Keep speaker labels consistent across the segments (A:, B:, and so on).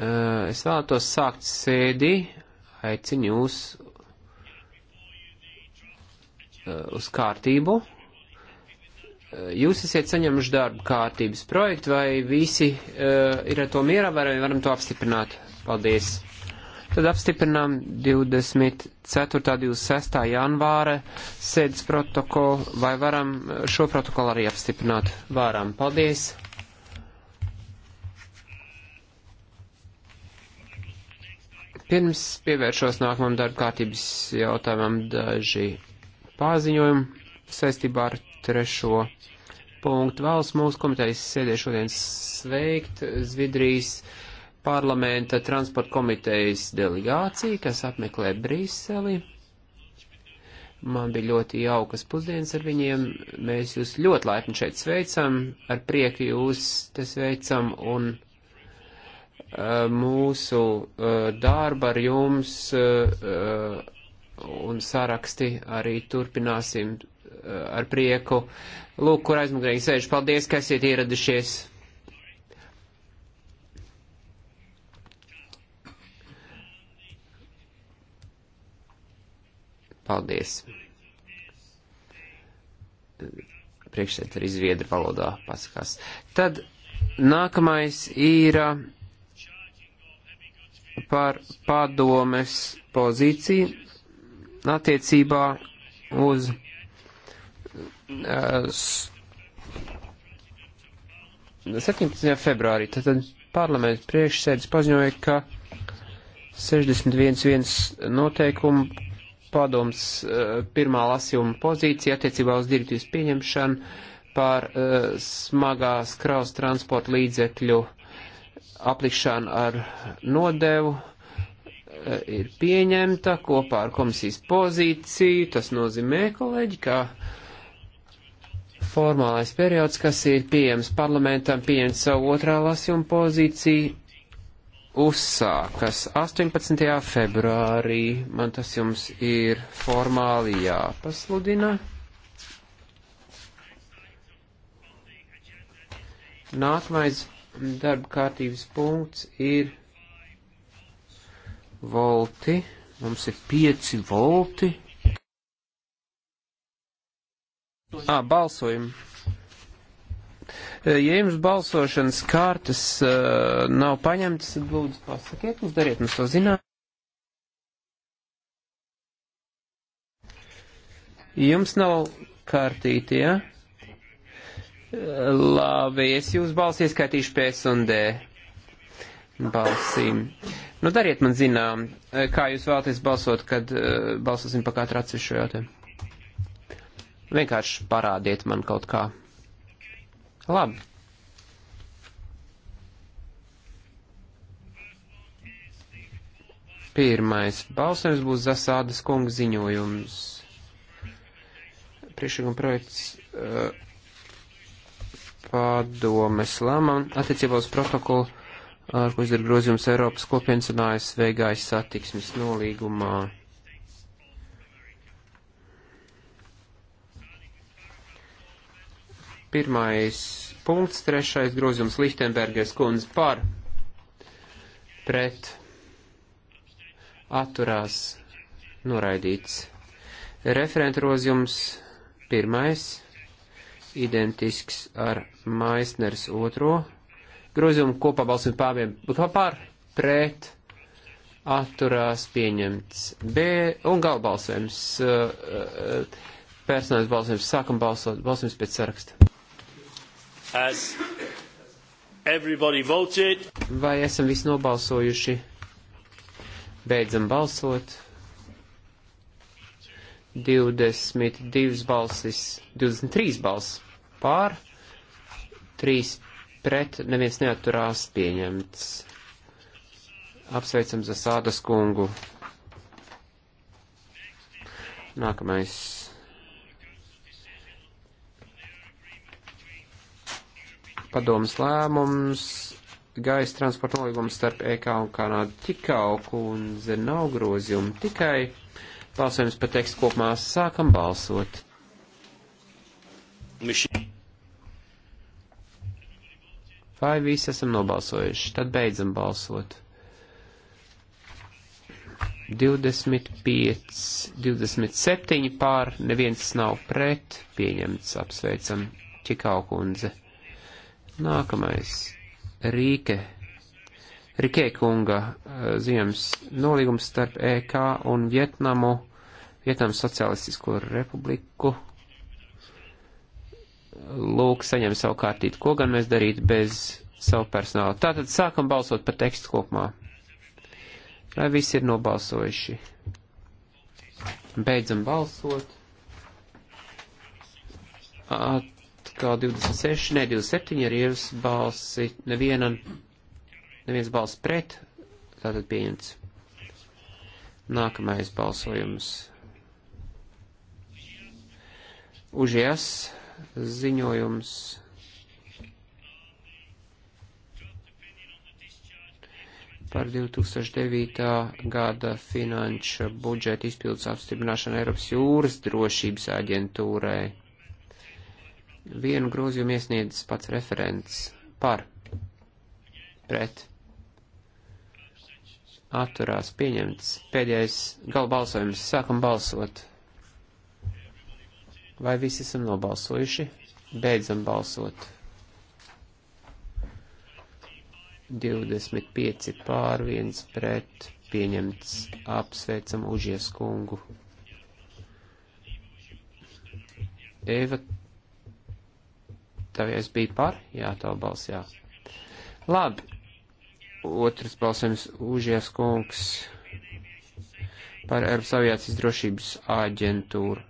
A: Eh, es vēlētos sākt sēdi, aicinu jūs eh, uz kārtību. Eh, jūs esat saņemuši darba kārtības projektu, vai visi uh, ir ar to mierā, vai varam to apstiprināt? Paldies! Tad apstiprinām 24. 26. janvāra sēdes protokolu, vai varam šo protokolu arī apstiprināt? Varam, paldies! Pirms pievēršos nākamam darba kārtības jautājumam daži paziņojumi saistībā ar trešo punktu. Vēlas mūsu komitejas sēdē šodien sveikt Zvidrijas parlamenta transporta komitejas delegāciju, kas apmeklē Brīseli. Man bija ļoti jaukas pusdienas ar viņiem. Mēs jūs ļoti laipni šeit sveicam, ar prieku jūs te sveicam un Eh, mūsu eh, darbu ar jums eh, un saraksti arī turpināsim ar prieku. Lūk, kur aizmugurīgi sēž. Paldies, ka esat ieradušies. Paldies. Priekšsēd arī zviedru valodā pasakās. Tad nākamais ir. Uh, par padomes pozīciju attiecībā uz uh, eh, 17. februārī. Tad parlaments priekšsēdis paziņoja, ka 61.1 noteikumu padoms uh, pirmā lasījuma pozīcija attiecībā uz direktīvas pieņemšanu par uh, smagās kraus transporta līdzekļu uh, aplikšana ar nodevu e, ir pieņemta kopā ar komisijas pozīciju. Tas nozīmē, kolēģi, ka formālais periods, kas ir pieejams parlamentam, pieņemt savu otrā lasījuma pozīciju, uzsākas 18. februārī. Man tas jums ir formāli jāpasludina. Nākamais darba kārtības punkts ir volti. Mums ir pieci volti. Ā, balsojumi. Ja jums balsošanas kārtas uh, nav paņemtas, tad lūdzu pasakiet mums, dariet mums to zināt. Jums nav kārtīti, jā? Ja? Labi, es jūs balsi ieskaitīšu PS un D balsīm. Nu, dariet man zinām, kā jūs vēlaties balsot, kad uh, balsosim pa katru atsevišķu jautājumu. Vienkārši parādiet man kaut kā. Labi. Pirmais balsojums būs Zasādas kunga ziņojums. Priekšlikuma projekts. Uh, padomes lēmām attiecībā uz protokolu, ar ko izdara grozījums Eiropas kopienas un ASV gājas satiksmes nolīgumā. Pirmais punkts, trešais grozījums Lichtenbergers kundze par pret atturās noraidīts. Referentrozījums pirmais identisks ar Maisners otro. Grozījumu kopā balsim pāriem par, pret, atturās pieņemts. B un galbalsojums. Uh, Personāls balsojums. Sākam balsot. Balsojums pēc saraksta.
B: As
C: everybody voted.
A: Vai esam visi nobalsojuši? Beidzam balsot. 22 balsis, 23 balsis pār, 3 pret, neviens neaturās pieņemts. Apsveicam Zasādas kungu. Nākamais. Padomas lēmums. Gaisa transporta nolīgums starp EK un Kanādu tikau kundze nav grozījumi tikai Balsojums par tekstu kopumā sākam balsot. Vai visi esam nobalsojuši? Tad beidzam balsot. 25, 27 pār, neviens nav pret, pieņemts, apsveicam, Čikau kundze. Nākamais, Rīke Rikē kunga eh, ziņojums nolīgums starp EK un Vietnamu, Vietnamas Socialistisko Republiku. Lūk, saņem savu kārtību, ko gan mēs darītu bez savu personālu. Tātad sākam balsot par tekstu kopumā. Vai visi ir nobalsojuši? Beidzam balsot. Atkal 26, ne 27 ir ievas balsi, neviena neviens balss pret, tātad pieņemts. Nākamais balsojums. Užies ziņojums. par 2009. gada finanšu budžeta izpildus apstiprināšanu Eiropas jūras drošības aģentūrai. Vienu grozījumu iesniedz pats referents par pret atturās pieņemts. Pēdējais gala balsojums. Sākam balsot. Vai visi esam nobalsojuši? Beidzam balsot. 25 pār 1 pret pieņemts. Apsveicam Užies kungu. Eva, tavies bija par? Jā, tavu balss, jā. Labi, Otrs balsojums Užies kungs par Eiropas aviācijas drošības aģentūru.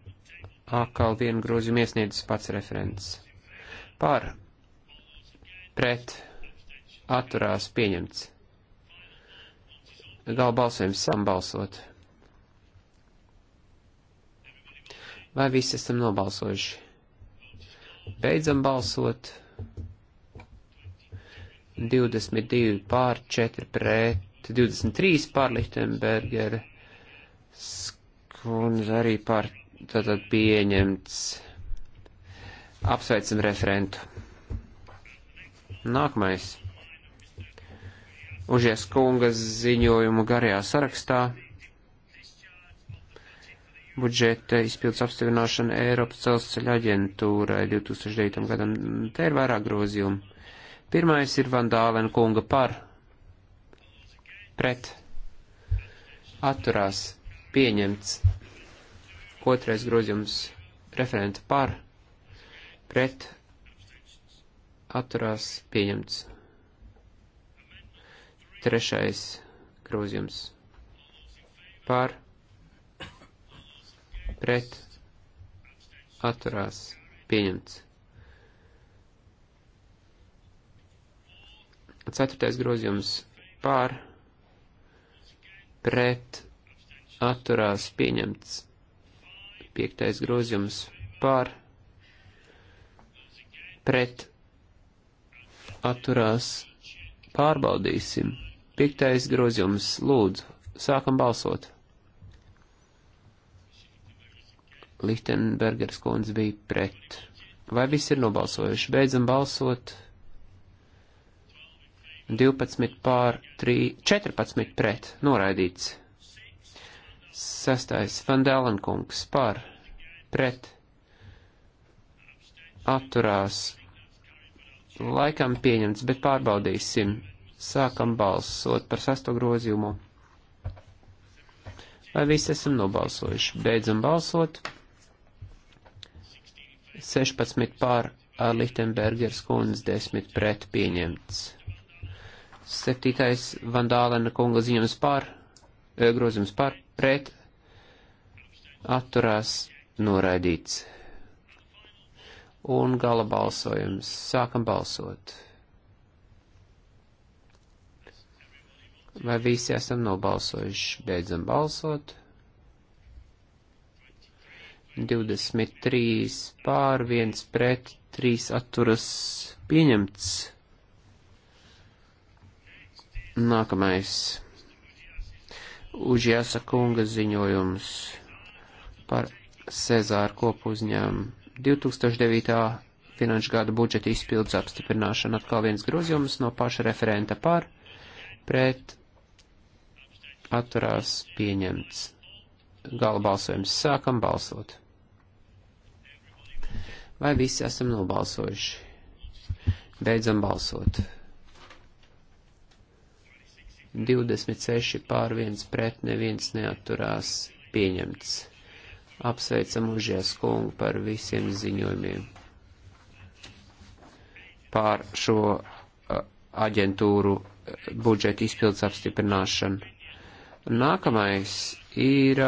A: Akal vienu grozījumu iesniedzis pats referents. Par pret atturās pieņemts. Gala balsojums sam balsot. Vai visi esam nobalsojuši? Beidzam balsot. 22 pār 4 pret 23 pār Lichtenberger skundze arī pār tātad pieņemts. Apsveicam referentu. Nākamais. Užies kungas ziņojumu garajā sarakstā. Budžeta izpildus apstiprināšana Eiropas celsceļa aģentūrai 2009. gadam. Te ir vairāk grozījumu. Pirmais ir Vandālena kunga par, pret, atturās, pieņemts. Otrais grozījums referenta par, pret, atturās, pieņemts. Trešais grozījums par, pret, atturās, pieņemts. Ceturtais grozījums pār, pret, atturās pieņemts. Piektais grozījums pār, pret, atturās pārbaudīsim. Piektais grozījums lūdzu, sākam balsot. Lichtenbergers kundze bija pret. Vai visi ir nobalsojuši? Beidzam balsot. 12 pār 3, 14 pret, noraidīts. Sestais, Vandēlenkungs pār, pret, atturās, laikam pieņemts, bet pārbaudīsim. Sākam balsot par sesto grozījumu. Vai visi esam nobalsojuši? Beidzam balsot. 16 pār Lichtenbergers kundz 10 pret pieņemts. Septītais Vandālena kunga ziņojums par, e, grozījums par, pret, atturās, noraidīts. Un gala balsojums. Sākam balsot. Vai visi esam nobalsojuši? Beidzam balsot. 23 pār, 1 pret, 3 atturas pieņemts. Nākamais. Uģiasa kunga ziņojums par Cezāru kopu uzņēmumu 2009. finanšu gada budžeta izpildes apstiprināšanu. Atkal viens grozījums no paša referenta par pret atturās pieņemts. Gala balsojums sākam balsot. Vai visi esam nobalsojuši? Beidzam balsot. 26 pār 1 pret neviens neaturās pieņemts. Apsveicam Užijas kungu par visiem ziņojumiem pār šo aģentūru budžeta izpildes apstiprināšanu. Nākamais ir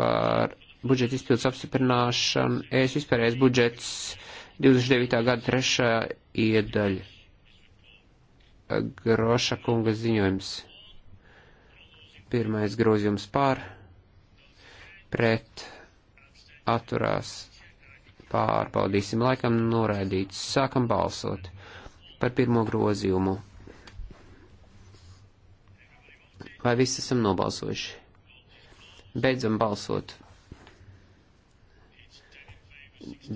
A: par budžeta izpildes apstiprināšanu. Es vispārējais budžets 29. gada 3. iedaļa. Groša kunga ziņojums. Pirmais grozījums pār, pret, atturās, pārbaudīsim laikam noraidīts. Sākam balsot par pirmo grozījumu. Vai visi esam nobalsojuši? Beidzam balsot.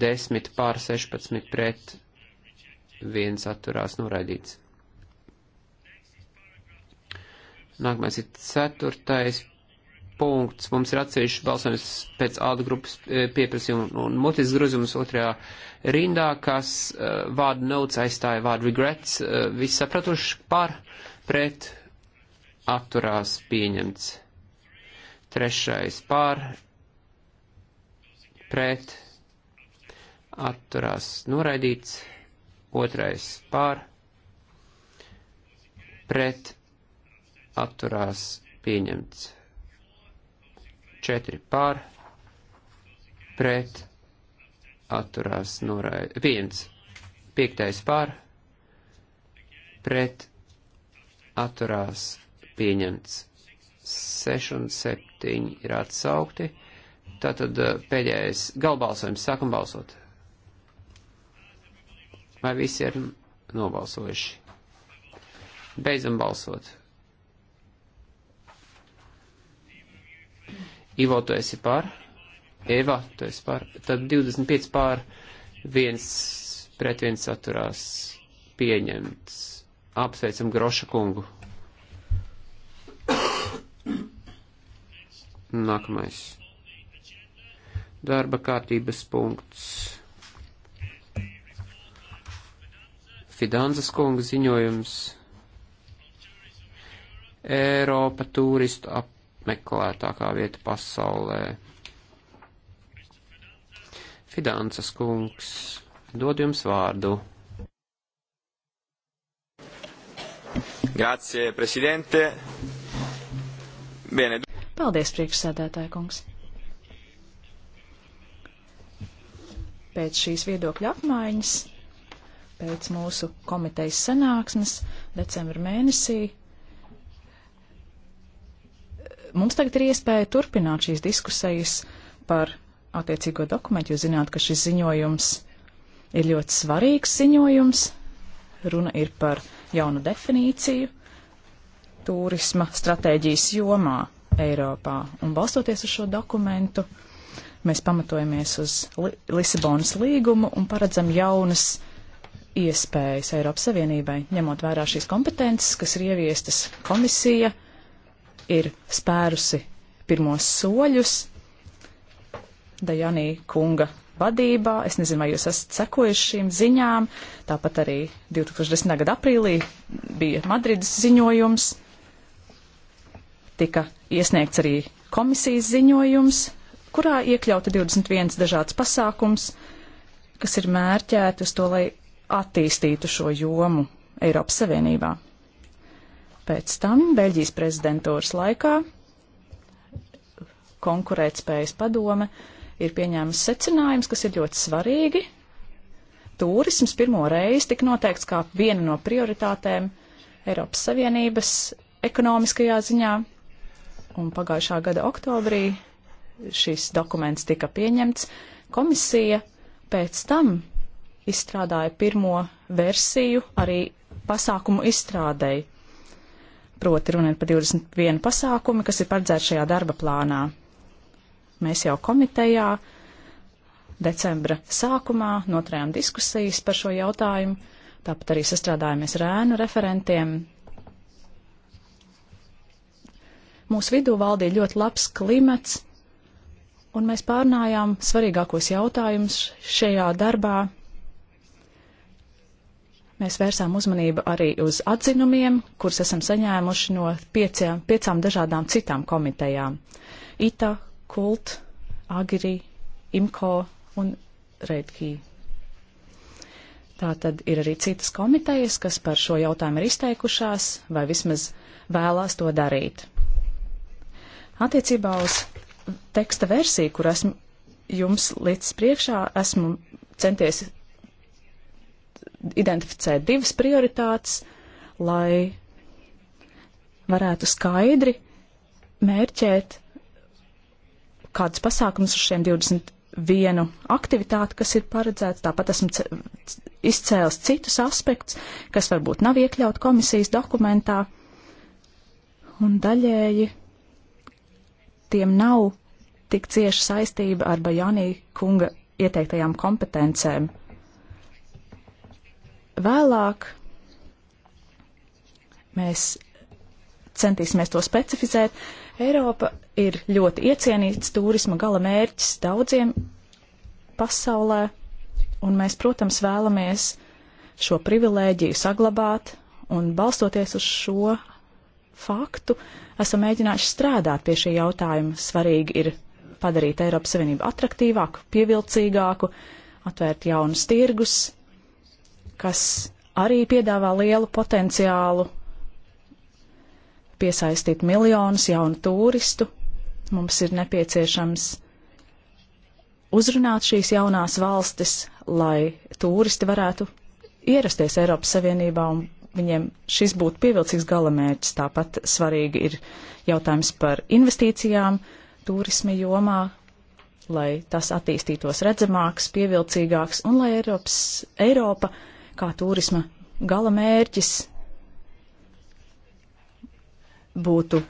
A: 10 pār 16 pret, viens atturās noraidīts. Nākamais ir ceturtais punkts. Mums ir atsevišķi balsojums pēc āda grupas e, pieprasījuma un mutis grozījums otrajā rindā, kas uh, vārdu notes aizstāja vārdu regrets. Uh, e, viss sapratuši par, pret, atturās pieņemts. Trešais par, pret, atturās noraidīts. Otrais par, pret, atturās pieņemts. 4 pār, pret, atturās norai, pieņemts. 5 pār, pret, atturās pieņemts. 6 un 7 ir atsaukti. Tātad eh, pēdējais galbalsojums sākam balsot. Vai visi ir nobalsojuši? Beidzam balsot. Ivo, tu esi pār, Eva, tu esi pār, tad 25 pār, 1 pret 1 saturās pieņemts. Apsveicam Groša kungu. Nākamais. Darba kārtības punkts. Fidanzas kunga ziņojums. Eiropa turistu ap meklētākā vieta pasaulē. Fidanses kungs, dod jums vārdu. Grazie, prezidente. Bene.
B: Paldies, priekšsēdētāja kungs. Pēc šīs viedokļa apmaiņas, pēc mūsu komitejas sanāksmes decembra mēnesī Mums tagad ir iespēja turpināt šīs diskusijas par attiecīgo dokumentu. Jūs zināt, ka šis ziņojums ir ļoti svarīgs ziņojums. Runa ir par jaunu definīciju turisma stratēģijas jomā Eiropā. Un balstoties uz šo dokumentu, mēs pamatojamies uz Li Lisabonas līgumu un paredzam jaunas iespējas Eiropas Savienībai, ņemot vērā šīs kompetences, kas ir ieviestas komisija ir spērusi pirmos soļus Dajanī kunga vadībā. Es nezinu, vai jūs esat sekojuši šīm ziņām. Tāpat arī 2010. gada aprīlī bija Madrides ziņojums. Tika iesniegts arī komisijas ziņojums, kurā iekļauta 21 dažāds pasākums, kas ir mērķēti uz to, lai attīstītu šo jomu Eiropas Savienībā. Pēc tam Beļģijas prezidentūras laikā konkurētspējas padome ir pieņēmusi secinājums, kas ir ļoti svarīgi. Turisms pirmo reizi tika noteikts kā viena no prioritātēm Eiropas Savienības ekonomiskajā ziņā, un pagājušā gada oktobrī šis dokuments tika pieņemts. Komisija pēc tam izstrādāja pirmo versiju arī pasākumu izstrādēji. Proti runa ir par 21 pasākumu, kas ir paredzēti šajā darba plānā. Mēs jau komitejā decembra sākumā noturējām diskusijas par šo jautājumu, tāpat arī sastrādājāmies ar ēnu referentiem. Mūsu vidū valdīja ļoti labs klimats, un mēs pārnājām svarīgākos jautājumus šajā darbā Mēs vērsām uzmanību arī uz atzinumiem, kurus esam saņēmuši no pieciem, piecām dažādām citām komitejām - ITA, KULT, AGRI, IMKO un REDKI. Tā tad ir arī citas komitejas, kas par šo jautājumu ir izteikušās vai vismaz vēlās to darīt. Attiecībā uz teksta versiju, kur esmu jums līdz priekšā, esmu centies identificēt divas prioritātes, lai varētu skaidri mērķēt kādus pasākumus uz šiem 21 aktivitāti, kas ir paredzēts. Tāpat esmu izcēlis citus aspektus, kas varbūt nav iekļaut komisijas dokumentā, un daļēji tiem nav tik cieša saistība ar Bajānī kunga ieteiktajām kompetencēm. Vēlāk mēs centīsimies to specificēt. Eiropa ir ļoti iecienīts turisma gala mērķis daudziem pasaulē, un mēs, protams, vēlamies šo privilēģiju saglabāt, un balstoties uz šo faktu, esam mēģinājuši strādāt pie šī jautājuma. Svarīgi ir padarīt Eiropas Savienību atraktīvāku, pievilcīgāku, atvērt jaunus tirgus, kas arī piedāvā lielu potenciālu piesaistīt miljonus jaunu turistu. Mums ir nepieciešams uzrunāt šīs jaunās valstis, lai turisti varētu ierasties Eiropas Savienībā un viņiem šis būtu pievilcīgs galamērķis. Tāpat svarīgi ir jautājums par investīcijām turismi jomā, lai tas attīstītos redzamāks, pievilcīgāks un lai Eiropas, Eiropa kā turisma gala mērķis būtu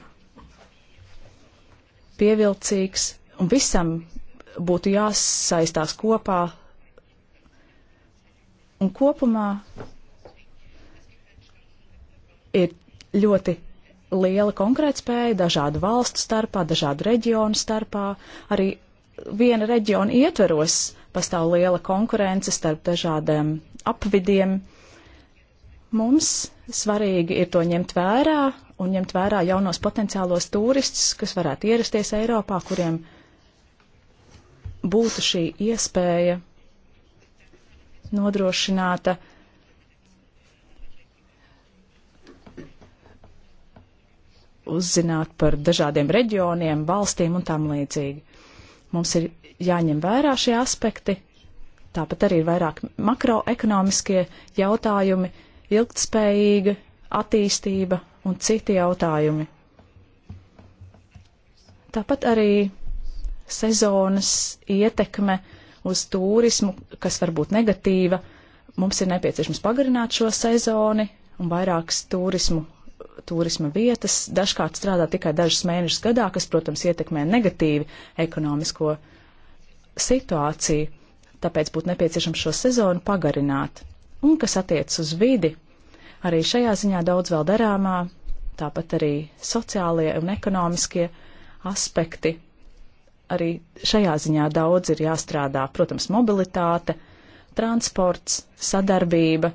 B: pievilcīgs un visam būtu jāsaistās kopā. Un kopumā ir ļoti liela konkurētspēja dažādu valstu starpā, dažādu reģionu starpā. Arī viena reģiona ietveros pastāv liela konkurence starp dažādiem apvidiem. Mums svarīgi ir to ņemt vērā un ņemt vērā jaunos potenciālos turistus, kas varētu ierasties Eiropā, kuriem būtu šī iespēja nodrošināta. uzzināt par dažādiem reģioniem, valstīm un tam līdzīgi. Mums ir jāņem vērā šie aspekti, Tāpat arī ir vairāk makroekonomiskie jautājumi, ilgtspējīga attīstība un citi jautājumi. Tāpat arī sezonas ietekme uz turismu, kas var būt negatīva. Mums ir nepieciešams pagarināt šo sezoni un vairākas turismu, turisma vietas. Dažkārt strādā tikai dažus mēnešus gadā, kas, protams, ietekmē negatīvi ekonomisko situāciju tāpēc būtu nepieciešams šo sezonu pagarināt. Un kas attiecas uz vidi, arī šajā ziņā daudz vēl darāmā, tāpat arī sociālie un ekonomiskie aspekti. Arī šajā ziņā daudz ir jāstrādā, protams, mobilitāte, transports, sadarbība,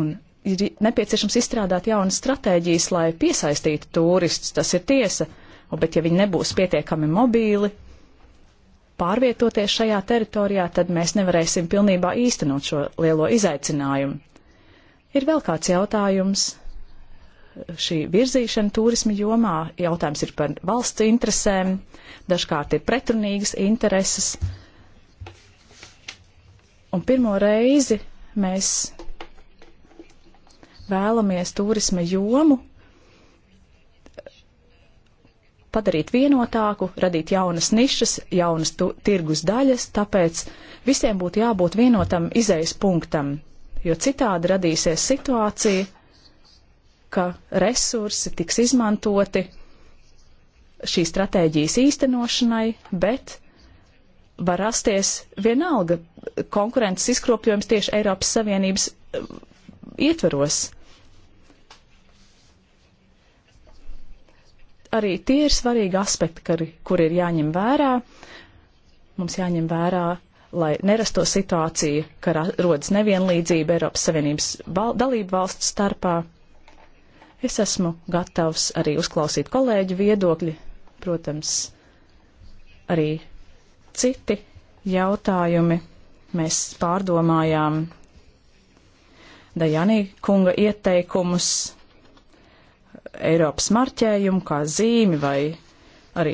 B: un ir nepieciešams izstrādāt jaunas stratēģijas, lai piesaistītu turistus, tas ir tiesa, un, bet ja viņi nebūs pietiekami mobīli, pārvietoties šajā teritorijā, tad mēs nevarēsim pilnībā īstenot šo lielo izaicinājumu. Ir vēl kāds jautājums. Šī virzīšana turisma jomā jautājums ir par valsts interesēm, dažkārt ir pretrunīgas intereses. Un pirmo reizi mēs vēlamies turisma jomu padarīt vienotāku, radīt jaunas nišas, jaunas tu, tirgus daļas, tāpēc visiem būtu jābūt vienotam izējas punktam, jo citādi radīsies situācija, ka resursi tiks izmantoti šīs stratēģijas īstenošanai, bet var rasties vienalga konkurences izkropļojums tieši Eiropas Savienības uh, ietveros. arī tie ir svarīgi aspekti, kuri, kuri ir jāņem vērā. Mums jāņem vērā, lai nerasto situāciju, ka rodas nevienlīdzība Eiropas Savienības val dalību valstu starpā. Es esmu gatavs arī uzklausīt kolēģu viedokļi, protams, arī citi jautājumi. Mēs pārdomājām Dajanī kunga ieteikumus Eiropas marķējumu, kā zīmi vai arī.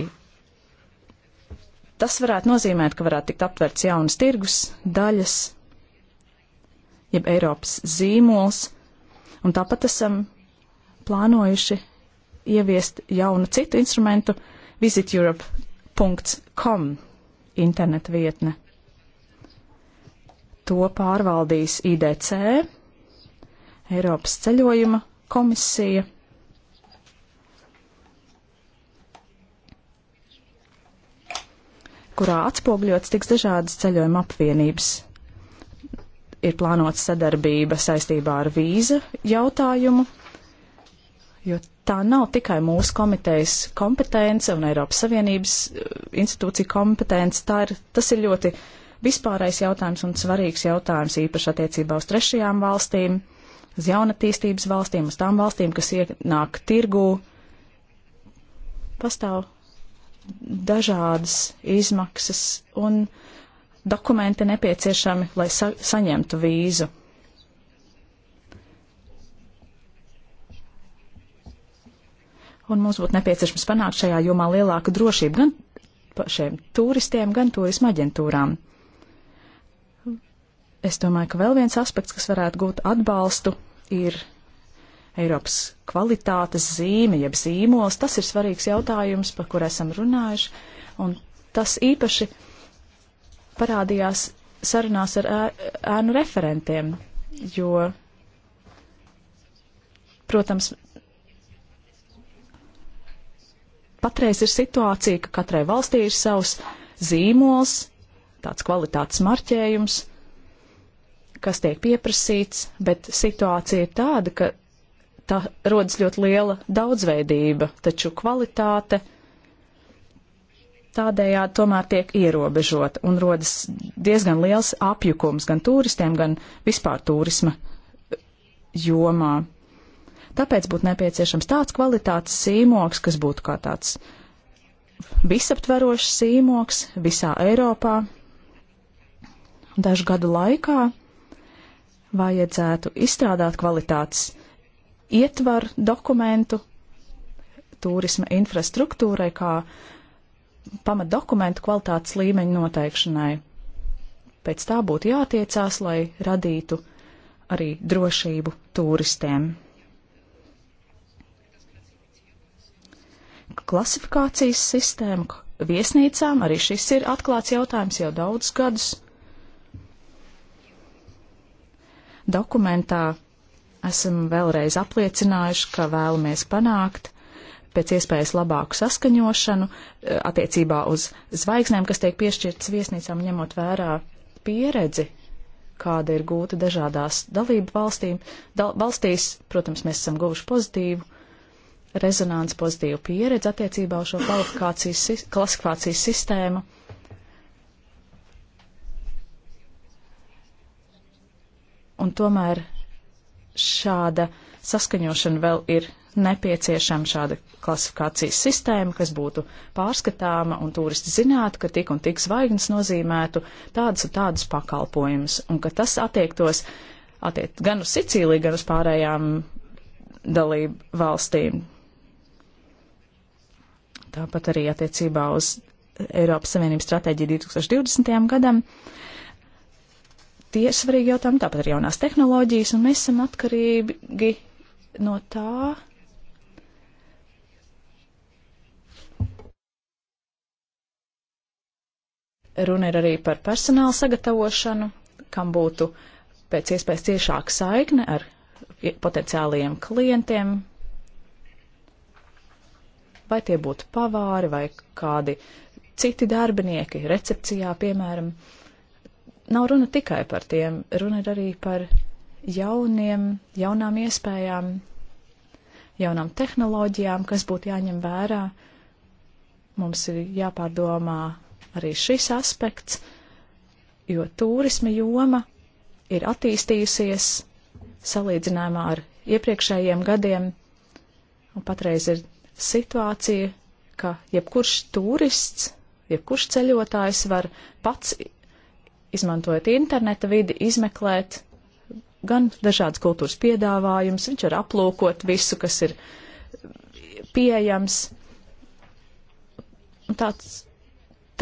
B: Tas varētu nozīmēt, ka varētu tikt aptverts jaunas tirgus daļas, jeb Eiropas zīmols, un tāpat esam plānojuši ieviest jaunu citu instrumentu visiteurope.com interneta vietne. To pārvaldīs IDC, Eiropas ceļojuma komisija kurā atspogļots tiks dažādas ceļojuma apvienības. Ir plānots sadarbība saistībā ar vīza jautājumu, jo tā nav tikai mūsu komitejas kompetence un Eiropas Savienības eh, institūcija kompetence, tā ir, tas ir ļoti vispārais jautājums un svarīgs jautājums īpaši attiecībā uz trešajām valstīm, uz jaunatīstības valstīm, uz tām valstīm, kas ienāk tirgū. Pastāv dažādas izmaksas un dokumenti nepieciešami, lai sa saņemtu vīzu. Un mums būtu nepieciešams panākt šajā jomā lielāku drošību gan pašiem turistiem, gan turisma aģentūrām. Es domāju, ka vēl viens aspekts, kas varētu gūt atbalstu, ir Eiropas kvalitātes zīme, jeb zīmols, tas ir svarīgs jautājums, par kur esam runājuši, un tas īpaši parādījās sarunās ar ēnu referentiem, jo, protams, patreiz ir situācija, ka katrai valstī ir savs zīmols, tāds kvalitātes marķējums, kas tiek pieprasīts, bet situācija ir tāda, ka tā rodas ļoti liela daudzveidība, taču kvalitāte tādējādi tomēr tiek ierobežota un rodas diezgan liels apjukums gan turistiem, gan vispār turisma jomā. Tāpēc būtu nepieciešams tāds kvalitātes sīmoks, kas būtu kā tāds visaptverošs sīmoks visā Eiropā. Dažu gadu laikā vajadzētu izstrādāt kvalitātes ietvaru dokumentu turisma infrastruktūrai kā pamatdokumentu kvalitātes līmeņa noteikšanai. Pēc tā būtu jātiecās, lai radītu arī drošību turistiem. Klasifikācijas sistēma viesnīcām arī šis ir atklāts jautājums jau daudzus gadus. Dokumentā esam vēlreiz apliecinājuši, ka vēlamies panākt pēc iespējas labāku saskaņošanu eh, attiecībā uz zvaigznēm, kas tiek piešķirtas viesnīcām, ņemot vērā pieredzi, kāda ir gūta dažādās dalību valstīm. Dal valstīs, protams, mēs esam guvuši pozitīvu rezonanci, pozitīvu pieredzi attiecībā uz šo kvalifikācijas, klasifikācijas sistēmu. Un tomēr šāda saskaņošana vēl ir nepieciešama, šāda klasifikācijas sistēma, kas būtu pārskatāma un turisti zinātu, ka tik un tik zvaigznes nozīmētu tādas un tādas pakalpojumus, un ka tas attiektos attiekt gan uz Sicīliju, gan uz pārējām dalību valstīm. Tāpat arī attiecībā uz Eiropas Savienības stratēģiju 2020. gadam. Uh, tie svarīgi jautājumi, tāpat arī jaunās tehnoloģijas, un mēs esam atkarīgi no tā. Runa ir arī par personāla sagatavošanu, kam būtu pēc iespējas ciešāka saikne ar potenciālajiem klientiem, vai tie būtu pavāri vai kādi citi darbinieki recepcijā, piemēram. Uh, nav runa tikai par tiem, runa ir arī par jauniem, jaunām iespējām, jaunām tehnoloģijām, kas būtu jāņem vērā. Mums ir jāpārdomā arī šis aspekts, jo turisma joma ir attīstījusies salīdzinājumā ar iepriekšējiem gadiem, un patreiz ir situācija, ka jebkurš turists, jebkurš ceļotājs var pats izmantojot interneta vidi, izmeklēt gan dažādas kultūras piedāvājumus, viņš var aplūkot visu, kas ir pieejams. Tāds,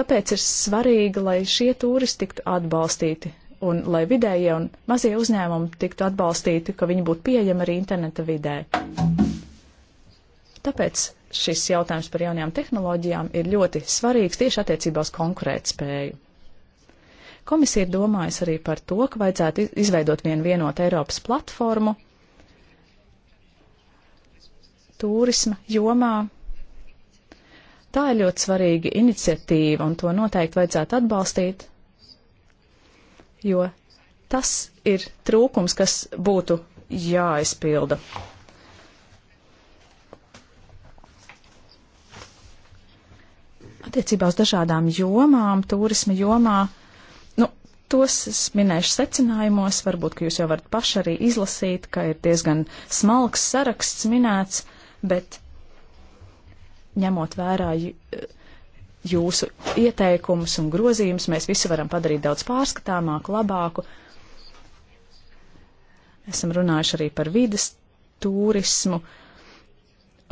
B: tāpēc ir svarīgi, lai šie turisti tiktu atbalstīti un lai vidējie un mazie uzņēmumi tiktu atbalstīti, ka viņi būtu pieejami arī interneta vidē. Tāpēc šis jautājums par jaunajām tehnoloģijām ir ļoti svarīgs tieši attiecībā uz konkurētspēju. Komisija ir domājusi arī par to, ka vajadzētu izveidot vienu vienotu Eiropas platformu turisma jomā. Tā ir ļoti svarīga iniciatīva, un to noteikti vajadzētu atbalstīt, jo tas ir trūkums, kas būtu jāizpilda. Attiecībā uz dažādām jomām, turisma jomā, Tos es minēšu secinājumos, varbūt, ka jūs jau varat paši arī izlasīt, ka ir diezgan smalks saraksts minēts, bet ņemot vērā jūsu ieteikumus un grozījumus, mēs visu varam padarīt daudz pārskatāmāku, labāku. Esam runājuši arī par vides turismu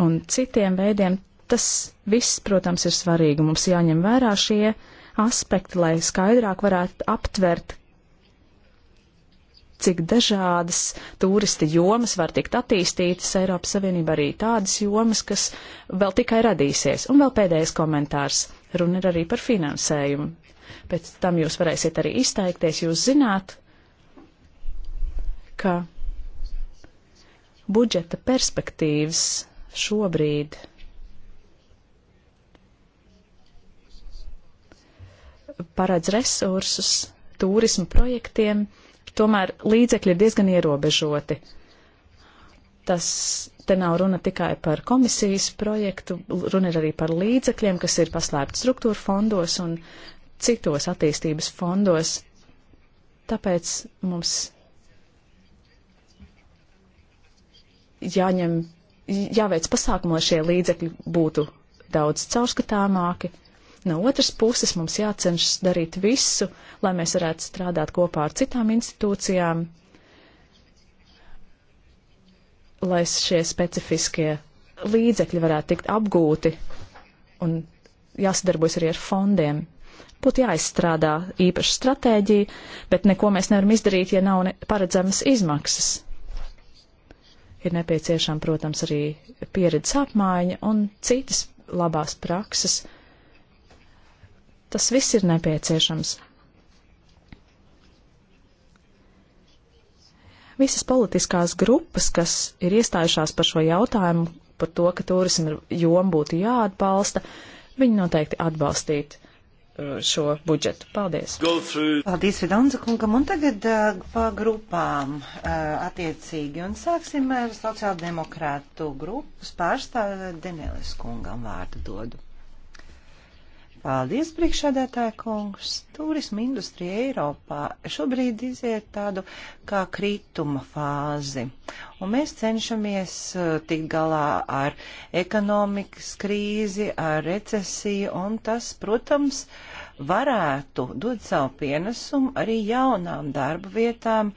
B: un citiem veidiem. Tas viss, protams, ir svarīgi. Mums jāņem vērā šie uh, aspekti, lai skaidrāk varētu aptvert, cik dažādas turisti jomas var tikt attīstītas Eiropas Savienībā, arī tādas jomas, kas vēl tikai radīsies. Un vēl pēdējais komentārs. Runa ir arī par finansējumu. Pēc tam jūs varēsiet arī izteikties, jūs zināt, ka budžeta perspektīvas šobrīd paredz resursus turismu projektiem, tomēr līdzekļi ir diezgan ierobežoti. Tas te nav runa tikai par komisijas projektu, runa ir arī par līdzekļiem, kas ir paslēpti struktūra fondos un citos attīstības fondos. Tāpēc mums jāņem, jāveic pasākumu, lai šie līdzekļi būtu daudz caurskatāmāki, No otras puses mums jācenšas darīt visu, lai mēs varētu strādāt kopā ar citām institūcijām, lai šie specifiskie līdzekļi varētu tikt apgūti un jāsadarbojas arī ar fondiem. Būtu jāizstrādā īpaša stratēģija, bet neko mēs nevaram izdarīt, ja nav paredzamas izmaksas. Ir nepieciešama, protams, arī pieredzes apmaiņa un citas labās prakses, Tas viss ir nepieciešams. Visas politiskās grupas, kas ir iestājušās par šo jautājumu, par to, ka turismu jom būtu jāatbalsta, viņi noteikti atbalstītu uh, šo budžetu. Paldies!
C: Paldies Vidanza kungam un tagad uh, pa grupām uh, attiecīgi un sāksim ar sociāldemokrātu grupas pārstāvu Denelis kungam vārdu dodu. Paldies, priekšādātāja kungs. Turisma industrija Eiropā šobrīd iziet tādu kā krituma fāzi. Un mēs cenšamies uh, tikt galā ar ekonomikas krīzi, ar recesiju, un tas, protams, varētu dot savu pienesumu arī jaunām darba vietām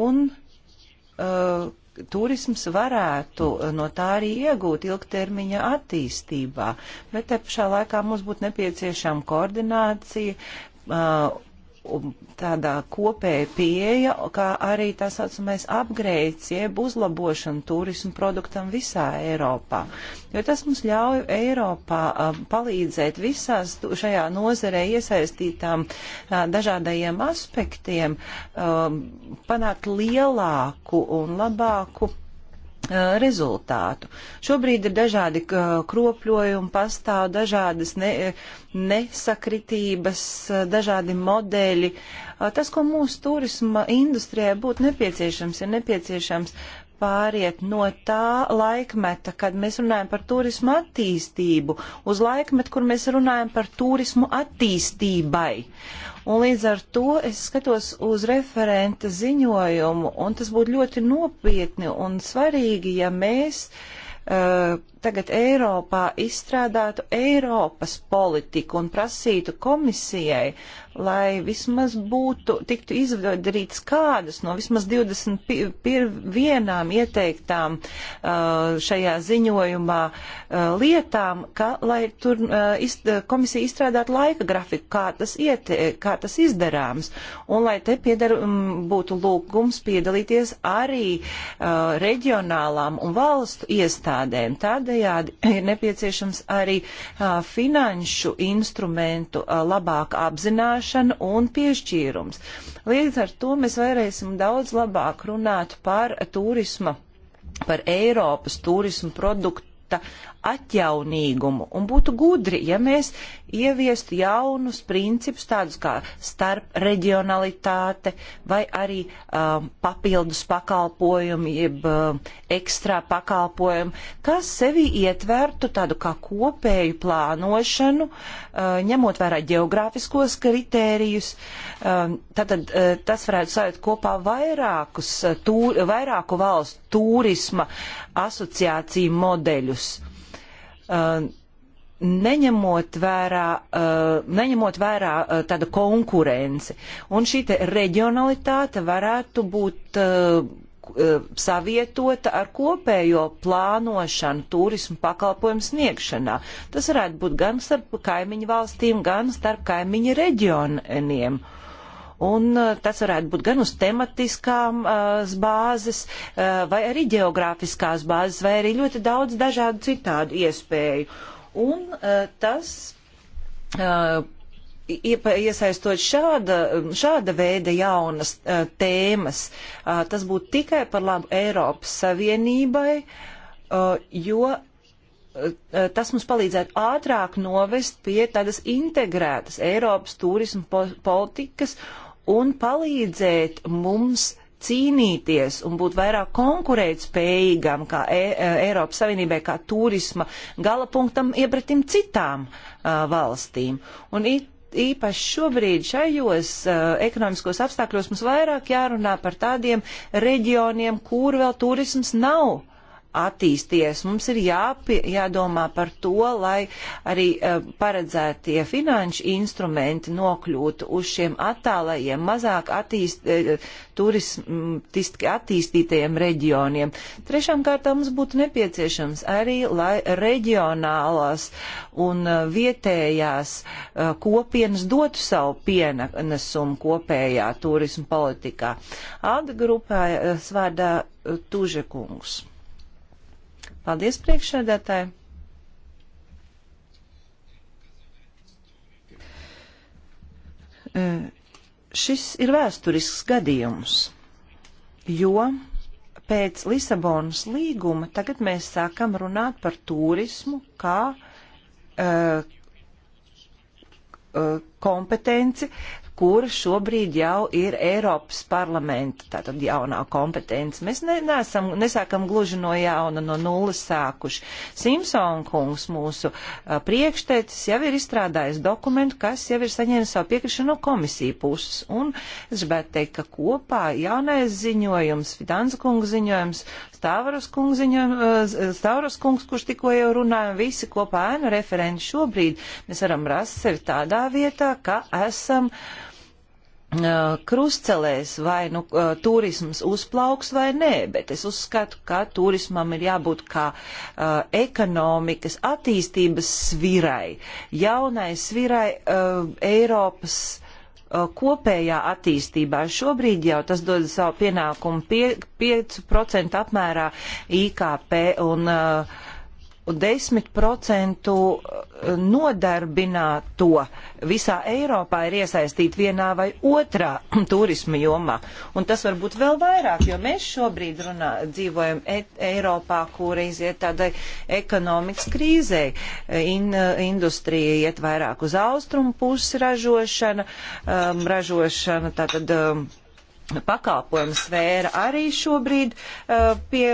C: un uh, turisms varētu eh, no tā arī iegūt ilgtermiņa attīstībā, bet te pašā laikā mums būtu nepieciešama koordinācija uh, tādā kopēja pieeja, kā arī tā saucamais upgrades, jeb uzlabošana turismu produktam visā Eiropā. Jo tas mums ļauj Eiropā palīdzēt visās šajā nozarē iesaistītām dažādajiem aspektiem panākt lielāku un labāku Uh, rezultātu. Šobrīd ir dažādi uh, kropļojumi, pastāv dažādas ne, nesakritības, uh, dažādi modeļi. Tas, ko mūsu turisma industrijai būtu nepieciešams, ir nepieciešams pāriet no tā laikmeta, kad mēs runājam par turismu attīstību, uz laikmetu, kur mēs runājam par turismu attīstībai. Un līdz ar to es skatos uz referenta ziņojumu, un tas būtu ļoti nopietni un svarīgi, ja mēs uh, tagad Eiropā izstrādātu Eiropas politiku un prasītu komisijai, lai vismaz būtu, tiktu izdarīts kādas no vismaz 21 ieteiktām uh, šajā ziņojumā uh, lietām, ka, lai tur uh, komisija izstrādātu laika grafiku, kā tas, iete, kā tas izdarāms, un lai te piedar, um, būtu lūgums piedalīties arī reģionālām un valstu iestādēm. Tādēļ Tādējādi ir nepieciešams arī a, finanšu instrumentu a, labāka apzināšana un piešķīrums. Līdz ar to mēs varēsim daudz labāk runāt par turisma, par Eiropas turismu produktu atjaunīgumu. Un būtu gudri, ja mēs ieviestu jaunus principus, tādus kā starp reģionalitāte vai arī um, papildus pakalpojumi, jeb um, ekstrā pakalpojumi, kas sevi ietvertu tādu kā kopēju plānošanu, uh, ņemot vērā geogrāfiskos kritērijus. Um, tātad uh, tas varētu sajūt kopā vairākus, uh, tū, vairāku valstu turisma asociāciju modeļus. Uh, neņemot vērā, uh, neņemot vērā uh, tāda konkurence. Un šī reģionalitāte varētu būt savietota ar kopējo plānošanu turismu pakalpojumu sniegšanā. Tas varētu būt gan starp kaimiņu valstīm, gan starp kaimiņu reģioniem. Uh, Un eh, tas varētu būt gan uz tematiskām uh, bāzes, uh, vai arī geogrāfiskās bāzes, vai arī ļoti daudz dažādu citādu iespēju. Un uh, tas. Uh, Iesaistot šāda, šāda veida jaunas uh, tēmas, uh, tas būtu tikai par labu Eiropas Savienībai, uh, jo tas mums palīdzētu ātrāk novest pie tādas integrētas Eiropas turismu politikas un palīdzēt mums cīnīties un būt vairāk konkurētspējīgam kā e, e Eiropas Savienībai, kā turisma galapunktam iepratim citām uh, valstīm. Un it, īpaši šobrīd šajos uh, ekonomiskos apstākļos mums vairāk jārunā par tādiem reģioniem, kur vēl turisms nav attīstījies. Mums ir jāpie, jādomā par to, lai arī uh, paredzētie finanšu instrumenti nokļūtu uz šiem attālajiem, mazāk attīst, uh, eh, turistiski attīstītajiem reģioniem. Trešām kārtām mums būtu nepieciešams arī, lai reģionālās un uh, vietējās kopienas dotu savu pienesumu kopējā turismu politikā. Alda grupā svārdā Tužekungs. Paldies priekšsēdētāji! Eh, šis ir vēsturisks gadījums, jo pēc Lisabonas līguma tagad mēs sākam runāt par turismu kā uh, kompetenci, kur šobrīd jau ir Eiropas parlamenta tātad jaunā kompetence. Mēs ne, nesam, nesākam gluži no jauna, no nulles sākuši. Simpson kungs mūsu uh, priekšteicis jau ir izstrādājis dokumentu, kas jau ir saņēmis savu piekrišanu no komisiju puses. Un es gribētu teikt, ka kopā jaunais ziņojums, Fidanza kungs ziņojums, Stāvaros kungs ziņojums, uh, Stāvaros kungs, kurš tikko jau runājam, visi kopā ēnu referenti šobrīd mēs varam rast sevi tādā vietā, ka esam uh, krustcelēs vai nu turisms uzplauks vai nē, bet es uzskatu, ka turismam ir jābūt kā uh, ekonomikas attīstības svirai, jaunai svirai uh, Eiropas uh, kopējā attīstībā. Šobrīd jau tas dod savu pienākumu pie, 5% apmērā IKP un uh, 10% eh, nodarbināto visā Eiropā ir iesaistīti vienā vai otrā turisma jomā. Un tas var būt vēl vairāk, jo mēs šobrīd runā, dzīvojam e Eiropā, kur iziet tādai ekonomikas krīzē. In, eh, industrija iet vairāk uz austrumu pusi ražošana, um, ražošana tātad. Um, pakalpojumu sfēra arī šobrīd uh, pie,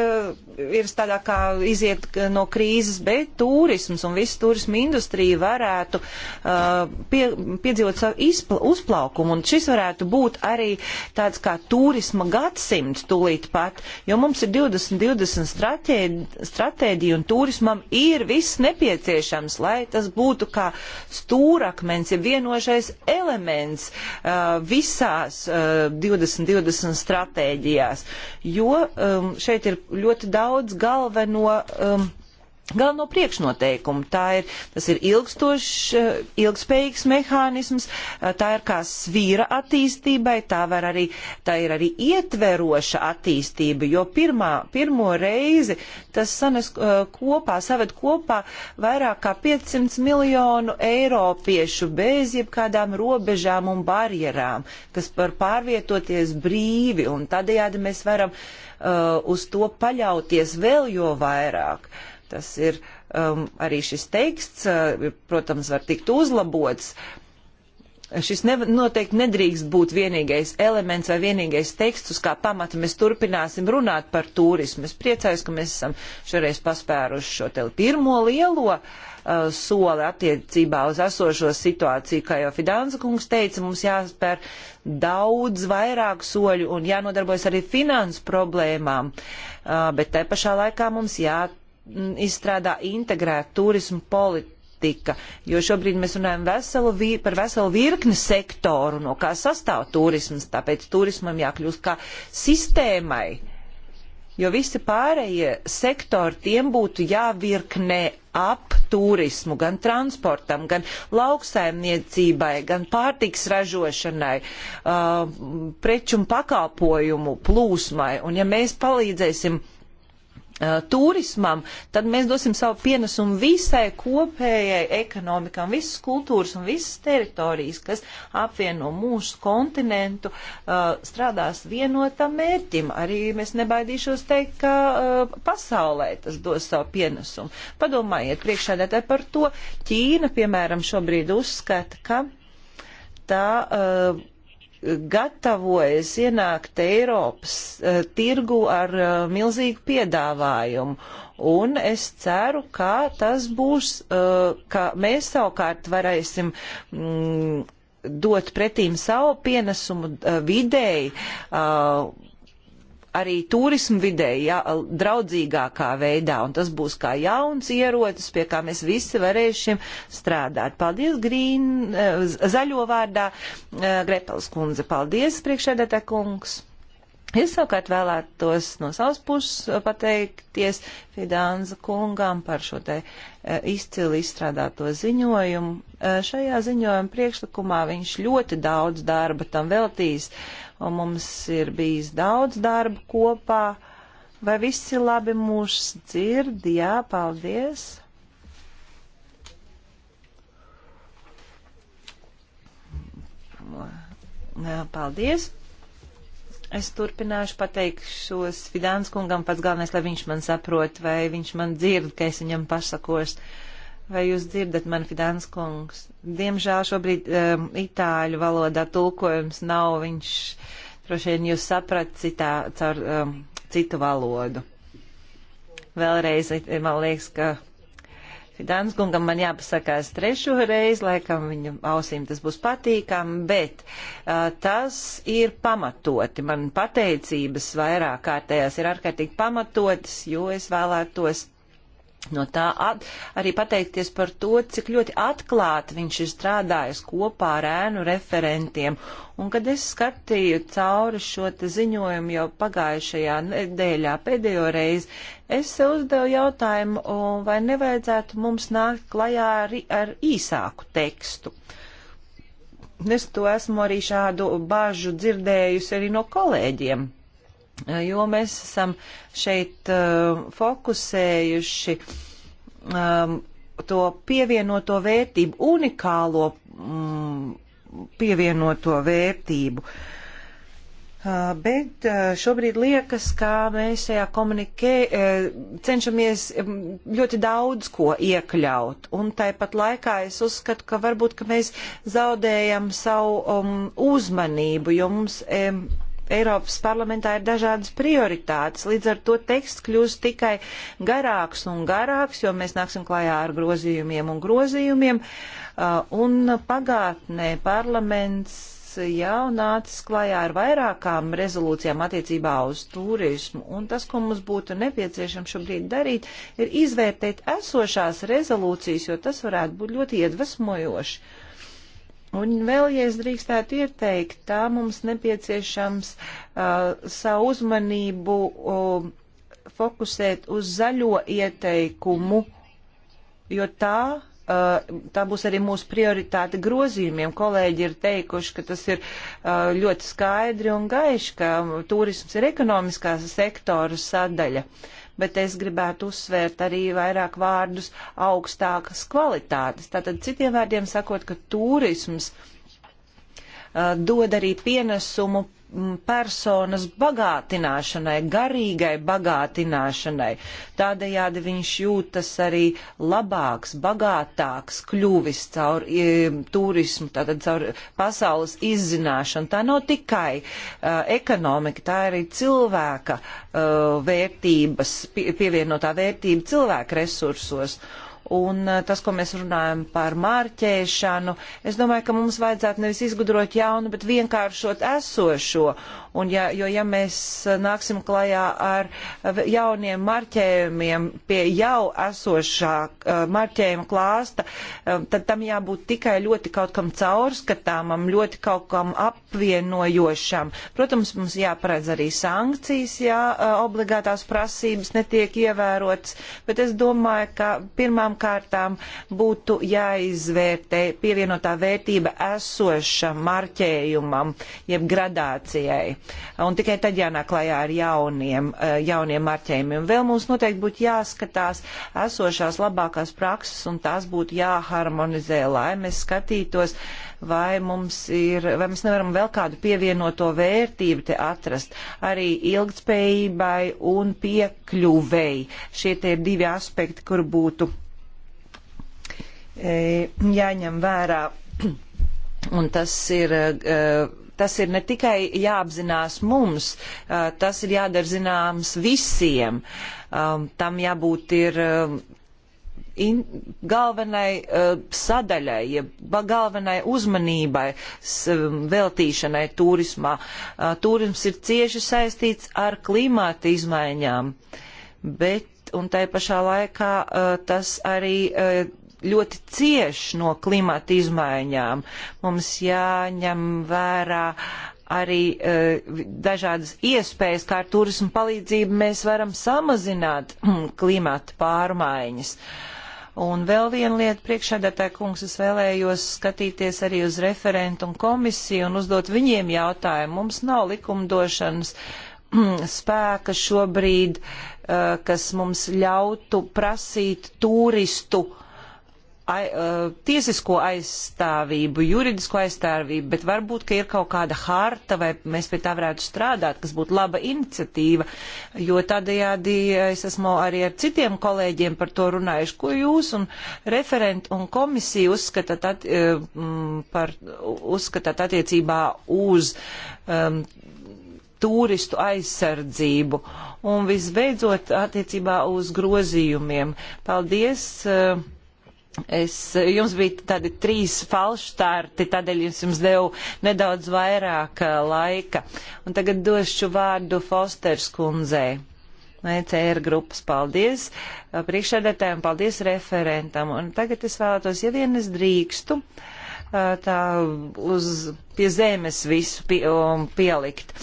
C: ir tādā kā iziet no krīzes, bet turisms un viss turisma industrija varētu uh, pie, piedzīvot savu izpla, uzplaukumu. Un šis varētu būt arī tāds kā turisma gadsimts tūlīt pat, jo mums ir 2020 stratēģi, stratēģija un turismam ir viss nepieciešams, lai tas būtu kā stūrakmens, ja vienošais elements uh, visās 20 2020 stratēģijās, jo um, šeit ir ļoti daudz galveno um, galveno priekšnoteikumu. Tā ir, tas ir ilgstošs, eh, ilgspējīgs mehānisms, eh, tā ir kā svīra attīstībai, tā, arī, tā ir arī ietveroša attīstība, jo pirmā, pirmo reizi tas sanes eh, kopā, saved kopā vairāk kā 500 miljonu eiropiešu bez jebkādām robežām un barjerām, kas par pārvietoties brīvi, un tādējādi mēs varam uh, uz to paļauties vēl jo vairāk. Uh, Tas ir um, arī šis teksts, uh, protams, var tikt uzlabots. Šis ne, noteikti nedrīkst būt vienīgais elements vai vienīgais teksts, uz kā pamata mēs turpināsim runāt par turismu. Es priecājos, ka mēs esam šoreiz paspēruši šo te pirmo lielo uh, soli attiecībā uz esošo situāciju. Kā jau Fidānza kungs teica, mums jāspēr daudz vairāk soļu un jānodarbojas arī finansu problēmām, uh, bet te pašā laikā mums jāatbalsta jāizstrādā mm, integrēta turismu politika, jo šobrīd mēs runājam veselu, par veselu virkni sektoru, no kā sastāv turisms, tāpēc turismam jākļūst kā sistēmai, jo visi pārējie sektori tiem būtu jāvirknē ap turismu, gan transportam, gan lauksaimniecībai, gan pārtiks ražošanai, uh, preču un pakalpojumu plūsmai. Un ja mēs palīdzēsim Uh, turismam, tad mēs dosim savu pienesumu visai kopējai ekonomikam, visas kultūras un visas teritorijas, kas apvieno mūsu kontinentu, uh, strādās vienotam mērķim. Arī mēs nebaidīšos teikt, ka uh, pasaulē tas dos savu pienesumu. Padomājiet priekšādētē par to. Ķīna, piemēram, šobrīd uzskata, ka tā gatavojas ienākt Eiropas uh, tirgu ar uh, milzīgu piedāvājumu. Un es ceru, ka tas būs, uh, ka mēs savukārt varēsim mm, dot pretīm savu pienesumu uh, videi. Uh, arī turismu videi ja, draudzīgākā veidā, un tas būs kā jauns ierocis, pie kā mēs visi varēsim strādāt. Paldies, Grīn, eh, zaļo vārdā, eh, Grepels kundze, paldies, priekšēdētā kungs. Es savukārt vēlētos no savas puses eh, pateikties Fidānza kungām par šo te izcili izstrādāto ziņojumu. Eh, šajā ziņojuma priekšlikumā viņš ļoti daudz darba tam veltīs, un mums ir bijis daudz darba kopā. Vai visi labi mūs dzird? Jā, paldies! Jā, paldies! Es turpināšu pateikšos Vidāns kungam pats galvenais, lai viņš man saprot, vai viņš man dzird, ka es viņam pasakos. Uh, Vai jūs dzirdat mani, Fidāns kungs? Diemžēl šobrīd um, itāļu valodā tulkojums nav, viņš droši vien jūs saprat citā, caur um, citu valodu. Vēlreiz eh, man liekas, ka Fidāns kungam man jāpasakās trešo reizi, laikam viņa ausīm tas būs patīkami, bet uh, tas ir pamatoti. Man pateicības vairāk kārtējās ir ārkārtīgi pamatotas, jo es vēlētos no tā at, arī pateikties par to, cik ļoti atklāti viņš ir strādājis kopā ar ēnu referentiem. Un kad es skatīju cauri šo ziņojumu jau pagājušajā nedēļā pēdējo reizi, es uzdevu jautājumu, vai nevajadzētu mums nākt klajā ar, ar īsāku tekstu. Es to esmu arī šādu bažu dzirdējusi arī no kolēģiem jo mēs esam šeit uh, fokusējuši um, to pievienoto vērtību, unikālo mm, pievienoto vērtību. Uh, bet uh, šobrīd liekas, ka mēs šajā komunikē uh, cenšamies um, ļoti daudz ko iekļaut. Un tāpat laikā es uzskatu, ka varbūt ka mēs zaudējam savu um, uzmanību, jo mums um, Eiropas parlamentā ir dažādas prioritātes. Līdz ar to teksts kļūst tikai garāks un garāks, jo mēs nāksim klajā ar grozījumiem un grozījumiem. Uh, un pagātnē parlaments jau nācis klajā ar vairākām rezolūcijām attiecībā uz turismu, un tas, ko mums būtu nepieciešams šobrīd darīt, ir izvērtēt esošās rezolūcijas, jo tas varētu būt ļoti iedvesmojoši. Un vēl, ja es drīkstētu ieteikt, tā mums nepieciešams uh, savu uzmanību uh, fokusēt uz zaļo ieteikumu, jo tā, uh, tā būs arī mūsu prioritāte grozījumiem. Kolēģi ir teikuši, ka tas ir uh, ļoti skaidri un gaiši, ka turisms ir ekonomiskās sektora sadaļa. Uh, bet es gribētu uzsvērt arī vairāk vārdus augstākas kvalitātes. Tātad citiem vārdiem sakot, ka turisms uh, dod arī pienesumu Mm, personas bagātināšanai, garīgai bagātināšanai. Tādējādi viņš jūtas arī labāks, bagātāks, kļuvis caur e, turismu, tātad caur pasaules izzināšanu. Tā nav tikai uh, ekonomika, tā ir arī cilvēka uh, vērtības, pie, pievienotā vērtība cilvēka resursos. Uh, Un eh, tas, ko mēs runājam par mārķēšanu, es domāju, ka mums vajadzētu nevis izgudrot jaunu, bet vienkāršot esošo. Un ja, jo ja mēs eh, nāksim klajā ar eh, jauniem marķējumiem pie jau esošā uh, marķējuma klāsta, uh, tad tam jābūt tikai ļoti kaut kam caurskatāmam, ļoti kaut kam apvienojošam. Protams, mums jāparedz arī sankcijas, ja uh, obligātās prasības netiek ievērotas, bet es domāju, ka pirmām kārtām būtu jāizvērtē pievienotā vērtība esošam marķējumam, jeb gradācijai un tikai tad jānāk klajā ar jauniem, eh, jauniem marķējumiem. Vēl mums noteikti būtu jāskatās esošās labākās prakses un tās būtu jāharmonizē, lai mēs skatītos, vai mums ir, vai mēs nevaram vēl kādu pievienoto vērtību te atrast, arī ilgtspējībai un piekļuvei. Šie tie ir divi aspekti, kur būtu e, jāņem vērā. Un tas ir uh, tas ir ne tikai jāapzinās mums, tas ir jādara zināms visiem. Tam jābūt ir in, galvenai uh, sadaļai, jeb ja galvenai uzmanībai s, veltīšanai turismā. Uh, turisms ir cieši saistīts ar klimata izmaiņām, bet un tai pašā laikā uh, tas arī uh, ļoti cieši no klimata izmaiņām. Mums jāņem vērā arī uh, dažādas iespējas, kā ar turismu palīdzību mēs varam samazināt klimata pārmaiņas. Un vēl viena lieta priekšādātāja kungs, es vēlējos skatīties arī uz referentu un komisiju un uzdot viņiem jautājumu. Mums nav likumdošanas spēka šobrīd, uh, kas mums ļautu prasīt turistu uh, ai, uh, tiesisko aizstāvību, juridisko aizstāvību, bet varbūt, ka ir kaut kāda harta vai mēs pie tā varētu strādāt, kas būtu laba iniciatīva, jo tādējādi es esmu arī ar citiem kolēģiem par to runājuši, ko jūs un referenti un komisija uzskatāt, at, um, par, uzskatāt attiecībā uz um, turistu aizsardzību. Un visbeidzot, attiecībā uz grozījumiem. Paldies! Uh, Es, jums bija tādi trīs falšstarti, tādēļ es jums devu nedaudz vairāk uh, laika. Un tagad došu vārdu Fosters kundzei. ECR grupas paldies uh, priekšsēdētājiem, paldies referentam. Un tagad es vēlētos, ja vien es drīkstu, uh, tā uz pie zemes visu pie, um, pielikt.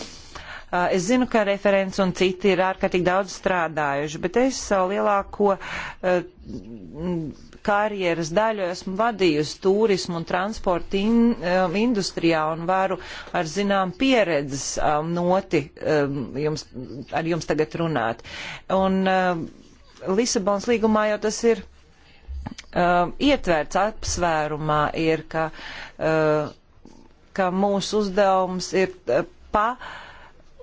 C: Es zinu, ka referents un citi ir ārkārtīgi daudz strādājuši, bet es savu lielāko uh, karjeras daļu esmu vadījusi turismu un transporta in, um, industrijā un varu ar zinām pieredzes um, noti um, jums, ar jums tagad runāt. Un um, Lisabons līgumā jau tas ir um, ietverts apsvērumā ir, ka, uh, ka mūsu uzdevums ir uh, pa. Uh,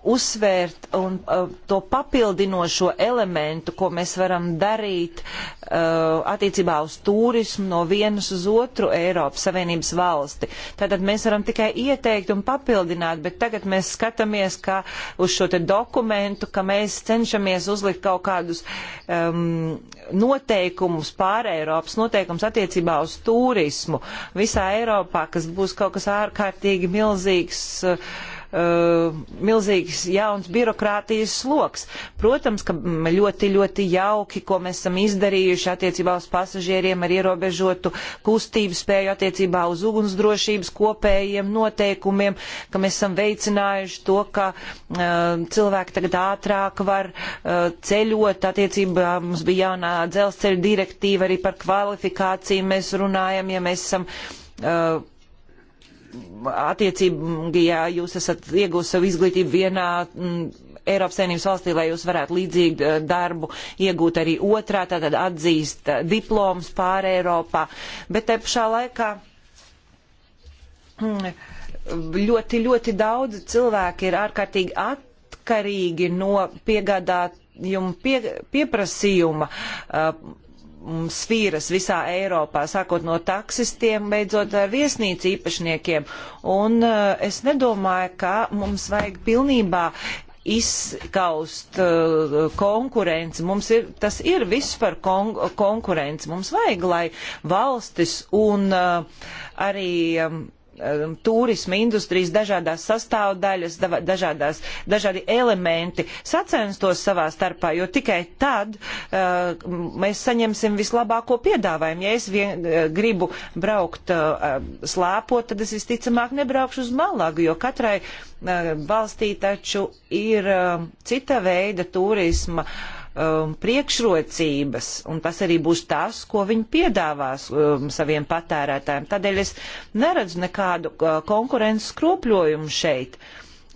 C: uzsvērt un uh, to papildinošo elementu, ko mēs varam darīt uh, attiecībā uz turismu no vienas uz otru Eiropas Savienības valsti. Tātad mēs varam tikai ieteikt un papildināt, bet tagad mēs skatāmies kā uz šo te dokumentu, ka mēs cenšamies uzlikt kaut kādus um, noteikumus, pār Eiropas noteikumus attiecībā uz turismu visā Eiropā, kas būs kaut kas ārkārtīgi milzīgs. Uh, uh, milzīgs jauns birokrātijas sloks. Protams, ka ļoti, ļoti jauki, ko mēs esam izdarījuši attiecībā uz pasažieriem ar ierobežotu kustību spēju attiecībā uz ugunsdrošības kopējiem noteikumiem, ka mēs esam veicinājuši to, ka uh, cilvēki tagad ātrāk var uh, ceļot attiecībā. Mums bija jaunā dzelzceļa direktīva arī par kvalifikāciju mēs runājam, ja mēs esam uh, attiecīgi, ja jūs esat iegūst savu izglītību vienā m, mm, Eiropas Savienības valstī, lai jūs varētu līdzīgu eh, darbu iegūt arī otrā, tātad atzīst eh, diploms pār Eiropā. Bet te pašā laikā. M, mm, ļoti, ļoti daudz cilvēki ir ārkārtīgi atkarīgi no piegādājumu pie, pieprasījuma. Uh, Mm, sfīras visā Eiropā, sākot no taksistiem, beidzot ar viesnīcu īpašniekiem. Un eh, es nedomāju, ka mums vajag pilnībā izskaust uh, konkurenci. Mums ir, tas ir viss par kon konkurenci. Mums vajag, lai valstis un uh, arī um, Um, turisma industrijas dažādās sastāvdaļas, dažādās, dažādi elementi sacenstos savā starpā, jo tikai tad uh, mēs saņemsim vislabāko piedāvājumu. Ja es vien, uh, gribu braukt uh, slēpot, tad es visticamāk nebraukšu uz Malagu, jo katrai uh, valstī taču ir uh, cita veida turisma. Uh, um, priekšrocības, un tas arī būs tas, ko viņi piedāvās um, saviem patērētājiem. Tādēļ es neredzu nekādu uh, konkurences skropļojumu šeit.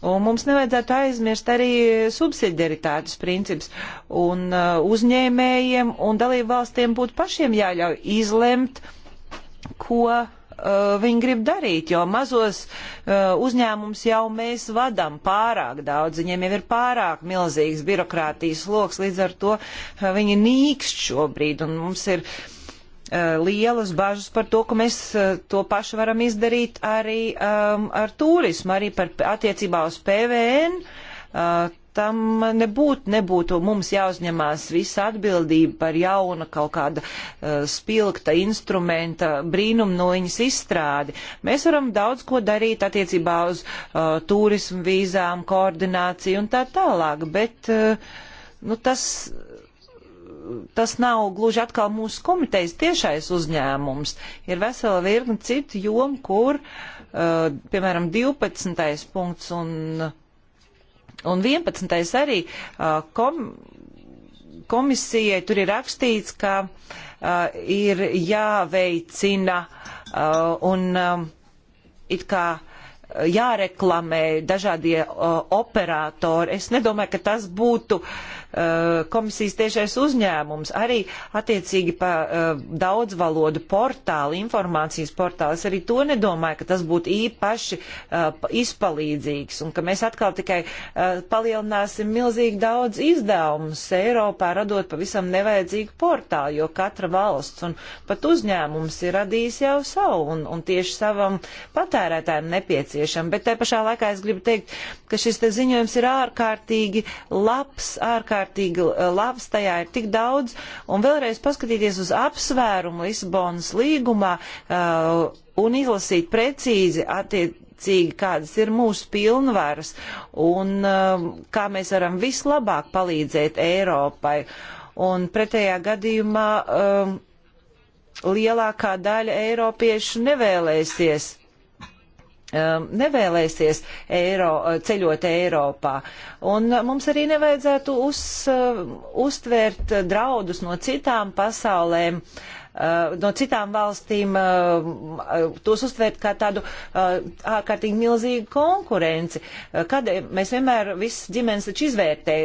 C: Un mums nevajadzētu aizmirst arī subsidiaritātes princips. Un uh, uzņēmējiem un dalību valstiem būtu pašiem jāļauj izlemt, ko uh, uh, viņi grib darīt, jo mazos uh, uzņēmums jau mēs vadam pārāk daudz, viņiem jau ir pārāk milzīgs birokrātijas sloks, līdz ar to uh, viņi nīkst šobrīd un mums ir lielas bažas par to, ka mēs to pašu varam izdarīt arī um, ar turismu, arī par attiecībā uz PVN. Uh, tam nebūtu, nebūtu mums jāuzņemās visa atbildība par jauna kaut kāda uh, spilgta instrumenta brīnumnoņas izstrādi. Mēs varam daudz ko darīt attiecībā uz uh, turismu vīzām, koordināciju un tā tālāk, bet uh, nu, tas, tas nav gluži atkal mūsu komitejas tiešais uzņēmums. Ir vesela virkni citu jomu, kur, uh, piemēram, 12. punkts un uh, Un 11. arī kom, komisijai tur ir rakstīts, ka uh, ir jāveicina uh, un um, it kā jāreklamē dažādie uh, operatori. Es nedomāju, ka tas būtu uh, Eh, komisijas tiešais uzņēmums, arī attiecīgi pa eh, daudzvalodu portālu, informācijas portālu. Es arī to nedomāju, ka tas būtu īpaši eh, izpalīdzīgs un ka mēs atkal tikai palielināsim milzīgi daudz izdevumus Eiropā, radot pavisam nevajadzīgu portālu, jo katra valsts un pat uzņēmums ir radījis jau savu un, un tieši savam patērētājiem nepieciešama. Bet te pašā laikā es gribu teikt, ka šis te ziņojums ir ārkārtīgi labs, ārkārtīgi ārkārtīgi eh, labs, tajā ir tik daudz, un vēlreiz paskatīties uz apsvērumu Lisabonas līgumā uh, un izlasīt precīzi attiecībā attiecīgi, kādas ir mūsu pilnvaras un um, kā mēs varam vislabāk palīdzēt Eiropai. Un pretējā gadījumā um, lielākā daļa eiropiešu nevēlēsies Um, nevēlēsies eiro, ceļot Eiropā. Un uh, mums arī nevajadzētu uz, uh, uztvērt draudus no citām pasaulēm uh, Eh, no citām valstīm eh, tos uztvērt kā tādu eh, ārkārtīgi milzīgu konkurenci. Kad mēs vienmēr visas ģimenes taču izvērtē,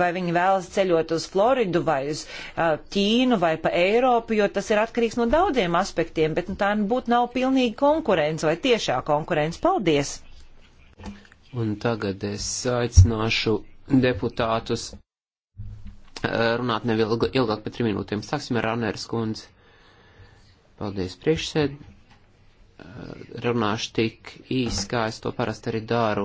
C: vai viņi vēlas ceļot uz Floridu vai uz Ķīnu vai pa Eiropu, jo tas ir atkarīgs no daudziem aspektiem, bet nu, tā būtu nav pilnīgi konkurence vai tiešā konkurence. Paldies!
A: Un tagad es aicināšu deputātus runāt nevilgi ilgāk par trim minūtēm. Sāksim ar Anēras kundzi. Paldies priekšsēd. Runāšu tik īsi, kā es to parasti arī daru.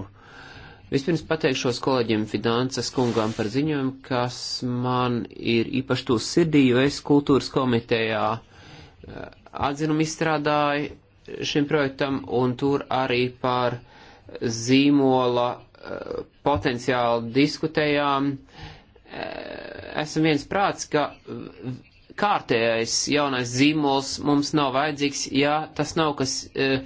A: Vispirms pateikšos kolēģiem Fidances kungām par ziņojumu, kas man ir īpaši tūs sirdī, jo es kultūras komitejā atzinumu izstrādāju šim projektam un tur arī par zīmola potenciāli diskutējām. Esam viens prāts, ka kārtējais jaunais zīmols mums nav vajadzīgs, ja tas nav kas uh,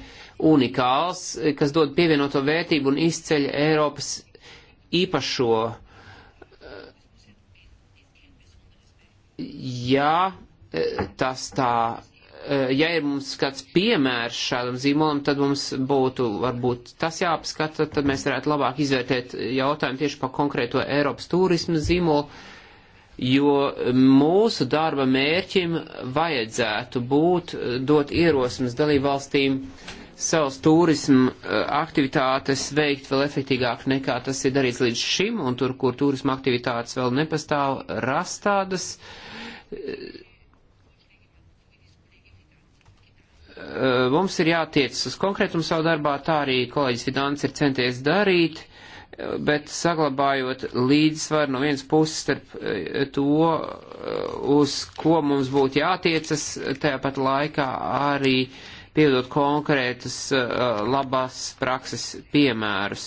A: unikāls, e, kas dod pievienoto vērtību un izceļ Eiropas īpašo. Ja e, tas tā, ja ir mums kāds piemērs šādam zīmolam, tad mums būtu varbūt tas jāapskata, tad mēs varētu labāk izvērtēt jautājumu tieši par konkrēto Eiropas turismu zīmolu jo mūsu darba mērķim vajadzētu būt dot ierosmes dalībvalstīm savus turismu eh, aktivitātes veikt vēl efektīgāk nekā tas ir darīts līdz šim, un tur, kur turismu aktivitātes vēl nepastāv, rast tādas eh, mums ir jātiec uz konkrētumu savu darbā, tā arī kolēģis Vidāns ir centies darīt, bet saglabājot līdzsvaru no vienas puses starp eh, to, eh, uz ko mums būtu jātiecas, tāpat laikā arī piedot konkrētus eh, labās prakses piemērus.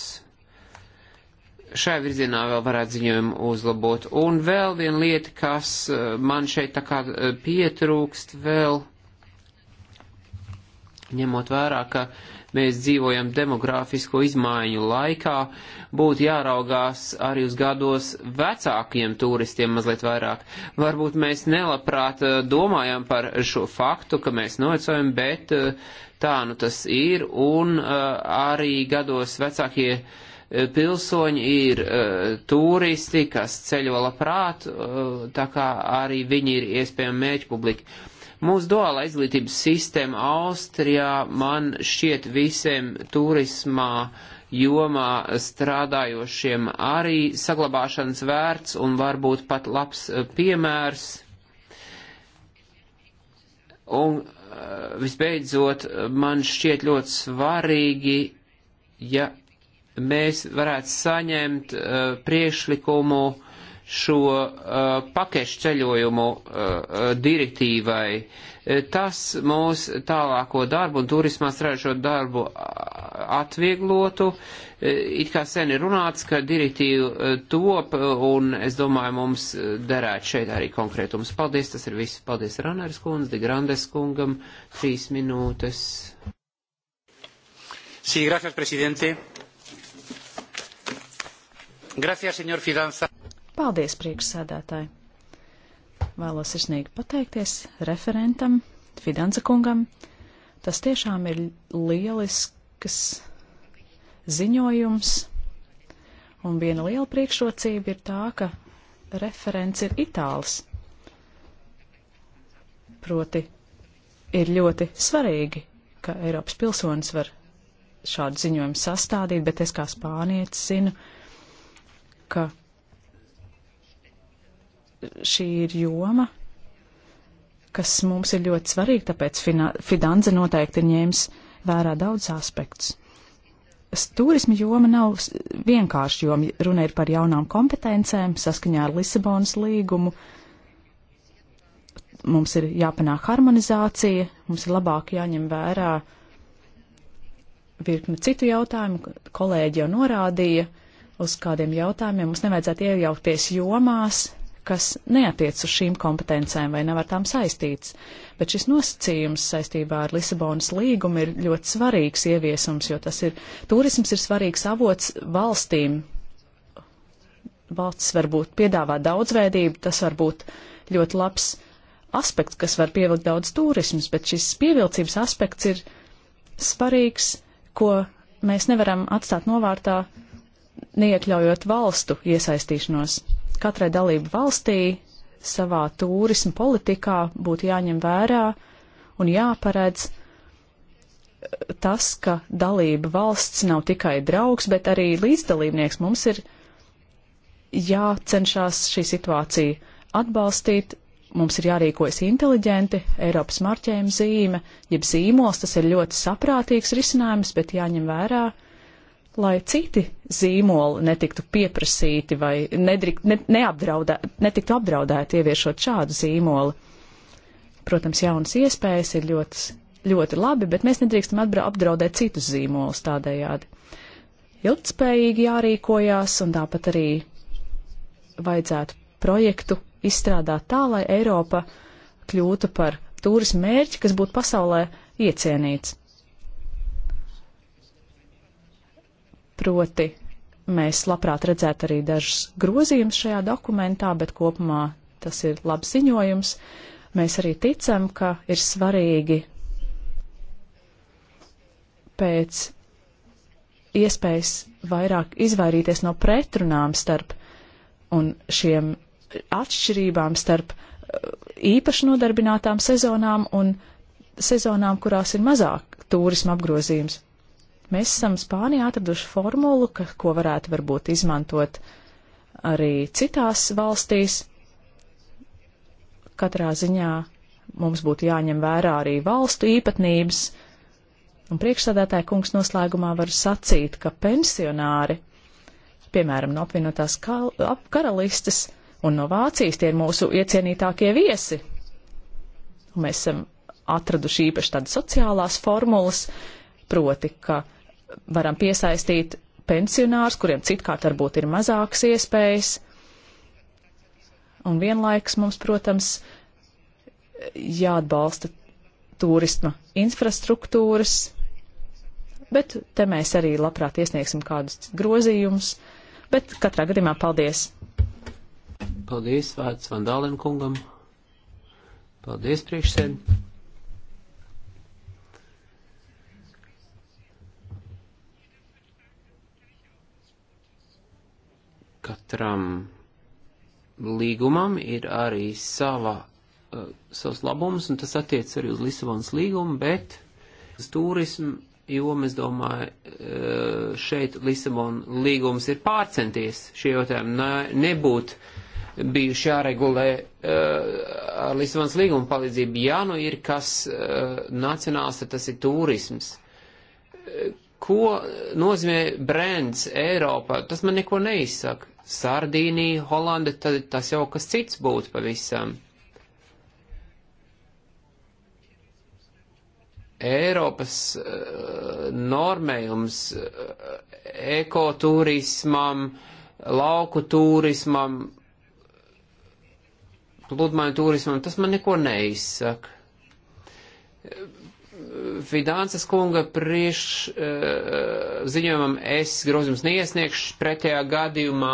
A: Šai virzienā vēl varētu ziņojumu uzlabot. Un vēl viena lieta, kas man šeit tā kā pietrūkst vēl, ņemot vērā, ka uh, Mēs dzīvojam demogrāfisko izmaiņu laikā, būtu jāraugās arī uz gados vecākiem turistiem mazliet vairāk. Varbūt mēs nelabprāt eh, domājam par šo faktu, ka mēs novecojam, bet eh, tā nu tas ir, un eh, arī gados vecākie pilsoņi ir uh, turisti, kas ceļo labprāt, uh, tā kā arī viņi ir iespējami mērķi publiki. Mūsu duāla izglītības sistēma Austrijā man šķiet visiem turismā jomā strādājošiem arī saglabāšanas vērts un varbūt pat labs eh, piemērs. Un eh, visbeidzot, man šķiet ļoti svarīgi, ja mēs varētu saņemt uh, priekšlikumu uh, šo uh, pakešu ceļojumu uh, uh direktīvai. Uh, tas mūs tālāko darbu un turismā strāžo darbu uh, atvieglotu. It kā sen ir runāts, ka direktīva top, un es domāju, mums derētu šeit arī konkrētums. Paldies, tas ir viss. Paldies Ranērs kundz, De Grandes kungam, trīs minūtes. Sí, gracias, presidente. Gracias, señor Fidanza.
B: Paldies, priekšsēdētāji! Vēlos sirsnīgi pateikties referentam, Fidanza kungam. Tas tiešām ir lielisks ziņojums. Un viena liela priekšrocība ir tā, ka referents ir itāls. Proti, ir ļoti svarīgi, ka Eiropas pilsonis var šādu ziņojumu sastādīt, bet es kā spānietis zinu, ka šī ir joma, kas mums ir ļoti svarīga, tāpēc Fidanze noteikti ir ņēmis vērā daudz aspektus. Turisma joma nav vienkārši joma, runa ir par jaunām kompetencēm saskaņā ar Lisabonas līgumu. Mums ir jāpanāk harmonizācija, mums ir labāk jāņem vērā virkni citu jautājumu, kolēģi jau norādīja, uz kādiem jautājumiem mums nevajadzētu iejaukties jomās, kas neatiec uz šīm kompetencēm vai nav ar tām saistīts. Bet šis nosacījums saistībā ar Lisabonas līgumu ir ļoti svarīgs ieviesums, jo tas ir, turisms ir svarīgs avots valstīm. Valsts varbūt piedāvā daudzveidību, tas var būt ļoti labs aspekts, kas var pievilkt daudz turismus, bet šis pievilcības aspekts ir svarīgs, ko mēs nevaram atstāt novārtā, neiekļaujot valstu iesaistīšanos katrai dalību valstī savā turismu politikā būtu jāņem vērā un jāparedz tas, ka dalība valsts nav tikai draugs, bet arī līdzdalībnieks. Mums ir jācenšas šī situācija atbalstīt, mums ir jārīkojas inteliģenti, Eiropas marķējuma zīme, jeb zīmols, tas ir ļoti saprātīgs risinājums, bet jāņem vērā, uh, lai citi zīmoli netiktu pieprasīti vai nedrikt, ne, neapdraudē, netiktu apdraudēti ieviešot šādu zīmoli. Protams, jaunas iespējas ir ļoti, ļoti labi, bet mēs nedrīkstam apdraudēt citus zīmolus tādējādi. Ilgtspējīgi jārīkojās un tāpat arī vajadzētu projektu izstrādāt tā, lai Eiropa kļūtu par turismu mērķi, kas būtu pasaulē iecienīts. Proti, mēs labprāt redzētu arī dažus grozījumus šajā dokumentā, bet kopumā tas ir labs ziņojums. Mēs arī ticam, ka ir svarīgi pēc iespējas vairāk izvairīties no pretrunām starp un šiem atšķirībām starp uh, īpaši nodarbinātām sezonām un sezonām, kurās ir mazāk turisma apgrozījums. Mēs esam Spānijā atraduši formulu, ka, ko varētu varbūt izmantot arī citās valstīs. Katrā ziņā mums būtu jāņem vērā arī valstu īpatnības. Un priekšsādātāja kungs noslēgumā var sacīt, ka pensionāri, piemēram, no apvienotās karalistes un no Vācijas, tie ir mūsu iecienītākie viesi. Un mēs esam atraduši īpaši tādas sociālās formulas, proti, ka varam piesaistīt pensionārs, kuriem citkārt varbūt ir mazākas iespējas. Un vienlaiks mums, protams, jāatbalsta turisma infrastruktūras, bet te mēs arī labprāt iesniegsim kādus grozījumus, bet katrā gadījumā paldies.
A: Paldies, vārds Vandālenkungam. Paldies, priekšsēdētāji. Katram līgumam ir arī sava, uh, eh, savs labums, un tas attiec arī uz Lisabonas līgumu, bet uz turismu, jo mēs domāju, uh, šeit Lisabona līgums ir pārcenties. Šie jautājumi ne, nebūtu bijuši jāregulē uh, ar Lisabonas līguma palīdzību. Ja nu ir kas uh, nacionāls, tad tas ir turisms. Uh, Ko nozīmē brands Eiropā? Tas man neko neizsaka. Sardīnija, Holanda, tad tas jau kas cits būtu pavisam. Eiropas uh, normējums uh, ekoturismam, lauku turismam, pludmaiņu turismam, tas man neko neizsaka. Fidānces kunga priekš eh, ziņojumam es grozījums neiesniegšu, pretējā gadījumā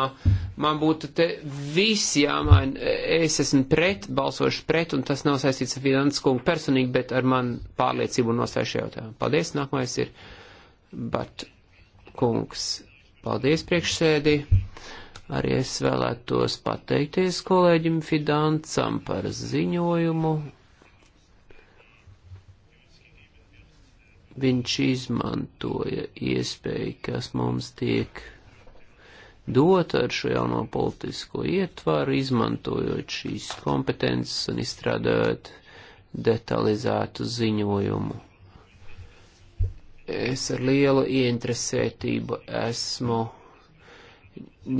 A: man būtu te viss jāmaina. Es esmu pret, balsošu pret, un tas nav saistīts ar Fidānces kungu personīgi, bet ar man pārliecību un nostāju šajā jautājumā. Paldies, nākamais ir Bat kungs. Paldies, priekšsēdī. Arī es vēlētos pateikties kolēģim Fidancam par ziņojumu viņš izmantoja iespēju, kas mums tiek dota ar šo jauno politisko ietvaru, izmantojot šīs kompetences un izstrādājot detalizētu ziņojumu. Es ar lielu ieinteresētību esmu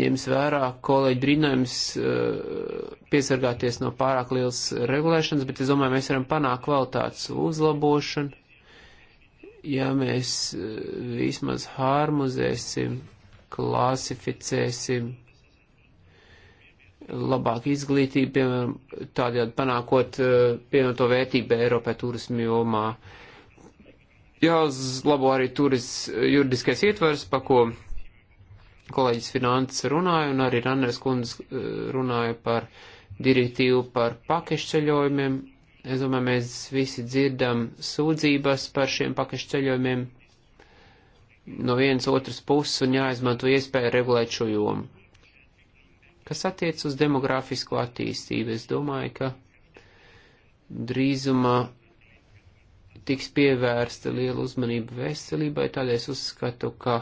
A: ņems vērā kolēģi brīnojums eh, piesargāties no pārāk liels regulēšanas, bet es domāju, mēs varam panākt kvalitātes uzlabošanu ja mēs e, vismaz harmonizēsim, klasificēsim, labāk izglītību, piemēram, tādējādi panākot e, pievienoto vērtību Eiropai turismu jomā. Jāuzlabo arī turis, e, juridiskais ietvers, pa ko kolēģis Finanses runāja, un arī Rannes kundze runāja par direktīvu par pakešceļojumiem, Es domāju, mēs visi dzirdam sūdzības par šiem pakaļ ceļojumiem no vienas otras puses un jāizmanto iespēja regulēt šo jomu. Kas attiec uz demografisko attīstību, es domāju, ka drīzumā tiks pievērsta liela uzmanība veselībai, tādēļ es uzskatu, ka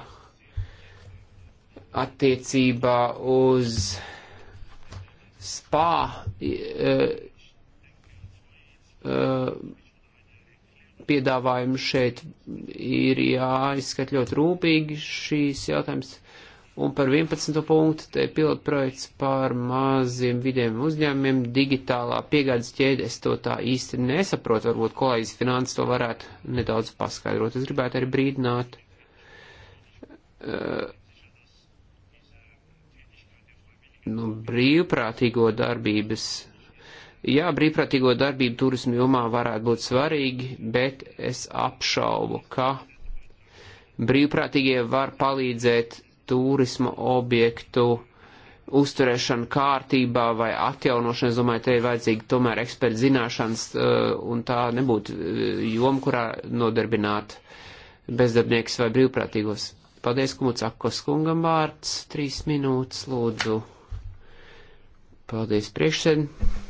A: attiecībā uz spā e, Uh, piedāvājumu šeit ir jāizskat ļoti rūpīgi šīs jautājums. Un par 11. punktu te pilotprojekts par maziem vidiem uzņēmumiem digitālā piegādes ķēde. Es to tā īsti nesaprotu. Varbūt kolēģis finanses to varētu nedaudz paskaidrot. Es gribētu arī brīdināt. Uh, nu, brīvprātīgo darbības Jā, brīvprātīgo darbību turismu jomā varētu būt svarīgi, bet es apšaubu, ka brīvprātīgie var palīdzēt turisma objektu uzturēšanu kārtībā vai atjaunošanu. Es domāju, te ir vajadzīga tomēr eksperta zināšanas, uh, un tā nebūtu uh, joma, kurā nodarbināt bezdarbniekus vai brīvprātīgos. Paldies, Kumuts Akos kungam vārds. Trīs minūtes, lūdzu. Paldies, priekšsēdētāji.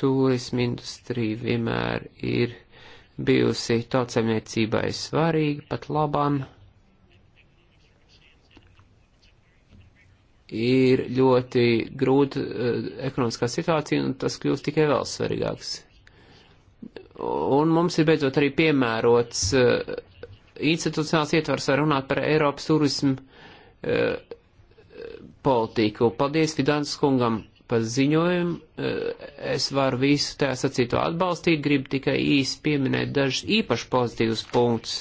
A: turismu industrija vienmēr ir bijusi tautsemniecībai svarīga, pat labam ir ļoti grūta uh, ekonomiskā situācija, un tas kļūst tikai vēl svarīgāks. Un mums ir beidzot arī piemērots uh, institucionāls ietvars, var runāt par Eiropas turismu uh, politiku. Paldies Vidāns kungam pa ziņojumu. Eh, es varu visu tā sacīto atbalstīt, gribu tikai īsi pieminēt dažus īpaši pozitīvus punktus.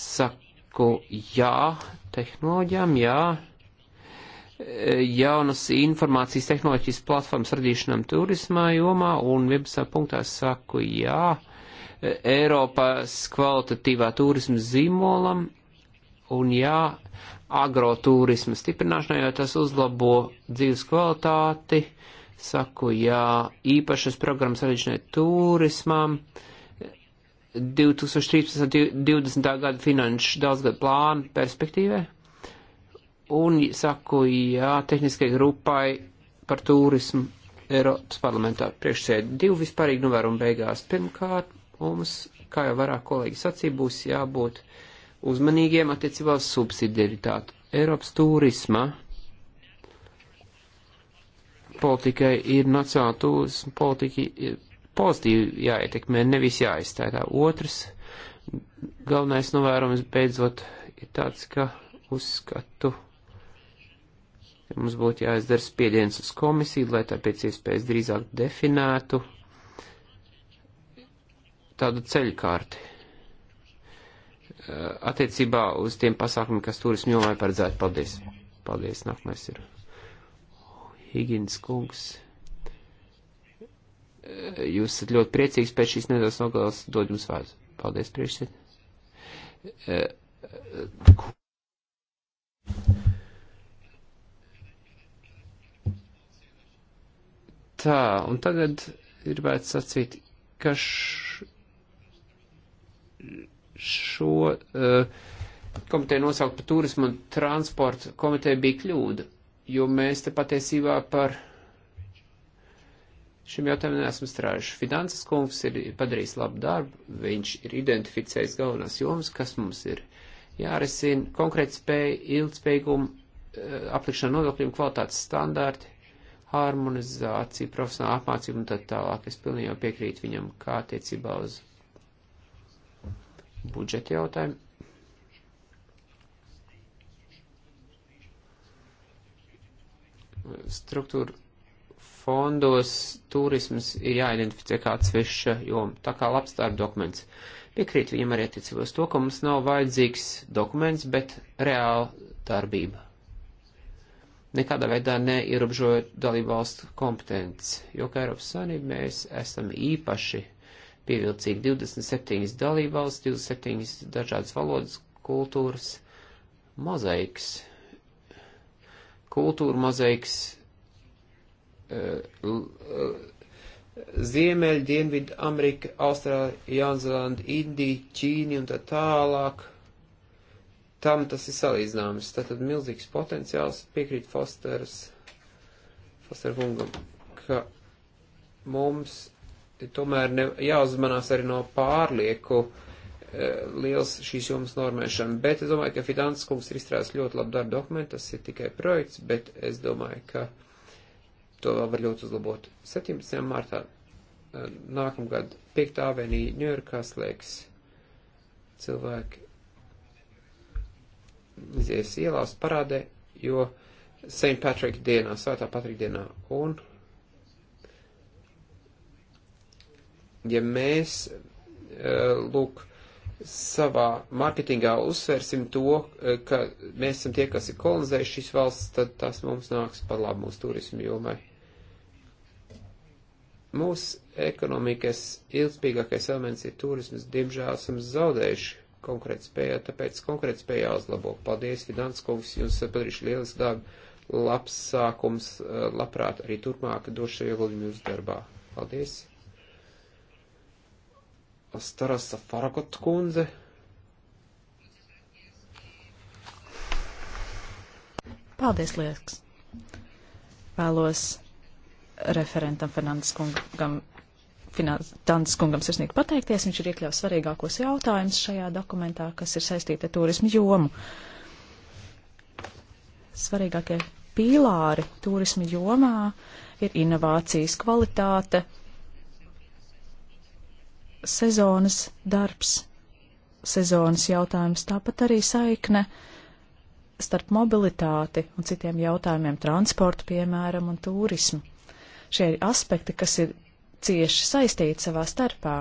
A: Saku jā tehnoloģijām, jā eh, jaunas informācijas tehnoloģijas platformas radīšanām turismā jomā un 11. punktā saku jā eh, Eiropas kvalitatīvā turisma zīmolam un jā agrotūrisma stiprināšanai, jo tas uzlabo dzīves kvalitāti. Saku, jā, īpašas programmas sarežģinai turismam. 2013.20. gada finanšu daudzgadu plānu perspektīvē. Un saku, jā, tehniskai grupai par turismu Eiropas parlamentā priekšsēd divi vispārīgi novērumi beigās. Pirmkārt, mums, kā jau vairāk kolēģi sacīja, būs jābūt uh, uzmanīgiem attiecībā uz subsidiaritāti. Eiropas turisma politikai ir nacionāla turisma politika pozitīvi jāietekmē, nevis jāizstāj tā. Otrs galvenais novērojums beidzot ir tāds, ka uzskatu, ka mums būtu jāizdara spiediens uz komisiju, lai tā pēc iespējas drīzāk definētu tādu ceļkārti Eh, attiecībā uz tiem pasākumiem, kas turismu jomai paredzēti. Paldies. Paldies. Nākamais ir Higgins kungs.
B: Eh,
A: jūs esat ļoti priecīgs pēc šīs nedēļas nogales. Dod jums vārdu. Paldies, priekšsēd. Eh, tā, un tagad ir vērts sacīt, ka š šo uh, komiteju nosaukt par turismu un transportu komiteju bija kļūda, jo mēs te patiesībā par šim jautājumam neesam strājuši. Finanses kungs ir padarījis labu darbu, viņš ir identificējis galvenās jomas, kas mums ir jārisina, konkrēti spēja, ilgspējīgumu, uh, eh, aplikšana nodokļiem, kvalitātes standārti, harmonizācija, profesionāla apmācība un tā tālāk. Es pilnībā piekrītu viņam, kā attiecībā uz budžeta jautājumu. Struktūra fondos turisms ir jāidentificē kā atsevišķa joma, tā kā labstāra dokuments. Piekrīt viņam arī attiecībos to, ka mums nav vajadzīgs dokuments, bet reāla darbība nekādā veidā neierobežojot dalībvalstu kompetenci, jo kā Eiropas Savienība mēs esam īpaši pievilcīgi 27 dalībvalsts, 27 dažādas valodas, kultūras, mozaiks, kultūra mozaiks, eh, eh, Ziemeļ, Dienvidu, Amerika, Austrālija, Jaunzēlanda, Indija, Ķīni un tā tālāk. Tam tas ir salīdzināms. Tātad milzīgs potenciāls piekrīt Fosters, Foster kungam, ka mums tomēr ne, jāuzmanās arī no pārlieku e, liels šīs jomas normēšana, bet es domāju, ka Fidanses kungs ir izstrādājis ļoti labu darbu dokumentu, tas ir tikai projekts, bet es domāju, ka to vēl var ļoti uzlabot. 17. martā e, nākamgad 5. avenī Ņujorkā slēgs cilvēki izies ielās parādē, jo St. Patrick dienā, Svētā Patrika dienā, un ja mēs, eh, lūk, savā marketingā uzsversim to, eh, ka mēs esam tie, kas ir kolonizējuši šīs valsts, tad tas mums nāks par labu mūsu turismu jomai. Mūsu ekonomikas ilgspīgākais elements ir turismas, diemžēl esam zaudējuši konkurētspējā, tāpēc konkurētspējā jāuzlabo. Paldies, Vidants kungs, jums padarīšu lielisku darbu, labs sākums, eh, labprāt arī turpmāk došu ieguldījumu jūsu darbā. Paldies! az Tarassa Farakott kundze.
B: Paldies, Lieks! Vēlos referentam Fernandes kungam, Fernandes kungam sirsnīgi pateikties. Viņš ir iekļauts svarīgākos jautājumus šajā dokumentā, kas ir saistīti ar turismu jomu. Svarīgākie pīlāri turismu jomā ir inovācijas kvalitāte, sezonas darbs, sezonas jautājums, tāpat arī saikne starp mobilitāti un citiem jautājumiem, transportu, piemēram, un turismu. Šie ir aspekti, kas ir cieši saistīti savā starpā,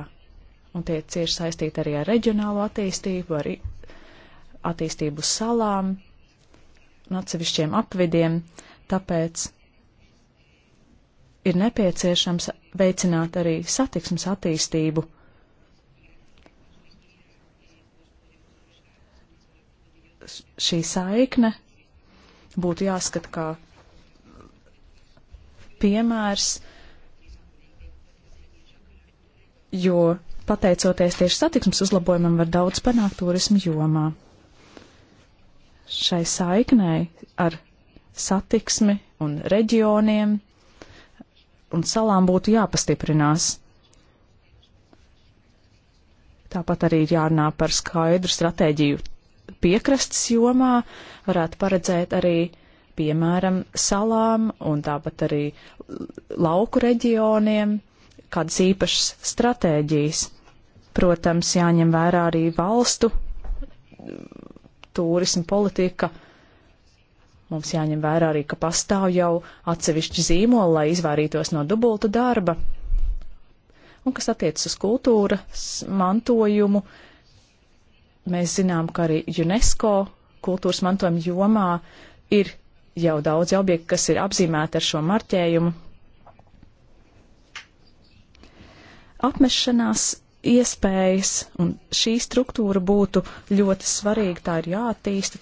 B: un tie cieši saistīti arī ar reģionālo attīstību, arī attīstību salām un atsevišķiem apvidiem, tāpēc ir nepieciešams veicināt arī satiksmes attīstību šī saikne būtu jāskata kā piemērs, jo pateicoties tieši satiksmes uzlabojumam var daudz panākt turismu jomā. Šai saiknei ar satiksmi un reģioniem un salām būtu jāpastiprinās. Tāpat arī ir jārunā par skaidru stratēģiju piekrastes jomā, varētu paredzēt arī, piemēram, salām un tāpat arī lauku reģioniem kādas īpašas stratēģijas. Protams, jāņem vērā arī valstu mm, turismu politika. Mums jāņem vērā arī, ka pastāv jau atsevišķi zīmoli, lai izvairītos no dubulta darba. Un kas attiecas uz kultūras mantojumu, uh, Mēs zinām, ka arī UNESCO kultūras mantojuma jomā ir jau daudz objektu, kas ir apzīmēti ar šo marķējumu. Apmešanās iespējas un šī struktūra būtu ļoti svarīga, tā ir jātīsta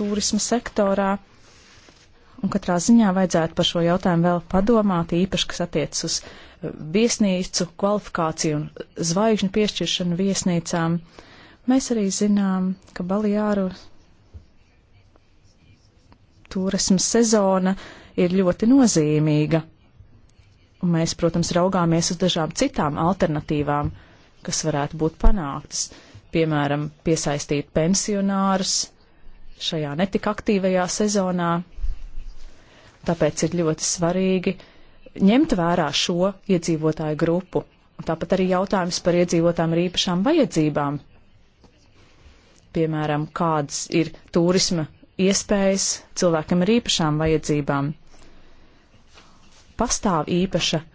B: turisma sektorā. Un katrā ziņā vajadzētu par šo jautājumu vēl padomāt, īpaši, kas attiec uz eh, viesnīcu kvalifikāciju un zvaigžņu piešķiršanu viesnīcām. Uh, Mēs arī zinām, ka Baliāru turisma sezona ir ļoti nozīmīga. Un mēs, protams, raugāmies uz dažām citām alternatīvām, kas varētu būt panāktas. Piemēram, piesaistīt pensionārus šajā netik aktīvajā sezonā. Tāpēc ir ļoti svarīgi ņemt vērā šo iedzīvotāju grupu. Un tāpat arī jautājums par iedzīvotājiem ar īpašām vajadzībām piemēram, kādas ir turisma iespējas cilvēkam ar īpašām vajadzībām. Pastāv īpaša eh,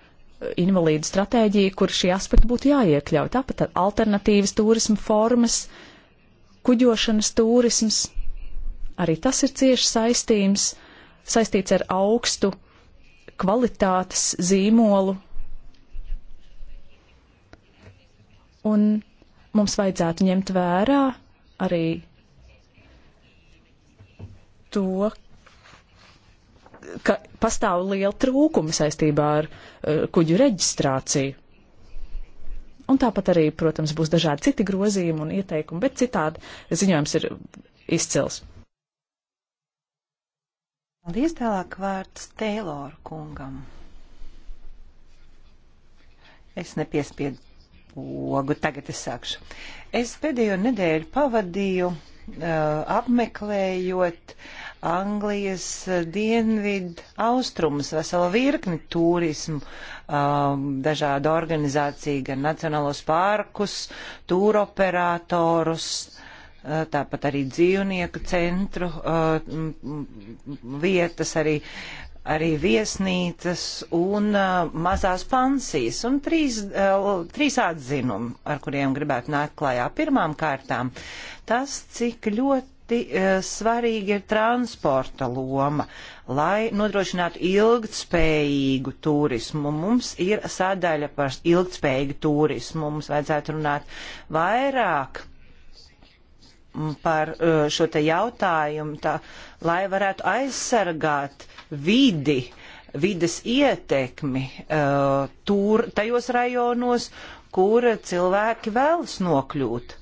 B: invalīdu stratēģija, kur šie aspekti būtu jāiekļauj. Tāpat alternatīvas turisma formas, kuģošanas turisms, arī tas ir cieši saistīms, saistīts ar augstu kvalitātes zīmolu. Un mums vajadzētu ņemt vērā arī to, ka pastāv liela trūkuma saistībā ar uh, kuģu reģistrāciju. Un tāpat arī, protams, būs dažādi citi grozījumi un ieteikumi, bet citādi ziņojums ir izcils.
C: Paldies tālāk vārds Teiloru kungam. Es nepiespiedu pogu. Tagad es sākšu. Es pēdējo nedēļu pavadīju uh, apmeklējot Anglijas dienvidu austrumus, veselu virkni turismu, um, dažādu organizāciju, gan nacionālos parkus, tūroperatorus, uh, tāpat arī dzīvnieku centru uh, vietas, arī arī viesnīcas un uh, mazās pansijas un trīs, uh, trīs atzinumi, ar kuriem gribētu nākt klājā. Pirmām kārtām tas, cik ļoti uh, svarīgi ir transporta loma, lai nodrošinātu ilgtspējīgu turismu. Mums ir sadaļa par ilgtspējīgu turismu, mums vajadzētu runāt vairāk par uh, šo te jautājumu, tā, lai varētu aizsargāt vidi, vides ietekmi uh, tur, tajos rajonos, kur cilvēki vēlas nokļūt.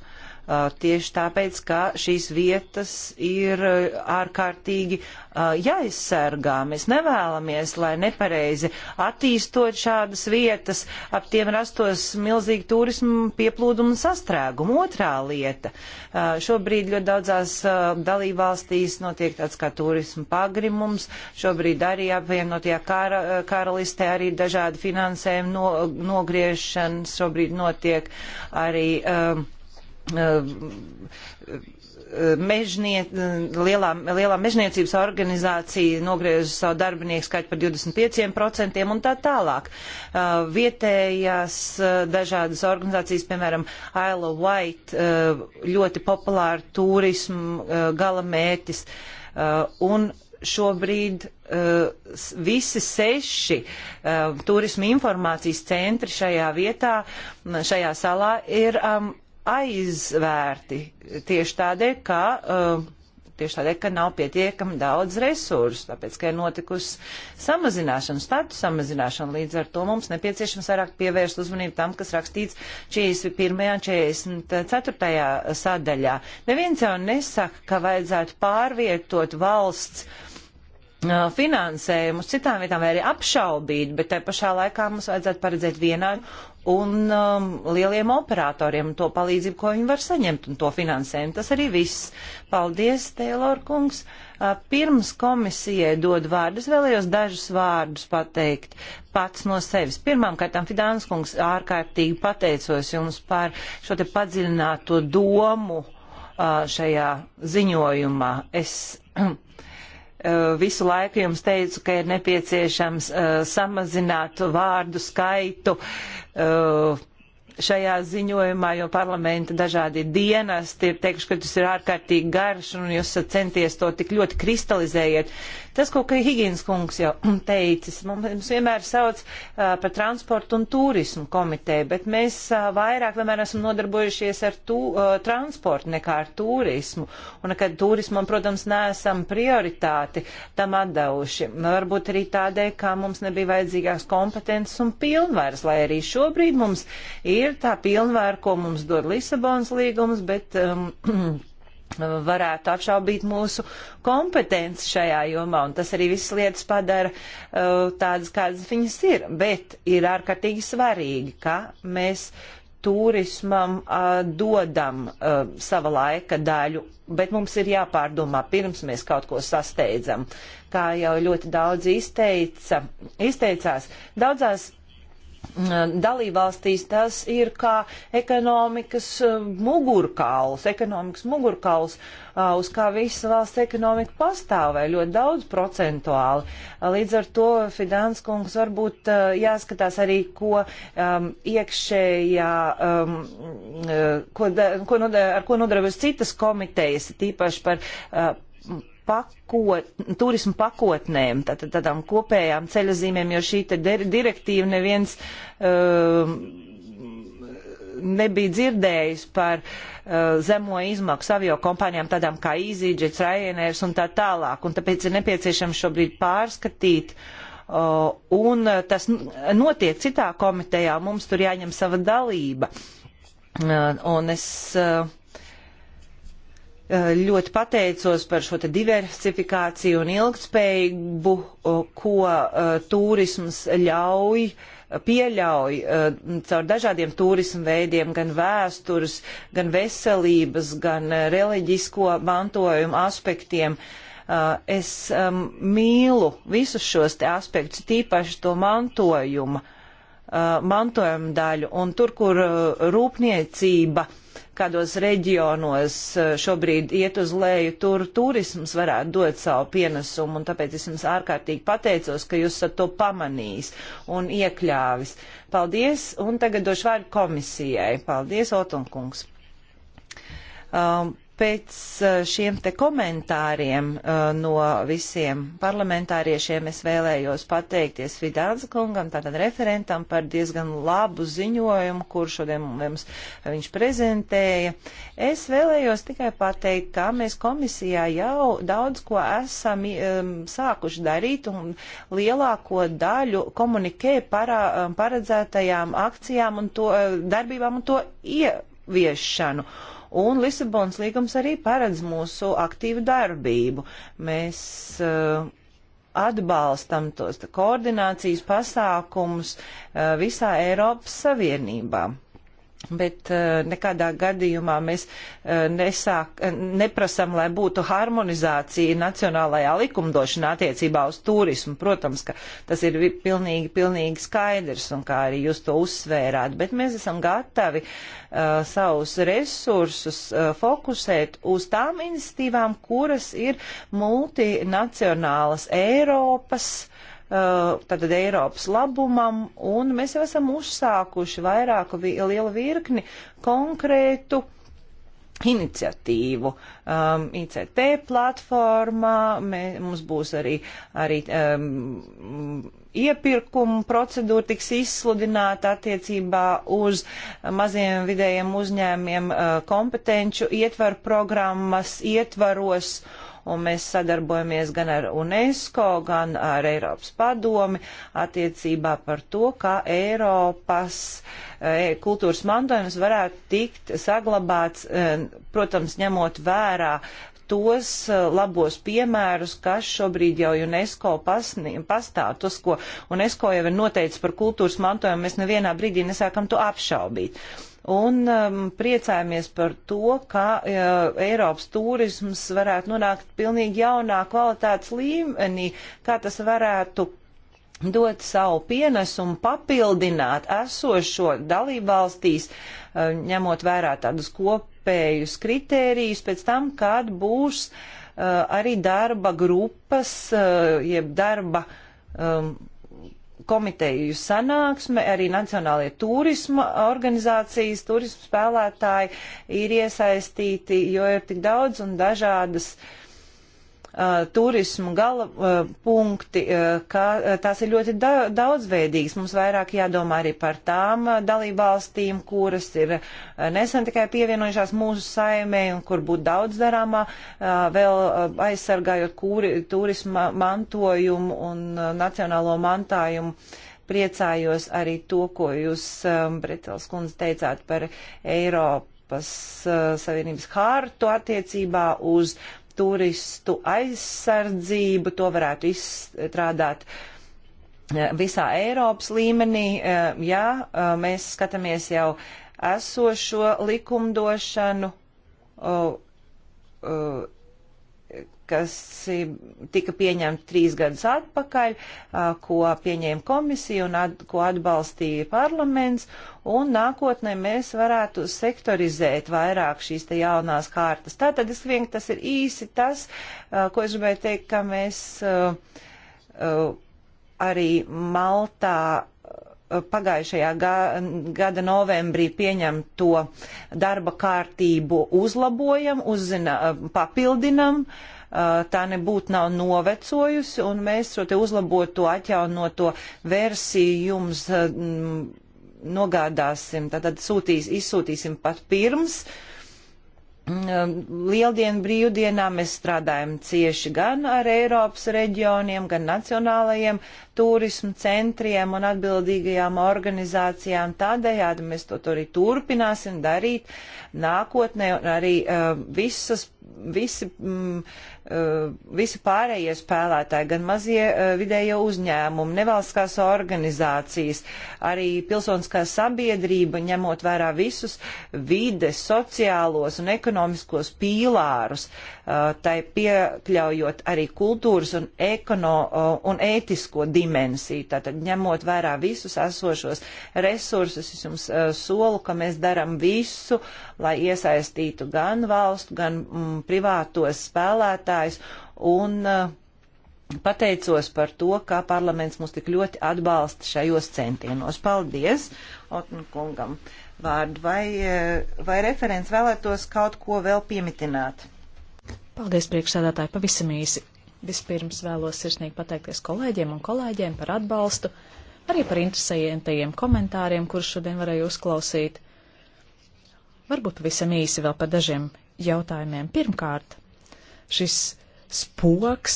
C: Uh, tieši tāpēc, ka šīs vietas ir uh, ārkārtīgi uh, jāizsargā. Mēs nevēlamies, lai nepareizi attīstot šādas vietas, ap tiem rastos milzīgi turismu pieplūdumu un sastrēgumu. Otrā lieta. Šobrīd ļoti daudzās dalībvalstīs notiek tāds kā turismu pagrimums. Šobrīd arī apvienotajā kara, karalistē arī dažādi finansējumi no, nogriešanas. Šobrīd notiek arī um, mežnie, lielā, lielā mežniecības organizācija nogriež savu darbinieku skaitu par 25% un tā tālāk. Uh, vietējās uh, dažādas organizācijas, piemēram, Isla White, uh, ļoti populāra turismu gala mētis. Un šobrīd visi seši turismu informācijas centri šajā vietā, šajā salā ir um, aizvērti tieši tādēļ, ka. Uh, Tieši tādēļ, ka nav pietiekami daudz resursu, tāpēc, ka ir notikusi samazināšana, statu samazināšana, līdz ar to mums nepieciešams vairāk pievērst uzmanību tam, kas rakstīts 41. un 44. sadaļā. Neviens jau nesaka, ka vajadzētu pārvietot valsts uh, finansējumu uz citām vietām vai arī apšaubīt, bet te pašā laikā mums vajadzētu paredzēt vienādu un um, lieliem operatoriem to palīdzību, ko viņi var saņemt un to finansējumu. Tas arī viss. Paldies, Tēlor kungs. Uh, pirms komisijai dod vārdus, vēlējos dažus vārdus pateikt pats no sevis. Pirmkārt, Fidāns kungs ārkārtīgi pateicos jums par šo te padziļināto domu uh, šajā ziņojumā. Es Eh, visu laiku jums teicu, ka ir nepieciešams eh, samazināt vārdu skaitu eh, šajā ziņojumā, jo parlamenta dažādi dienesti ir teikuši, ka tas ir ārkārtīgi garš un jūs centies to tik ļoti kristalizējiet. Tas, ko Higīns kungs jau teicis, mums vienmēr sauc uh, par transportu un turismu komiteju, bet mēs uh, vairāk vienmēr esam nodarbojušies ar tu, uh, transportu nekā ar turismu. Un nekad turismam, protams, neesam prioritāti tam atdevuši. Varbūt arī tādēļ, ka mums nebija vajadzīgās kompetences un pilnvaras, lai arī šobrīd mums ir tā pilnvara, ko mums dod Lisabonas līgums, bet. Um, varētu apšaubīt mūsu kompetenci šajā jomā, un tas arī visas lietas padara uh, tādas, kādas viņas ir. Bet ir ārkārtīgi svarīgi, ka mēs turismam uh, dodam uh, sava laika daļu, bet mums ir jāpārdomā, pirms mēs kaut ko sasteidzam. Kā jau ļoti daudz izteica, izteicās, daudzās Mm, dalībvalstīs tas ir kā ekonomikas mm, mugurkauls, ekonomikas mugurkauls, uz kā visa valsts ekonomika pastāvē ļoti daudz procentuāli. Līdz ar to Fidanskungs varbūt jāskatās arī, ko um, iekšējā, um, ko, da, ko nodar, ar ko nodarbojas citas komitejas, tīpaši par uh, pakot, turismu pakotnēm, tātad tādām kopējām ceļazīmēm, jo šī direktīva neviens uh, nebija dzirdējis par uh, zemo izmaksu avio kompānijām, tādām kā EasyJet, Ryanair un tā tālāk. Un tāpēc ir nepieciešams šobrīd pārskatīt. Uh, un tas notiek citā komitejā, mums tur jāņem sava dalība. Uh, un es uh, Eh, ļoti pateicos par šo diversifikāciju un ilgtspējību, eh, ko eh, turisms ļauj, pieļauj caur dažādiem turismu veidiem, gan vēstures, gan veselības, gan reliģisko mantojumu aspektiem. Es mīlu visus šos te aspektus, tīpaši to mantojumu, mantojumu daļu, un tur, kur rūpniecība uh, kādos reģionos eh, šobrīd iet uz leju, tur turisms varētu dot savu pienesumu, un tāpēc es jums ārkārtīgi pateicos, ka jūs esat to pamanījis un iekļāvis. Paldies, un tagad došu vārdu komisijai. Paldies, Otunkungs. Um, Pēc eh, šiem te komentāriem eh, no visiem parlamentāriešiem es vēlējos pateikties Vidāns kungam, tātad referentam, par diezgan labu ziņojumu, kur šodien mums eh, viņš prezentēja. Es vēlējos tikai pateikt, kā mēs komisijā jau daudz ko esam um, sākuši darīt un lielāko daļu komunikē para, um, paredzētajām akcijām un to darbībām un to ieviešanu. Uh, un Lisabonas līgums arī paredz mūsu aktīvu darbību. Mēs uh, atbalstam tos koordinācijas pasākumus uh, visā Eiropas Savienībā. Bet eh, nekādā gadījumā mēs eh, nesāk, eh, neprasam, lai būtu harmonizācija nacionālajā likumdošanā attiecībā uz turismu. Protams, ka tas ir pilnīgi, pilnīgi skaidrs un kā arī jūs to uzsvērāt, bet mēs esam gatavi uh, savus resursus uh, fokusēt uz tām iniciatīvām, kuras ir multinacionālas Eiropas Uh, tātad Eiropas labumam, un mēs jau esam uzsākuši vairāku vi lielu virkni konkrētu iniciatīvu. Um, ICT platformā mē, mums būs arī, arī um, iepirkuma procedūra tiks izsludināta attiecībā uz maziem vidējiem uzņēmiem uh, kompetenču ietvaru programmas ietvaros. Uh, un mēs sadarbojamies gan ar UNESCO, gan ar Eiropas padomi attiecībā par to, kā Eiropas e, kultūras mantojums varētu tikt saglabāts, e, protams, ņemot vērā tos e, labos piemērus, kas šobrīd jau UNESCO pasnī, pastāv, tos, ko UNESCO jau ir noteicis par kultūras mantojumu, mēs nevienā brīdī nesākam to apšaubīt. Uh, un um, priecājamies par to, ka uh, Eiropas turisms varētu nonākt pilnīgi jaunā kvalitātes līmenī, kā tas varētu dot savu pienesumu, papildināt esošo dalībvalstīs, uh, ņemot vērā tādus kopējus kritērijus pēc tam, kad būs uh, arī darba grupas, uh, jeb darba um, komiteju sanāksme, arī Nacionālajie turisma organizācijas, turisma spēlētāji ir iesaistīti, jo ir tik daudz un dažādas uh, Uh, turismu gala uh, punkti, uh, ka tās ir ļoti da daudzveidīgas. Mums vairāk jādomā arī par tām dalībvalstīm, kuras ir nesen tikai pievienojušās mūsu saimē un kur būtu daudz darāmā, vēl aizsargājot kūri, turisma mantojumu un nacionālo mantājumu priecājos arī to, ko jūs, um, Bretels kundze, teicāt par Eiropas uh, Savienības hārtu attiecībā uz turistu aizsardzību, to varētu izstrādāt eh, visā Eiropas līmenī. Eh, jā, eh, mēs skatāmies jau esošo likumdošanu kas tika pieņemta trīs gadus atpakaļ, ko pieņēma komisija un at, ko atbalstīja parlaments, un nākotnē mēs varētu sektorizēt vairāk šīs te jaunās kārtas. Tātad es vienkārši tas ir īsi tas, ko es gribēju teikt, ka mēs arī Maltā pagājušajā gada novembrī pieņemto darba kārtību uzlabojam, uzzina, papildinam. Uh, Eh, tā nebūtu nav novecojusi, un mēs šo te uzlaboto, atjaunoto versiju jums eh, mm, nogādāsim, tātad sūtīs, izsūtīsim pat pirms. Mm, eh, Lieldienu brīvdienā mēs strādājam cieši gan ar Eiropas reģioniem, gan nacionālajiem turismu centriem un atbildīgajām organizācijām. Tādējādi mēs to arī turpināsim darīt nākotnē un arī uh, visas, visi mm, Eh, visi pārējie spēlētāji, gan mazie eh, vidējo uzņēmumi, nevalstiskās organizācijas, arī pilsoniskā sabiedrība, ņemot vērā visus vides, sociālos un ekonomiskos pīlārus, eh, tai piekļaujot arī kultūras un, ekono, un ētisko dimensiju, tātad ņemot vērā visus esošos resursus, es jums solu, ka mēs daram visu, lai iesaistītu gan valstu, gan m, mm, privātos spēlētājus, priekšsēdētājs un eh, pateicos par to, kā parlaments mūs tik ļoti atbalsta šajos centienos. Paldies Otnu kungam vārdu. Vai,
B: eh, vai referents vēlētos kaut ko vēl piemitināt? Paldies priekšsēdētāji pavisam īsi. Vispirms vēlos sirsnīgi pateikties kolēģiem un kolēģiem par atbalstu, arī par interesējantajiem komentāriem, kurus šodien varēju uzklausīt. Varbūt pavisam īsi vēl par dažiem jautājumiem. Pirmkārt, šis spoks,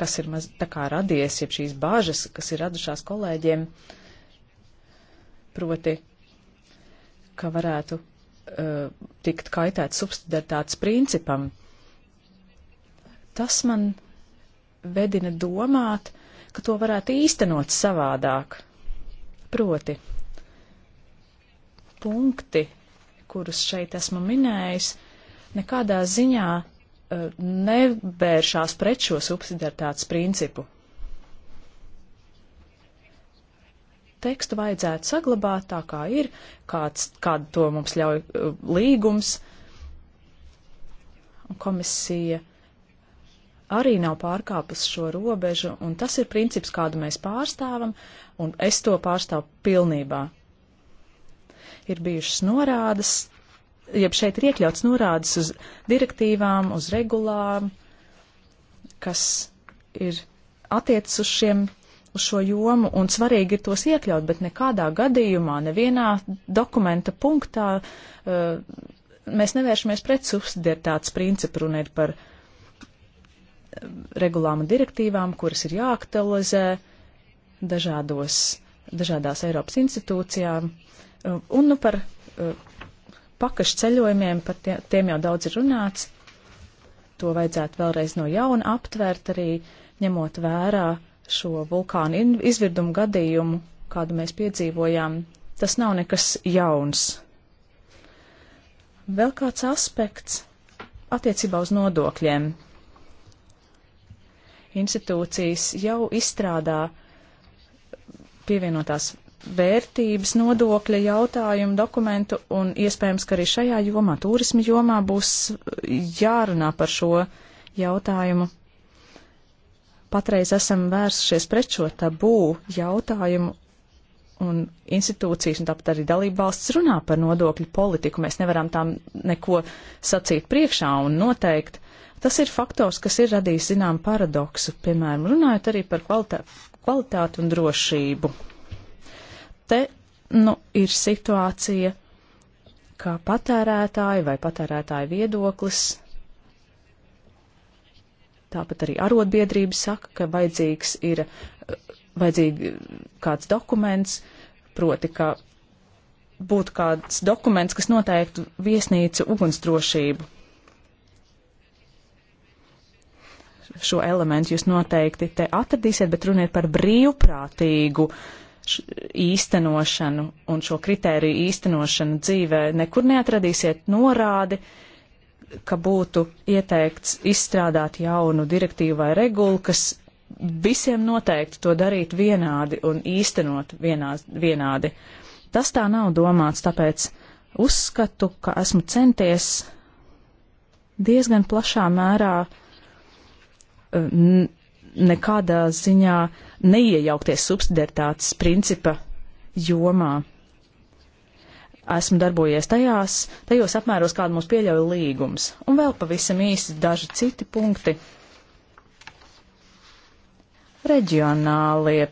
B: kas ir maz, tā kā radies, jeb šīs bāžas, kas ir radušās kolēģiem, proti, ka varētu uh, tikt kaitēt subsidiaritātes principam. Tas man vedina domāt, ka to varētu īstenot savādāk. Proti, punkti, kurus šeit esmu minējis, nekādā ziņā nevēršās pret šo subsidiaritātes principu. Tekstu vajadzētu saglabāt tā, kā ir, kāds, kādu to mums ļauj uh, līgums. Komisija arī nav pārkāpus šo robežu, un tas ir princips, kādu mēs pārstāvam, un es to pārstāvu pilnībā. Ir bijušas norādes jeb šeit ir iekļauts norādes uz direktīvām, uz regulām, kas ir attiecas uz šiem, uz šo jomu, un svarīgi ir tos iekļaut, bet nekādā gadījumā, nevienā dokumenta punktā uh, mēs nevēršamies pret subsidiertāts principu un ir par uh, regulām un direktīvām, kuras ir jāaktualizē dažādos, dažādās Eiropas institūcijām. Uh, un nu par uh, pakašu ceļojumiem, par tie, tiem jau daudz ir runāts. To vajadzētu vēlreiz no jauna aptvērt arī, ņemot vērā šo vulkānu izvirdumu gadījumu, kādu mēs piedzīvojām. Tas nav nekas jauns. Vēl kāds aspekts attiecībā uz nodokļiem. Institūcijas jau izstrādā pievienotās vērtības nodokļa jautājumu dokumentu, un iespējams, ka arī šajā jomā, turisma jomā, būs jārunā par šo jautājumu. Patreiz esam vērsušies pret šo tabū jautājumu, un institūcijas, un tāpat arī dalība valsts runā par nodokļu politiku. Mēs nevaram tām neko sacīt priekšā un noteikt. Tas ir faktors, kas ir radījis zinām paradoksu, piemēram, runājot arī par kvalitā kvalitāti un drošību te nu, ir situācija, kā patērētāji vai patērētāju viedoklis. Tāpat arī arotbiedrība saka, ka vajadzīgs ir vajadzīgi kāds dokuments, proti, ka būtu kāds dokuments, kas noteiktu viesnīcu ugunsdrošību. Šo elementu jūs noteikti te atradīsiet, bet runiet par brīvprātīgu uh, īstenošanu un šo kritēriju īstenošanu dzīvē, nekur neatradīsiet norādi, ka būtu ieteikts izstrādāt jaunu direktīvu vai regulu, kas visiem noteikti to darīt vienādi un īstenot vienā, vienādi. Tas tā nav domāts, tāpēc uzskatu, ka esmu centies diezgan plašā mērā eh, nekādā ziņā uh, neiejaukties subsidiaritātes principa jomā. Esmu darbojies tajās, tajos apmēros, kādu mums pieļauj līgums. Un vēl pavisam īsi daži citi punkti. Reģionālie,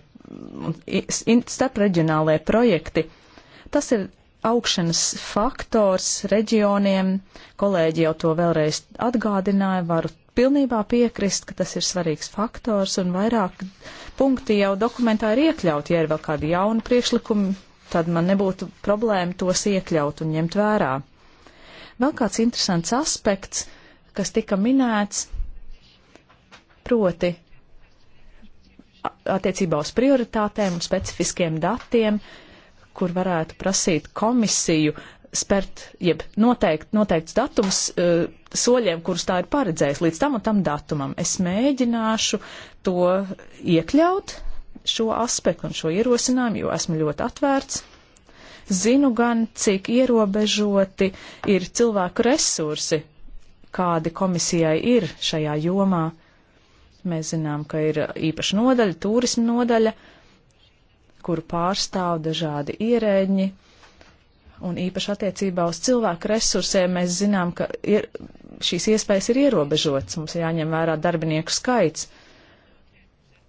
B: starpreģionālie projekti. Tas ir augšanas faktors reģioniem. Kolēģi jau to vēlreiz atgādināja. Varu pilnībā piekrist, ka tas ir svarīgs faktors un vairāk punkti jau dokumentā ir iekļauti. Ja ir vēl kādi jauni priekšlikumi, tad man nebūtu problēma tos iekļaut un ņemt vērā. Vēl kāds interesants aspekts, kas tika minēts, proti attiecībā uz prioritātēm un specifiskiem datiem, kur varētu prasīt komisiju spērt, jeb noteikt, noteikts datums uh, soļiem, kurus tā ir paredzējis līdz tam un tam datumam. Es mēģināšu to iekļaut, šo aspektu un šo ierosinājumu, jo esmu ļoti atvērts. Zinu gan, cik ierobežoti ir cilvēku resursi, kādi komisijai ir šajā jomā. Mēs zinām, ka ir īpaša nodaļa, turisma nodaļa, kuru pārstāv dažādi ierēģi, Un īpaši attiecībā uz cilvēku resursiem mēs zinām, ka ir, šīs iespējas ir ierobežotas, mums jāņem vērā darbinieku skaits.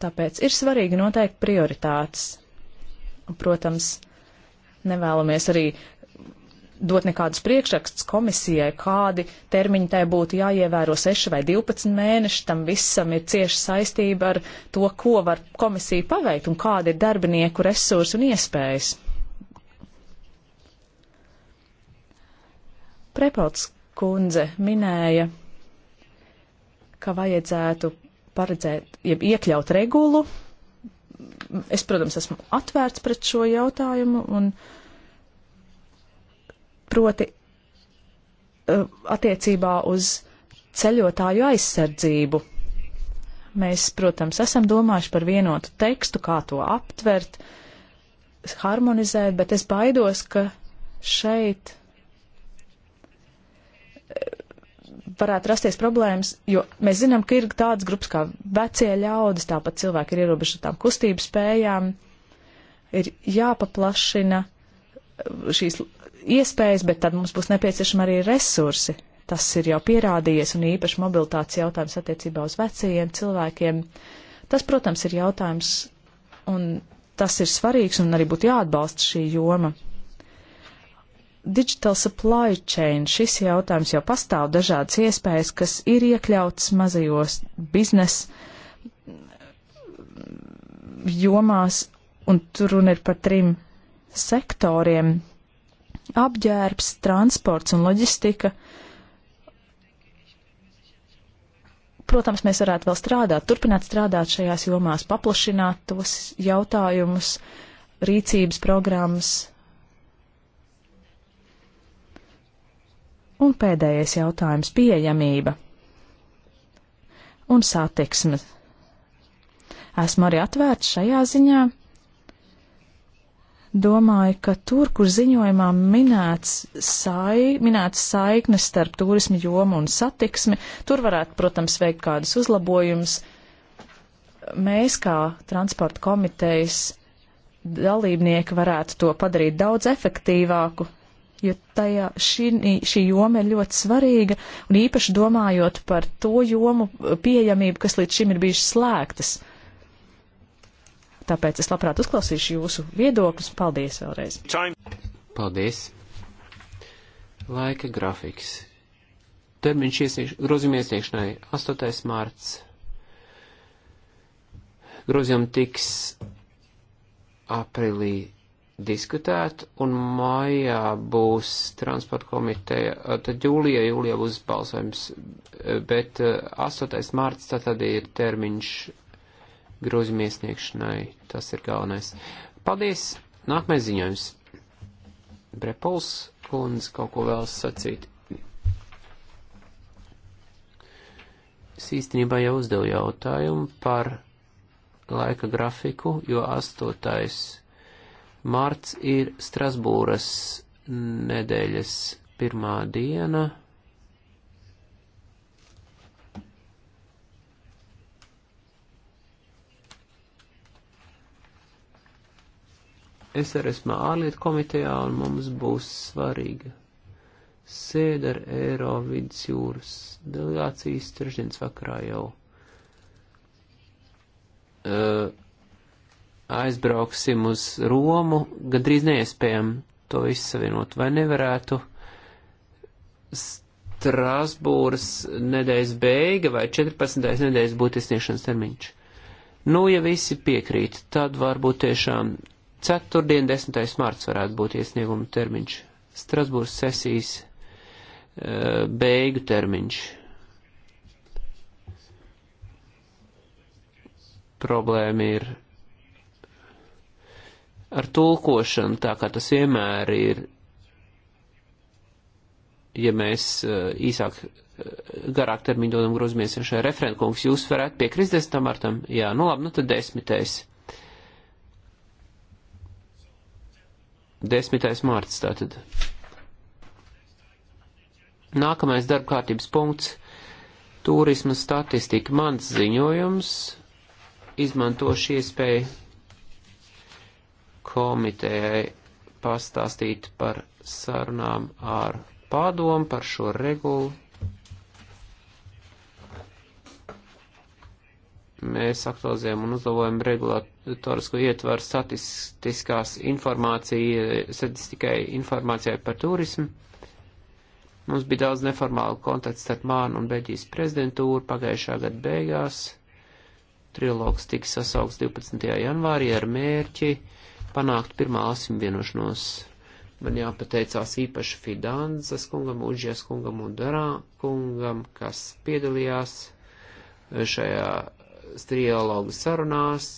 B: Tāpēc ir svarīgi noteikt prioritātes. Protams, nevēlamies arī dot nekādus priekšrakstus komisijai, kādi termiņi tai būtu jāievēro 6 vai 12 mēneši. Tam visam ir cieša saistība ar to, ko var komisija paveikt un kādi ir darbinieku resursi un iespējas. Repauts kundze minēja, ka vajadzētu paredzēt, jeb iekļaut regulu. Es, protams, esmu atvērts pret šo jautājumu un proti eh, attiecībā uz ceļotāju aizsardzību. Mēs, protams, esam domājuši par vienotu tekstu, kā to aptvert, harmonizēt, bet es baidos, ka šeit varētu rasties problēmas, jo mēs zinām, ka ir tādas grupas kā vecie ļaudis, tāpat cilvēki ir ierobežotām kustības spējām, ir jāpaplašina uh, šīs iespējas, bet tad mums būs nepieciešama arī resursi. Tas ir jau pierādījies, un īpaši mobilitātes jautājums attiecībā uz vecajiem cilvēkiem. Tas, protams, ir jautājums, un tas ir svarīgs, un arī būtu jāatbalsta šī joma. Digital supply chain šis jautājums jau pastāv dažādas iespējas, kas ir iekļautas mazajos biznesa jomās, un tur runa ir par trim sektoriem - apģērbs, transports un loģistika. Protams, mēs varētu vēl strādāt, turpināt strādāt šajās jomās, paplašināt tos jautājumus, rīcības programmas, Un pēdējais jautājums - pieejamība un satiksme. Esmu arī atvērts šajā ziņā. Domāju, ka tur, kur ziņojumā minēts sai, minēts saiknes starp turismu jomu un satiksmi, tur varētu, protams, veikt kādus uzlabojumus. Mēs, kā transporta komitejas dalībnieki, varētu to padarīt daudz efektīvāku, jo tajā šī, šī joma ir ļoti svarīga, un īpaši domājot par to jomu eh, pieejamību, kas līdz šim ir bijušas slēgtas. Tāpēc es labprāt uzklausīšu jūsu viedokļus. Paldies vēlreiz!
A: Paldies! Laika grafiks. Termiņš iesiekš, grozījuma iesniegšanai 8. mārts. Grozījumi tiks aprīlī diskutēt, un maijā būs transporta komiteja, tad jūlijā, jūlijā būs balsojums, bet 8. mārts tā tad ir termiņš grozījuma iesniegšanai, tas ir galvenais. Paldies, nākamais ziņojums. Brepols kundze kaut ko vēlas sacīt. Es īstenībā jau uzdevu jautājumu par laika grafiku, jo 8 Mārts ir Strasbūras nedēļas pirmā diena. Es arī esmu ārlietu komitejā un mums būs svarīga sēde ar Eiro vidusjūras delegācijas trešdienas vakarā jau. Uh, aizbrauksim uz Romu, gandrīz neiespējam to izsavienot, vai nevarētu Strasbūras nedēļas beiga vai 14. nedēļas būt izsniegšanas termiņš. Nu, ja visi piekrīt, tad varbūt tiešām ceturtdien 10. marts varētu būt iesnieguma termiņš. Strasbūras sesijas eh, beigu termiņš. Problēma ir ar tulkošanu, tā kā tas vienmēr ir, ja mēs eh, īsāk, eh, garāk termiņu dodam grozīmies ar šai referentkungs, jūs varētu piekrist 10. martam? Jā, nu labi, nu tad desmitais. Desmitais mārts tātad. Nākamais darba kārtības punkts - turisma statistika. Mans ziņojums izmanto šī iespēja komitejai pastāstīt par sarunām ar padomu par šo regulu. Mēs aktualizējam un uzlabojam regulatorisku ietvaru statistiskās informācija, statistikai informācijai par turismu. Mums bija daudz neformālu kontaktu starp mānu un Beļģijas prezidentūru pagājušā gada beigās. Trilogs tika sasaugs 12. janvārī ar mērķi uh, panākt pirmā lasim vienošanos. Man jāpateicās īpaši Fidanzas kungam, Uģijas kungam un Darā kungam, kas piedalījās eh, šajā trialogu sarunās.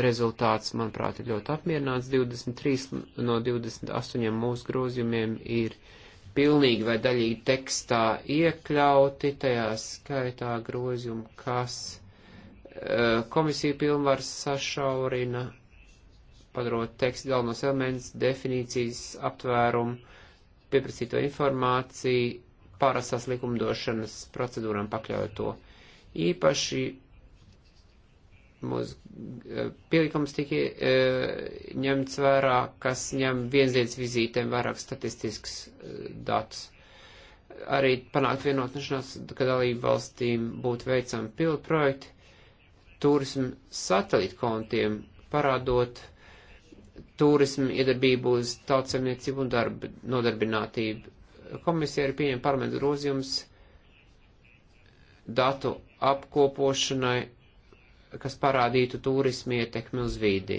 A: Rezultāts, manuprāt, ir ļoti apmierināts. 23 no 28 mūsu grozījumiem ir uh, pilnīgi vai daļīgi tekstā iekļauti, tajā skaitā grozījumi, kas eh, komisiju pilnvars sašaurina, padarot tekstu galvenos elements, definīcijas, aptvērumu, pieprasīto informāciju, pārasās likumdošanas procedūrām pakļaujot to. Īpaši mūsu eh, pielikums tika e, ņemts vērā, kas ņem vienlīdz vizītēm vairāk statistisks e, datus. Arī panākt vienotnešanās, ka dalību valstīm būtu veicami pilotu projekti turismu satelītu kontiem, parādot turismu iedarbību uz tautsemniecību un darba nodarbinātību. Komisija ir pieņem parlamentu grozījums datu apkopošanai kas parādītu turismu ietekmi uz vidi.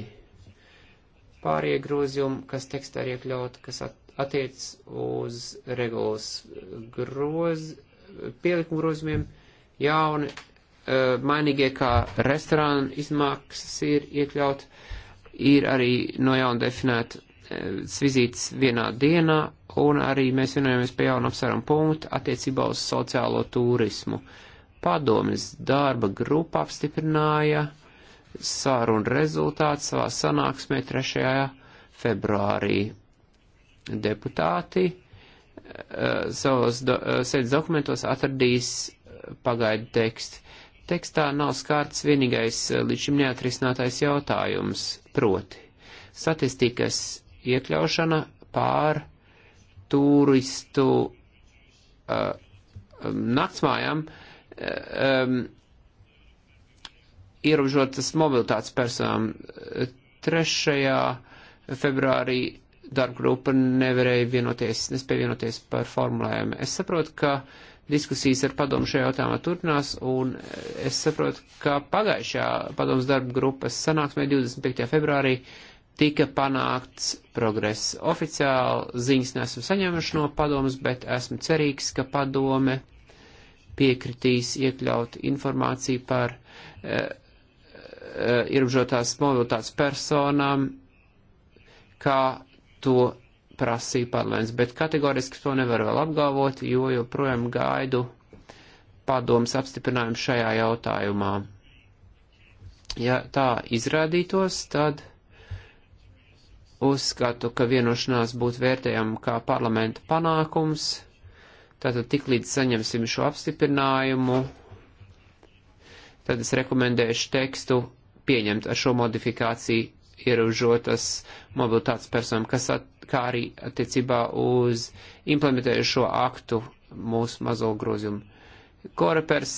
A: Pārie grozījumi, kas tekstā ir iekļauti, kas attiec uz regulas groz, pielikumu grozījumiem, jauni e, mainīgie kā restorāna izmaksas ir iekļaut, ir arī no jauna definēta e, svizītes vienā dienā, un arī mēs vienojamies pie jauna apsvērumu punktu attiecībā uz sociālo turismu. Uh, Padomis darba grupa apstiprināja sārunu rezultātu savā sanāksmē 3. februārī. Deputāti eh, savos do, eh, sēdes dokumentos atradīs pagaidu tekstu. Tekstā nav skārts vienīgais eh, līdz šim neatrisinātais jautājums, proti statistikas iekļaušana pār turistu uh, naktsmājām uh, um, ierobežotas mobilitātes personām. 3. februārī darba grupa nevarēja vienoties, nespēja vienoties par formulējumu. Es saprotu, ka diskusijas ar padomu šajā jautājumā turpinās, un es saprotu, ka pagājušajā padomas darba grupas sanāksmē 25. februārī tika panākts progress. Oficiāli ziņas nesam saņēmuši no padomas, bet esmu cerīgs, ka padome piekritīs iekļaut informāciju par e, ierobežotās mobilitātes personām, kā to prasīja parlaments. Bet kategoriski to nevar vēl apgalvot, jo joprojām gaidu padomas apstiprinājumu šajā jautājumā. Ja tā izrādītos, tad uzskatu, ka vienošanās būtu vērtējama kā parlamenta panākums Tātad tiklīdz saņemsim šo apstiprinājumu, tad es rekomendēšu tekstu pieņemt ar šo modifikāciju ierobežotas mobilitātes personām, kas at, kā arī attiecībā uz implementējušo aktu mūsu mazo grozījumu. Korepers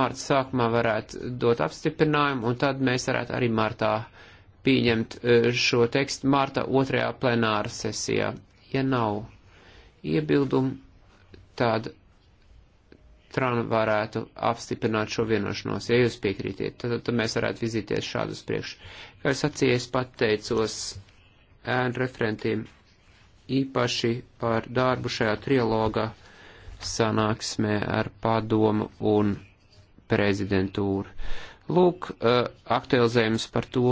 A: marta sākumā varētu dot apstiprinājumu, un tad mēs varētu arī martā pieņemt e, šo tekstu marta otrajā plenāra sesijā. Ja nav iebildumu, tāda Trana varētu apstiprināt šo vienošanos, ja jūs piekrītiet, tad, tad mēs varētu vizīties šādu uz priekšu. Kā es acīju, es pateicos ēnu referentiem īpaši par darbu šajā trilogā sanāksmē ar padomu un prezidentūru. Lūk, eh, aktualizējums par to,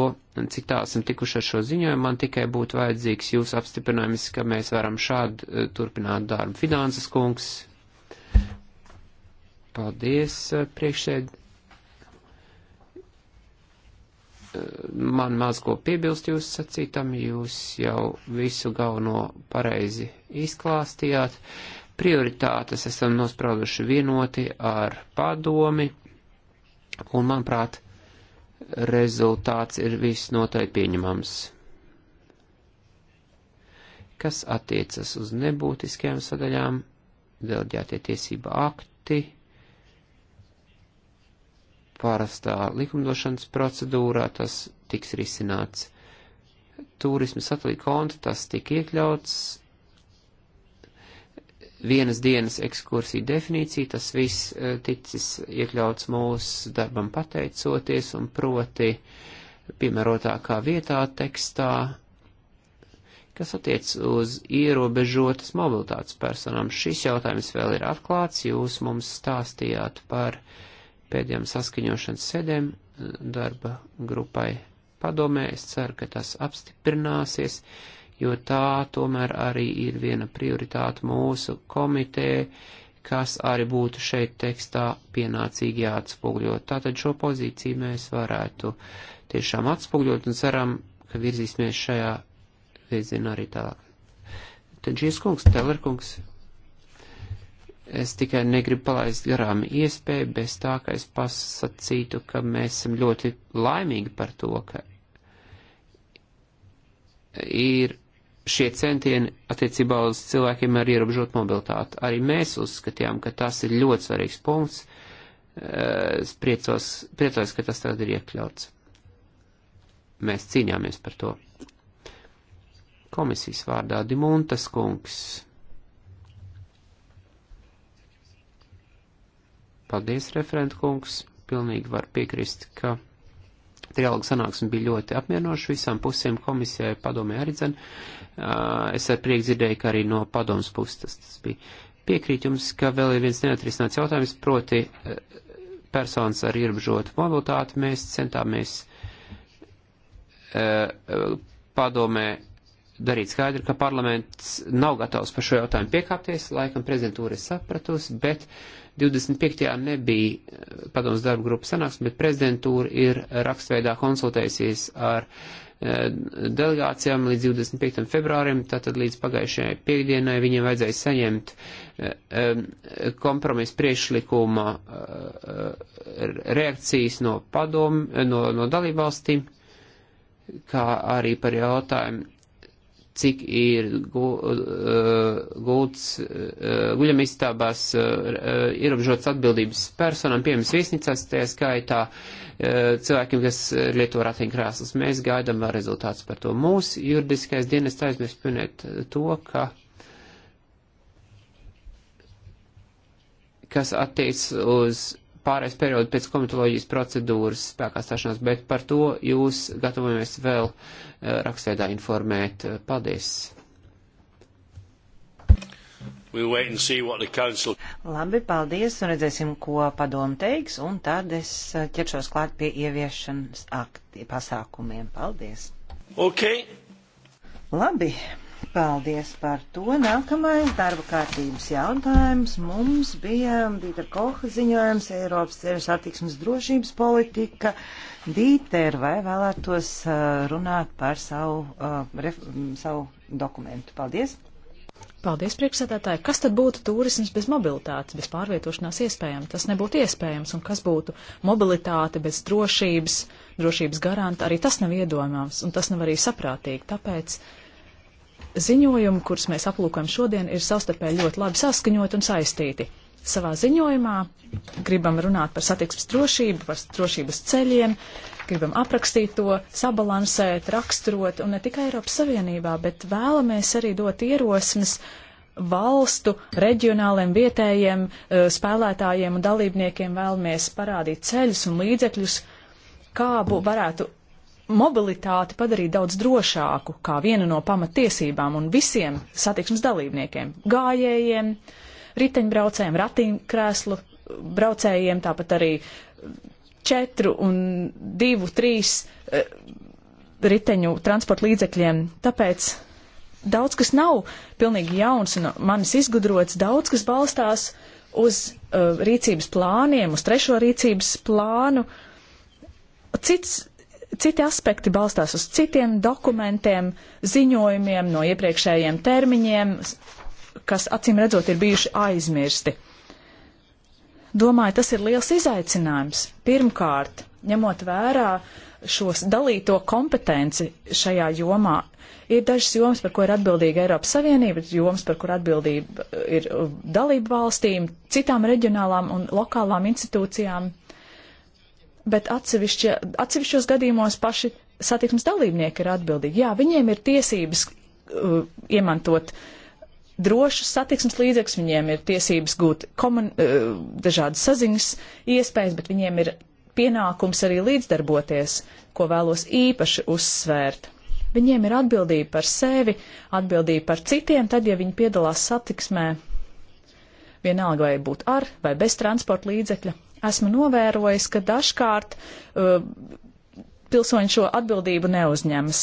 A: cik tā esam tikuši ar šo ziņojumu. Man tikai būtu vajadzīgs jūsu apstiprinājums, ka mēs varam šādi eh, turpināt darbu. Finanses kungs. Paldies, eh, priekšsēd. Man maz ko piebilst jūs sacītam, jūs jau visu galveno pareizi izklāstījāt. Prioritātes esam nosprauduši vienoti ar padomi Un, manuprāt, rezultāts ir visnotaļ pieņemams. Kas attiecas uz nebūtiskajām sadaļām, delģētie tiesība akti, parastā likumdošanas procedūrā, tas tiks risināts. Turisma satelīta konta tas tika iekļauts vienas dienas ekskursija definīcija, tas viss eh, ticis iekļauts mūsu darbam pateicoties un proti piemērotākā vietā tekstā, kas attiec uz ierobežotas mobilitātes personām. Šis jautājums vēl ir atklāts, jūs mums stāstījāt par pēdējām saskaņošanas sēdēm eh, darba grupai padomē, es ceru, ka tas apstiprināsies. Uh, jo tā tomēr arī ir viena prioritāte mūsu komitē, kas arī būtu šeit tekstā pienācīgi jāatspūgļot. Tātad šo pozīciju mēs varētu tiešām atspūgļot un ceram, ka virzīsimies šajā virzienā arī tālāk. Tenģies kungs, Telerkungs, es tikai negribu palaist garām iespēju, bez tā, ka es pasacītu, ka mēs esam ļoti laimīgi par to, ka ir šie centieni attiecībā uz cilvēkiem ar ierobežotu mobilitāti. Arī mēs uzskatījām, ka tas ir ļoti svarīgs punkts. Eh, es priecos, priecos ka tas tagad ir iekļauts. Mēs cīņāmies par to. Komisijas vārdā Dimuntas kungs. Paldies, referent kungs. Pilnīgi var piekrist, ka Trialoga sanāksme bija ļoti apmierinoša visām pusēm, komisijai, padomē arī dzen. Es ar prieku dzirdēju, ka arī no padomas puses tas, tas bija. Piekrīt jums, ka vēl ir viens neatrisināts jautājums, proti personas ar ierobežotu mobilitāti. Mēs centāmies padomē darīt skaidru, ka parlaments nav gatavs par šo jautājumu piekāpties, laikam prezidentūra ir sapratusi, bet uh, 25. nebija eh, padoms darba grupas sanāks, bet prezidentūra ir rakstveidā konsultējusies ar eh, delegācijām līdz 25. februārim, tātad līdz pagājušajai piekdienai viņiem vajadzēja saņemt eh, kompromisu priekšlikuma reakcijas no padomu, no, no dalībvalstīm, kā arī par jautājumu cik ir gu, eh, gults eh, guļamistabās, eh, ierobežots atbildības personam, piemēram, viesnīcās, tajā skaitā cilvēkiem, kas lieto ratiņkrāslas. Mēs gaidām vēl rezultātus par to. Mūsu juridiskais dienas aizmirst pieminēt to, ka kas attiec uz pārējais periodu pēc komitoloģijas procedūras spēkā stāšanās, bet par to jūs gatavojamies vēl eh, rakstveidā informēt. Paldies!
B: Labi,
C: paldies, un redzēsim, ko padomu teiks, un tad es eh, ķeršos klāt pie ieviešanas akti, pasākumiem. Paldies! Okay. Labi! Paldies par to. Nākamais darba kārtības jautājums mums bija Dīta Koha ziņojums Eiropas ceļu satiksmes drošības politika. Dīter, vai vēlētos runāt par
B: savu, uh, ref, savu dokumentu? Paldies! Paldies, priekšsēdētāji! Kas tad būtu turisms bez mobilitātes, bez pārvietošanās iespējām? Tas nebūtu iespējams, un kas būtu mobilitāte bez drošības, drošības garanta, arī tas nav iedomājams, un tas nav arī saprātīgi. Tāpēc ziņojumi, kurus mēs aplūkojam šodien, ir savstarpēji ļoti labi saskaņot un saistīti. Savā ziņojumā gribam runāt par satiksmes drošību, par drošības ceļiem, gribam aprakstīt to, sabalansēt, raksturot, un ne tikai Eiropas Savienībā, bet vēlamies arī dot ierosmes valstu, reģionāliem, vietējiem eh, spēlētājiem un dalībniekiem vēlamies parādīt ceļus un līdzekļus, kā varētu mobilitāti padarīt daudz drošāku kā vienu no pamatiesībām un visiem satiksmes dalībniekiem - gājējiem, riteņbraucējiem, ratīnkrēslu braucējiem, tāpat arī četru un divu, trīs eh, riteņu transporta līdzekļiem. Tāpēc daudz kas nav pilnīgi jauns un manis izgudrots, daudz kas balstās uz uh, rīcības plāniem, uz trešo rīcības plānu. Cits Citi aspekti balstās uz citiem dokumentiem, ziņojumiem no iepriekšējiem termiņiem, kas acīm redzot ir bijuši aizmirsti. Domāju, tas ir liels izaicinājums. Pirmkārt, ņemot vērā šos dalīto kompetenci šajā jomā, ir dažas jomas, par ko ir atbildīga Eiropas Savienība, jomas, par kur atbildība ir dalību valstīm, citām reģionālām un lokālām institūcijām. Uh, bet atsevišķos gadījumos paši satiksmes dalībnieki ir atbildīgi. Jā, viņiem ir tiesības uh, iemantot drošas satiksmes līdzekļus, viņiem ir tiesības gūt komun, uh, dažādas saziņas iespējas, bet viņiem ir pienākums arī līdzdarboties, ko vēlos īpaši uzsvērt. Viņiem ir atbildība par sevi, atbildība par citiem, tad, ja viņi piedalās satiksmē, vienalga vai būtu ar vai bez transporta līdzekļa esmu novērojis, ka dažkārt uh, pilsoņi šo atbildību neuzņemas.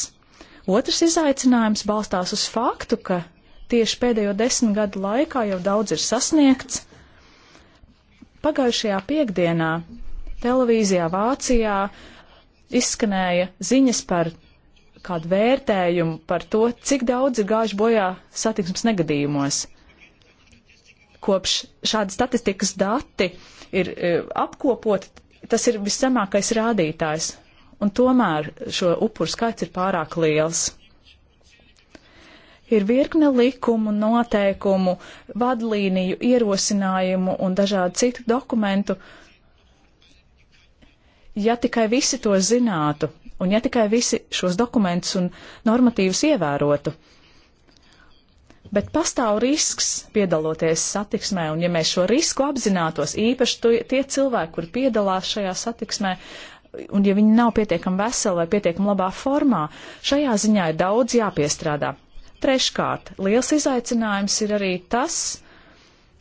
B: Otrs izaicinājums balstās uz faktu, ka tieši pēdējo desmit gadu laikā jau daudz ir sasniegts. Pagājušajā piekdienā televīzijā Vācijā izskanēja ziņas par kādu vērtējumu par to, cik daudz ir gājuši bojā satiksmes negadījumos. Kopš šāda statistikas dati uh, ir e, apkopot, tas ir viszemākais rādītājs, un tomēr šo upuru skaits ir pārāk liels. Ir virkne likumu, noteikumu, vadlīniju, ierosinājumu un dažādu citu dokumentu. Ja tikai visi to zinātu, un ja tikai visi šos dokumentus un normatīvus ievērotu, bet pastāv risks piedaloties satiksmē, un ja mēs šo risku apzinātos, īpaši to, tie cilvēki, kur piedalās šajā satiksmē, un ja viņi nav pietiekami veseli vai pietiekami labā formā, šajā ziņā ir daudz jāpiestrādā. Treškārt, liels izaicinājums ir arī tas,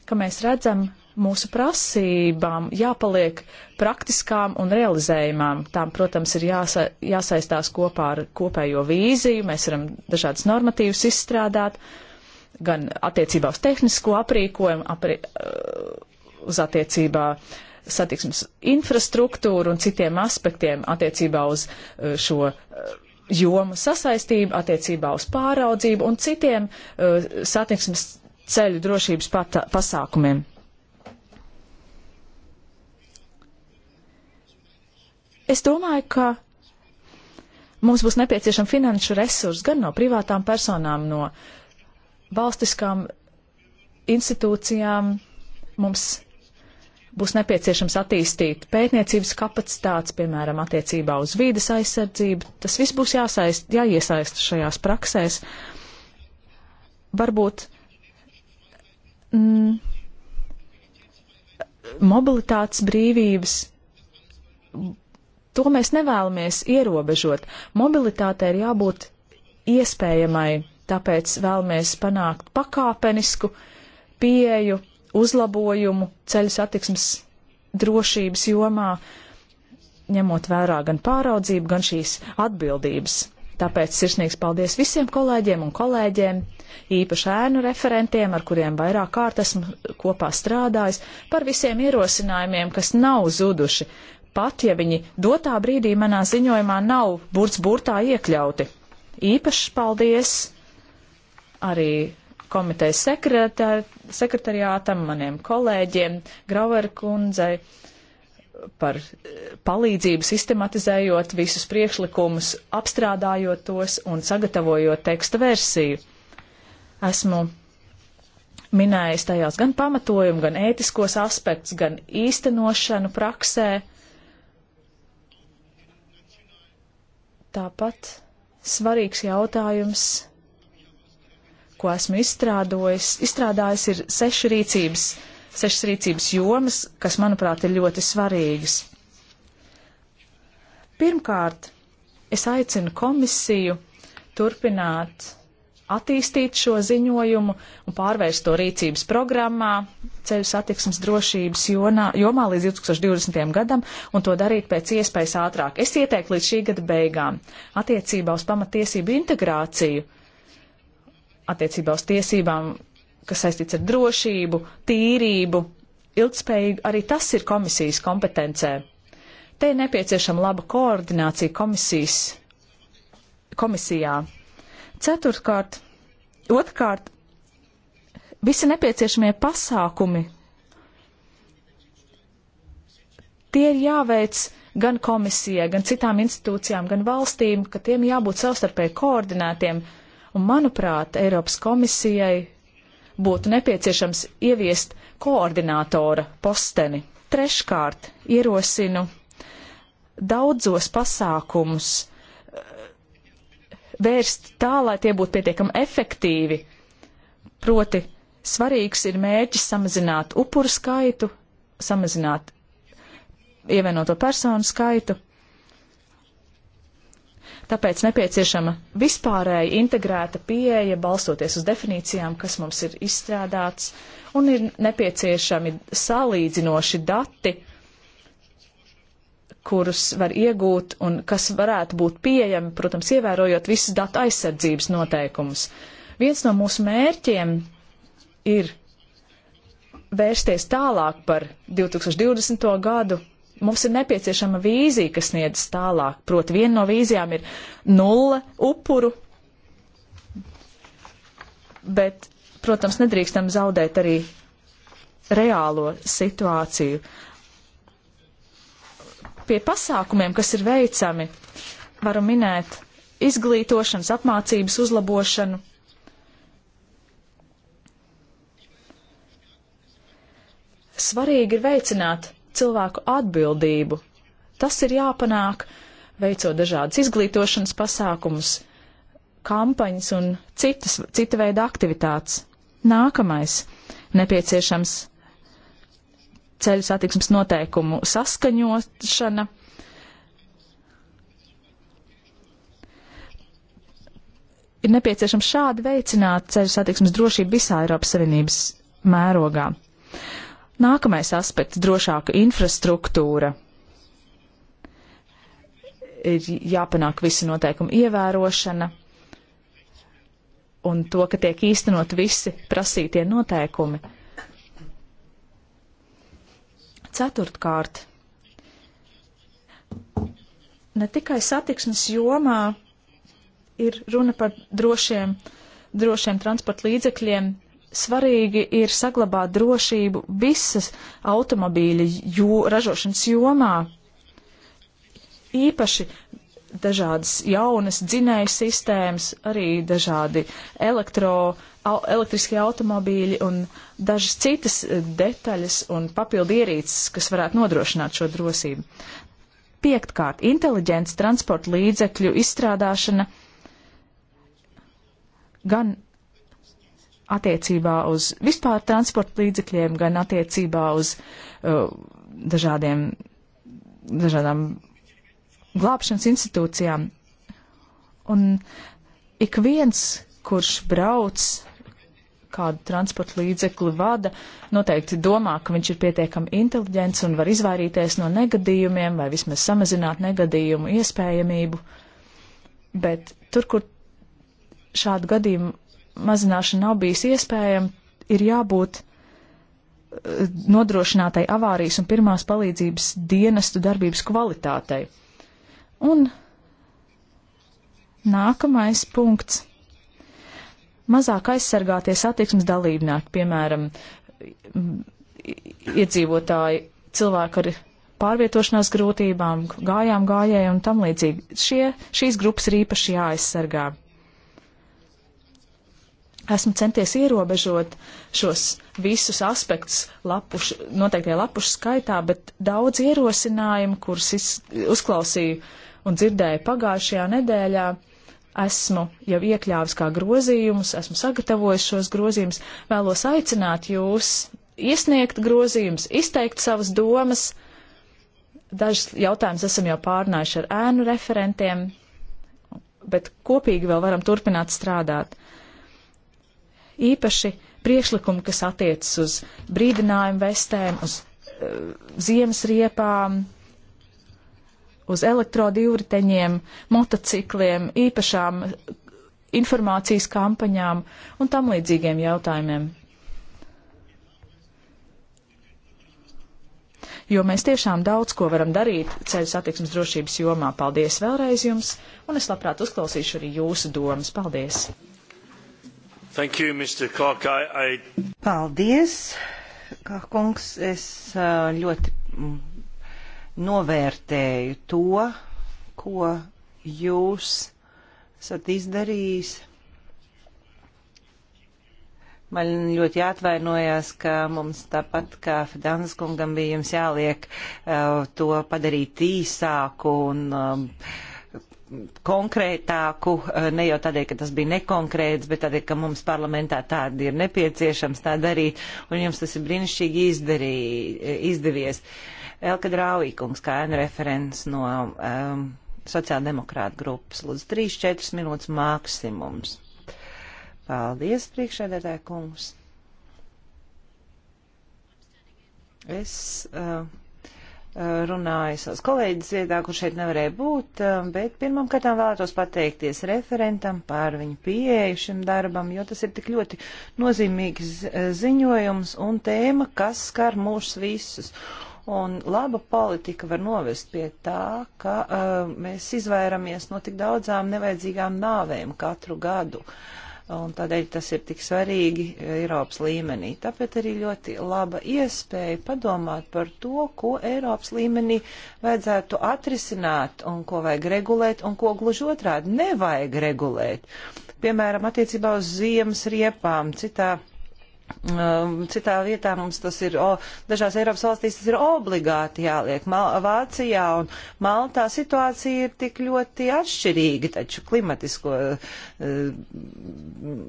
B: ka mēs redzam mūsu prasībām jāpaliek praktiskām un realizējumām. Tām, protams, ir jāsa, jāsaistās kopā ar kopējo vīziju, mēs varam dažādas normatīvas izstrādāt, uh, gan attiecībā uz tehnisko aprīkojumu, apri, uh, uz attiecībā satiksmes infrastruktūru un citiem aspektiem attiecībā uz uh, šo uh, jomu sasaistību, attiecībā uz pāraudzību un citiem satiksmes ceļu drošības pata, pasākumiem. Es domāju, ka mums būs nepieciešama finanšu resursi gan no privātām personām, no uh, valstiskām institūcijām mums būs nepieciešams attīstīt pētniecības kapacitātes, piemēram, attiecībā uz vīdes aizsardzību. Tas viss būs jāsaist, jāiesaist šajās praksēs. Varbūt mm, mobilitātes brīvības, to mēs nevēlamies ierobežot. Mobilitātei ir jābūt iespējamai Tāpēc vēlamies panākt pakāpenisku pieeju, uzlabojumu ceļu satiksmes drošības jomā, ņemot vērā gan pāraudzību, gan šīs atbildības. Tāpēc sirsnīgs paldies visiem kolēģiem un kolēģiem, īpaši ēnu referentiem, ar kuriem vairāk kārt esmu kopā strādājis, par visiem ierosinājumiem, kas nav zuduši, pat ja viņi dotā brīdī manā ziņojumā nav burts burtā iekļauti. Īpašs paldies arī komitejas sekretariātam, maniem kolēģiem, Grauer kundzei par eh, palīdzību sistematizējot visus priekšlikumus, apstrādājot tos un sagatavojot teksta versiju. Esmu minējis tajās gan pamatojumu, gan ētiskos aspektus, gan īstenošanu praksē. Tāpat svarīgs jautājums ko esmu izstrādājis, izstrādājis ir seši rīcības, sešas rīcības jomas, kas, manuprāt, ir ļoti svarīgas. Pirmkārt, es aicinu komisiju turpināt attīstīt šo ziņojumu un pārvērst to rīcības programmā ceļu satiksmes drošības jonā, jomā līdz 2020. gadam un to darīt pēc iespējas ātrāk. Es ieteiktu līdz šī gada beigām attiecībā uz pamatiesību integrāciju. Uh, attiecībā uz tiesībām, kas saistīts ar drošību, tīrību, ilgspējīgu, arī tas ir komisijas kompetencē. Te ir nepieciešama laba koordinācija komisijas, komisijā. Ceturtkārt, otrkārt, visi nepieciešamie pasākumi, tie ir jāveic gan komisijai, gan citām institūcijām, gan valstīm, ka tiem jābūt savstarpēji koordinētiem, Un, manuprāt, Eiropas komisijai būtu nepieciešams ieviest koordinātora posteni. Treškārt, ierosinu daudzos pasākumus
A: eh,
B: vērst tā, lai tie būtu pietiekami efektīvi. Proti, svarīgs ir mērķis samazināt upuru skaitu, samazināt ievienoto personu skaitu Tāpēc nepieciešama vispārēja integrēta pieeja, balstoties uz definīcijām, kas mums ir izstrādāts, un ir nepieciešami salīdzinoši dati, kurus var iegūt un kas varētu būt pieejami, protams, ievērojot visas datu aizsardzības noteikumus. Viens no mūsu mērķiem ir vērsties tālāk par 2020. gadu mums ir nepieciešama vīzija, kas sniedz tālāk. Proti, viena no vīzijām ir nulle upuru, bet, protams, nedrīkstam zaudēt arī reālo situāciju. Pie pasākumiem, kas ir veicami, varu minēt izglītošanas, apmācības uzlabošanu. Svarīgi ir veicināt cilvēku atbildību. Tas ir jāpanāk, veicot dažādas izglītošanas pasākumus, kampaņas un citas, cita veida aktivitātes. Nākamais nepieciešams ceļu satiksmes noteikumu saskaņošana. ir nepieciešams šādi veicināt ceļu satiksmes drošību visā Eiropas Savienības mērogā. Nākamais aspekts - drošāka infrastruktūra. Ir jāpanāk visi noteikumi ievērošana un to, ka tiek īstenot visi prasītie noteikumi. Ceturtkārt, ne tikai satiksmes jomā ir runa par drošiem, drošiem transporta līdzekļiem, svarīgi ir saglabāt drošību visas automobīļa jū, ražošanas jomā. Īpaši dažādas jaunas dzinēju sistēmas, arī dažādi elektro, au, elektriskie automobīļi un dažas citas eh, detaļas un papildu ierīces, kas varētu nodrošināt šo drosību. Piektkārt, inteliģents transporta līdzekļu izstrādāšana gan attiecībā uz vispār transporta līdzekļiem, gan attiecībā uz uh, dažādiem, dažādām glābšanas institūcijām. Un ik viens, kurš brauc kādu transporta līdzekli vada, noteikti domā, ka viņš ir pietiekami inteliģents un var izvairīties no negadījumiem vai vismaz samazināt negadījumu iespējamību. Bet tur, kur šādu gadījumu mazināšana nav bijis iespējama, ir jābūt eh, nodrošinātai avārijas un pirmās palīdzības dienestu darbības kvalitātei. Un nākamais punkts. Mazāk aizsargāties attieksmes dalībnieki, piemēram, iedzīvotāji, cilvēki ar pārvietošanās grūtībām, gājām gājēji un tam līdzīgi. Šie, šīs grupas ir īpaši jāaizsargā esmu centies ierobežot šos visus aspektus lapuš, noteiktie lapušu skaitā, bet daudz ierosinājumu, kurus iz, uzklausīju un dzirdēju pagājušajā nedēļā, esmu jau iekļāvis kā grozījumus, esmu sagatavojis šos grozījumus, vēlos aicināt jūs iesniegt grozījumus, izteikt savas domas. Dažas jautājumas esam jau pārnājuši ar ēnu referentiem, bet kopīgi vēl varam turpināt strādāt īpaši priekšlikumi, kas attiecas uz brīdinājumu vestēm, uz uh, ziemas riepām, uz elektrodivriteņiem, motocikliem, īpašām informācijas kampaņām un tam līdzīgiem jautājumiem. Jo mēs tiešām daudz ko varam darīt ceļu satiksmes drošības jomā. Paldies vēlreiz jums, un es labprāt uzklausīšu arī jūsu domas. Paldies!
C: Thank you, Mr. Clark. I, I...
B: Paldies,
C: kā kungs. Es uh, ļoti mm, novērtēju to, ko jūs esat izdarījis. Man ļoti atvainojās, ka mums tāpat kā Fidanas kungam bija jums jāliek uh, to padarīt īsāku un uh, konkrētāku, eh, ne jau tādēļ, ka tas bija nekonkrēts, bet tādēļ, ka mums parlamentā tādi ir nepieciešams tā darīt, un jums tas ir brīnišķīgi izdarī, eh, izdevies. Elka Draujīkungs, kā N referents no um, sociāldemokrāta grupas, lūdzu 3-4 minūtes maksimums. Paldies, priekšēdētāja kungs. Es. Uh, runāju savus kolēģis vietā, kur šeit nevarēja būt, um, bet pirmam kārtām vēlētos pateikties referentam par viņu pieeju šim darbam, jo tas ir tik ļoti nozīmīgs eh, ziņojums un tēma, kas skar mūs visus. Un laba politika var novest pie tā, ka uh, mēs izvairamies no tik daudzām nevajadzīgām nāvēm katru gadu. Uh, un tādēļ tas ir tik svarīgi Eiropas līmenī. Tāpēc arī ļoti laba iespēja padomāt par to, ko Eiropas līmenī vajadzētu atrisināt un ko vajag regulēt un ko gluži otrādi nevajag regulēt. Piemēram, attiecībā uz ziemas riepām citā Um, citā vietā mums tas ir, o, dažās Eiropas valstīs tas ir obligāti jāliek. Mal Vācijā un Maltā situācija ir tik ļoti atšķirīga, taču klimatisko. Uh,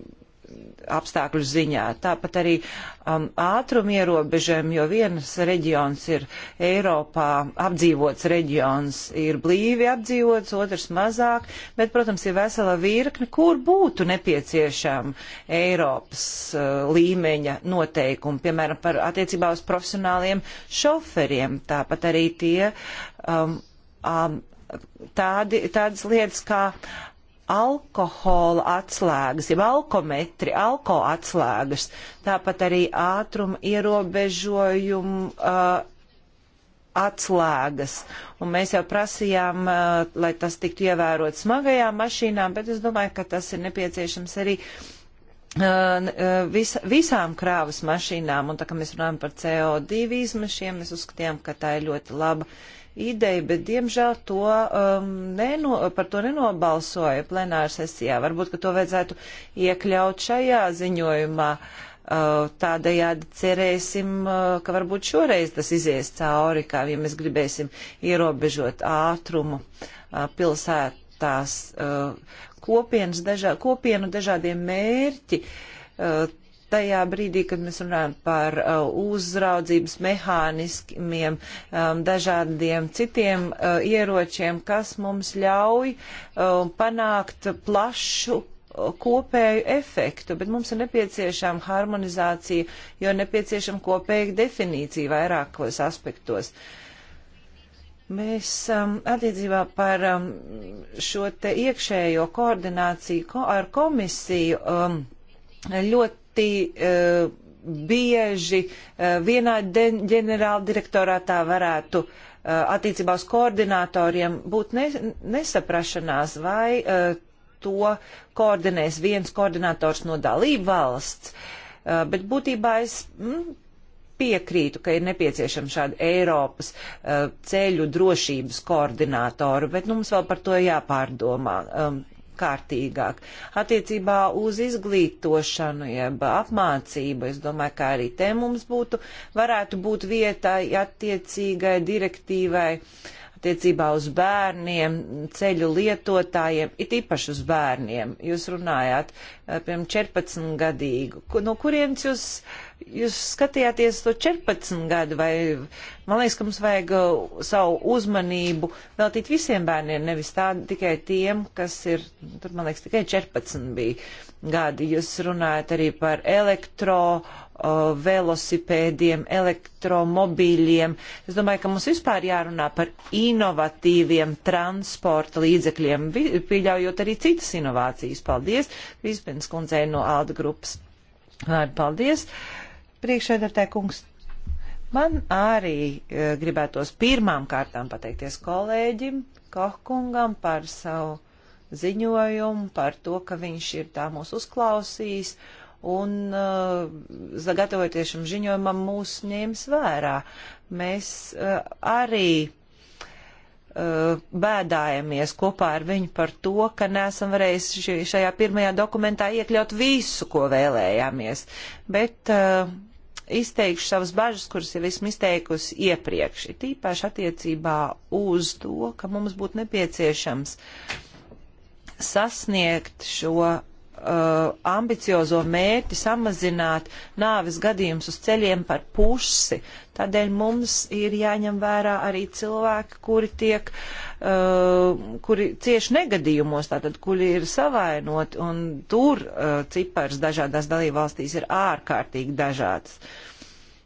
C: apstākļu ziņā. Tāpat arī um, ātrumu ierobežojumi, jo viens reģions ir Eiropā apdzīvots reģions, ir blīvi apdzīvots, otrs mazāk, bet, protams, ir vesela virkne, kur būtu nepieciešama Eiropas uh, līmeņa noteikumi, piemēram, par attiecībā uz profesionāliem šoferiem, tāpat arī tie um, um, tādi, tādas lietas kā alkohola atslēgas, jeb alkometri, alko atslēgas, tāpat arī ātruma ierobežojumu uh, atslēgas. Un mēs jau prasījām, uh, lai tas tiktu ievērot smagajām mašīnām, bet es domāju, ka tas ir nepieciešams arī uh, uh vis, visām krāvas mašīnām. Un tā kā mēs runājam par CO2 izmešiem, mēs uzskatījām, ka tā ir ļoti laba ideja, bet diemžēl to, um, neno, par to nenobalsoja plenāra sesijā. Varbūt, ka to vajadzētu iekļaut šajā ziņojumā. Uh, tādējādi cerēsim, uh, ka varbūt šoreiz tas izies cauri, kā ja mēs gribēsim ierobežot ātrumu uh, pilsētās uh, kopienas, dažā, kopienu dažādiem mērķi. Uh, tajā brīdī, kad mēs runājam par uh, uzraudzības mehānismiem, um, dažādiem citiem uh, ieročiem, kas mums ļauj uh, panākt plašu uh, kopēju efektu, bet mums ir nepieciešama harmonizācija, jo ir nepieciešama kopēja definīcija vairākos aspektos. Mēs um, attiecībā par um, šo te iekšējo koordināciju ko, ar komisiju um, ļoti ļoti uh, bieži uh, vienā ģenerāla direktorātā varētu uh, attiecībā uz koordinatoriem būt ne, nesaprašanās vai uh, to koordinēs viens koordinators no dalību valsts. Uh, bet būtībā es mm, piekrītu, ka ir nepieciešama šāda Eiropas uh, ceļu drošības koordinātora, bet nu, mums vēl par to jāpārdomā. Um, kārtīgāk. Attiecībā uz izglītošanu, jeb apmācību, es domāju, ka arī te mums būtu, varētu būt vietai attiecīgai direktīvai attiecībā uz bērniem, ceļu lietotājiem, it īpaši uz bērniem. Jūs runājāt, piemēram, 14 gadīgu, no kurienes jūs uh, Jūs skatījāties to 14 gadu, vai man liekas, ka mums vajag uh, savu uzmanību veltīt visiem bērniem, nevis tā tikai tiem, kas ir, tur man liekas, tikai 14 bija gadi. Jūs runājat arī par elektro uh, velosipēdiem, elektromobīļiem. Es domāju, ka mums vispār jārunā par inovatīviem transporta līdzekļiem, pieļaujot arī citas inovācijas. Paldies, Vispins kundzei no Alda grupas. Vārdu paldies. Uh, Priekšēdētāji kungs, man arī e, gribētos pirmām kārtām pateikties kolēģim Kohkungam par savu ziņojumu, par to, ka viņš ir tā mūs uzklausījis un uh, sagatavoties šim ziņojumam mūs ņēmis vērā. Mēs uh, arī uh, bēdājamies kopā ar viņu par to, ka nesam varējuši šajā pirmajā dokumentā iekļaut visu, ko vēlējāmies. Bet uh, izteikšu savas bažas, kuras jau esmu izteikusi iepriekš. Tīpaši attiecībā uz to, ka mums būtu nepieciešams sasniegt šo Uh, ambiciozo mērķi samazināt nāves gadījumus uz ceļiem par pusi. Tādēļ mums ir jāņem vērā arī cilvēki, kuri tiek, uh, kuri cieši negadījumos, tātad kuri ir savainoti, un tur uh, cipars dažādās dalībvalstīs ir ārkārtīgi dažāds.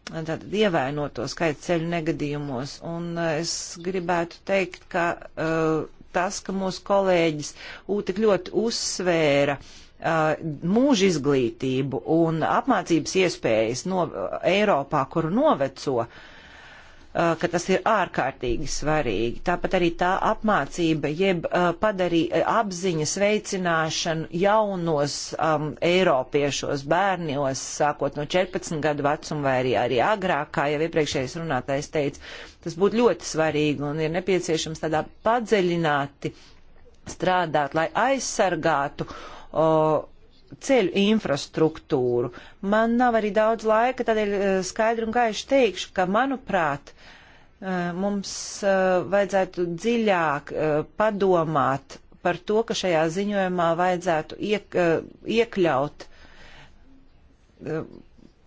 C: Tātad ievainoto skaits ceļu negadījumos, un uh, es gribētu teikt, ka uh, tas, ka mūsu kolēģis ū tik ļoti uzsvēra uh, Uh, mūža izglītību un apmācības iespējas no Eiropā, kuru noveco, uh, ka tas ir ārkārtīgi svarīgi. Tāpat arī tā apmācība, jeb uh, padarī apziņas veicināšanu jaunos um, eiropiešos bērnijos, sākot no 14 gadu vecuma vai arī, arī agrāk, kā jau iepriekšējais runātājs teica, tas būtu ļoti svarīgi un ir nepieciešams tādā padziļināti strādāt, lai aizsargātu uh, o, ceļu infrastruktūru. Man nav arī daudz laika, tādēļ e, skaidri un gaiši teikšu, ka, manuprāt, e, mums e, vajadzētu dziļāk padomāt par to, ka šajā ziņojumā vajadzētu iek, iekļaut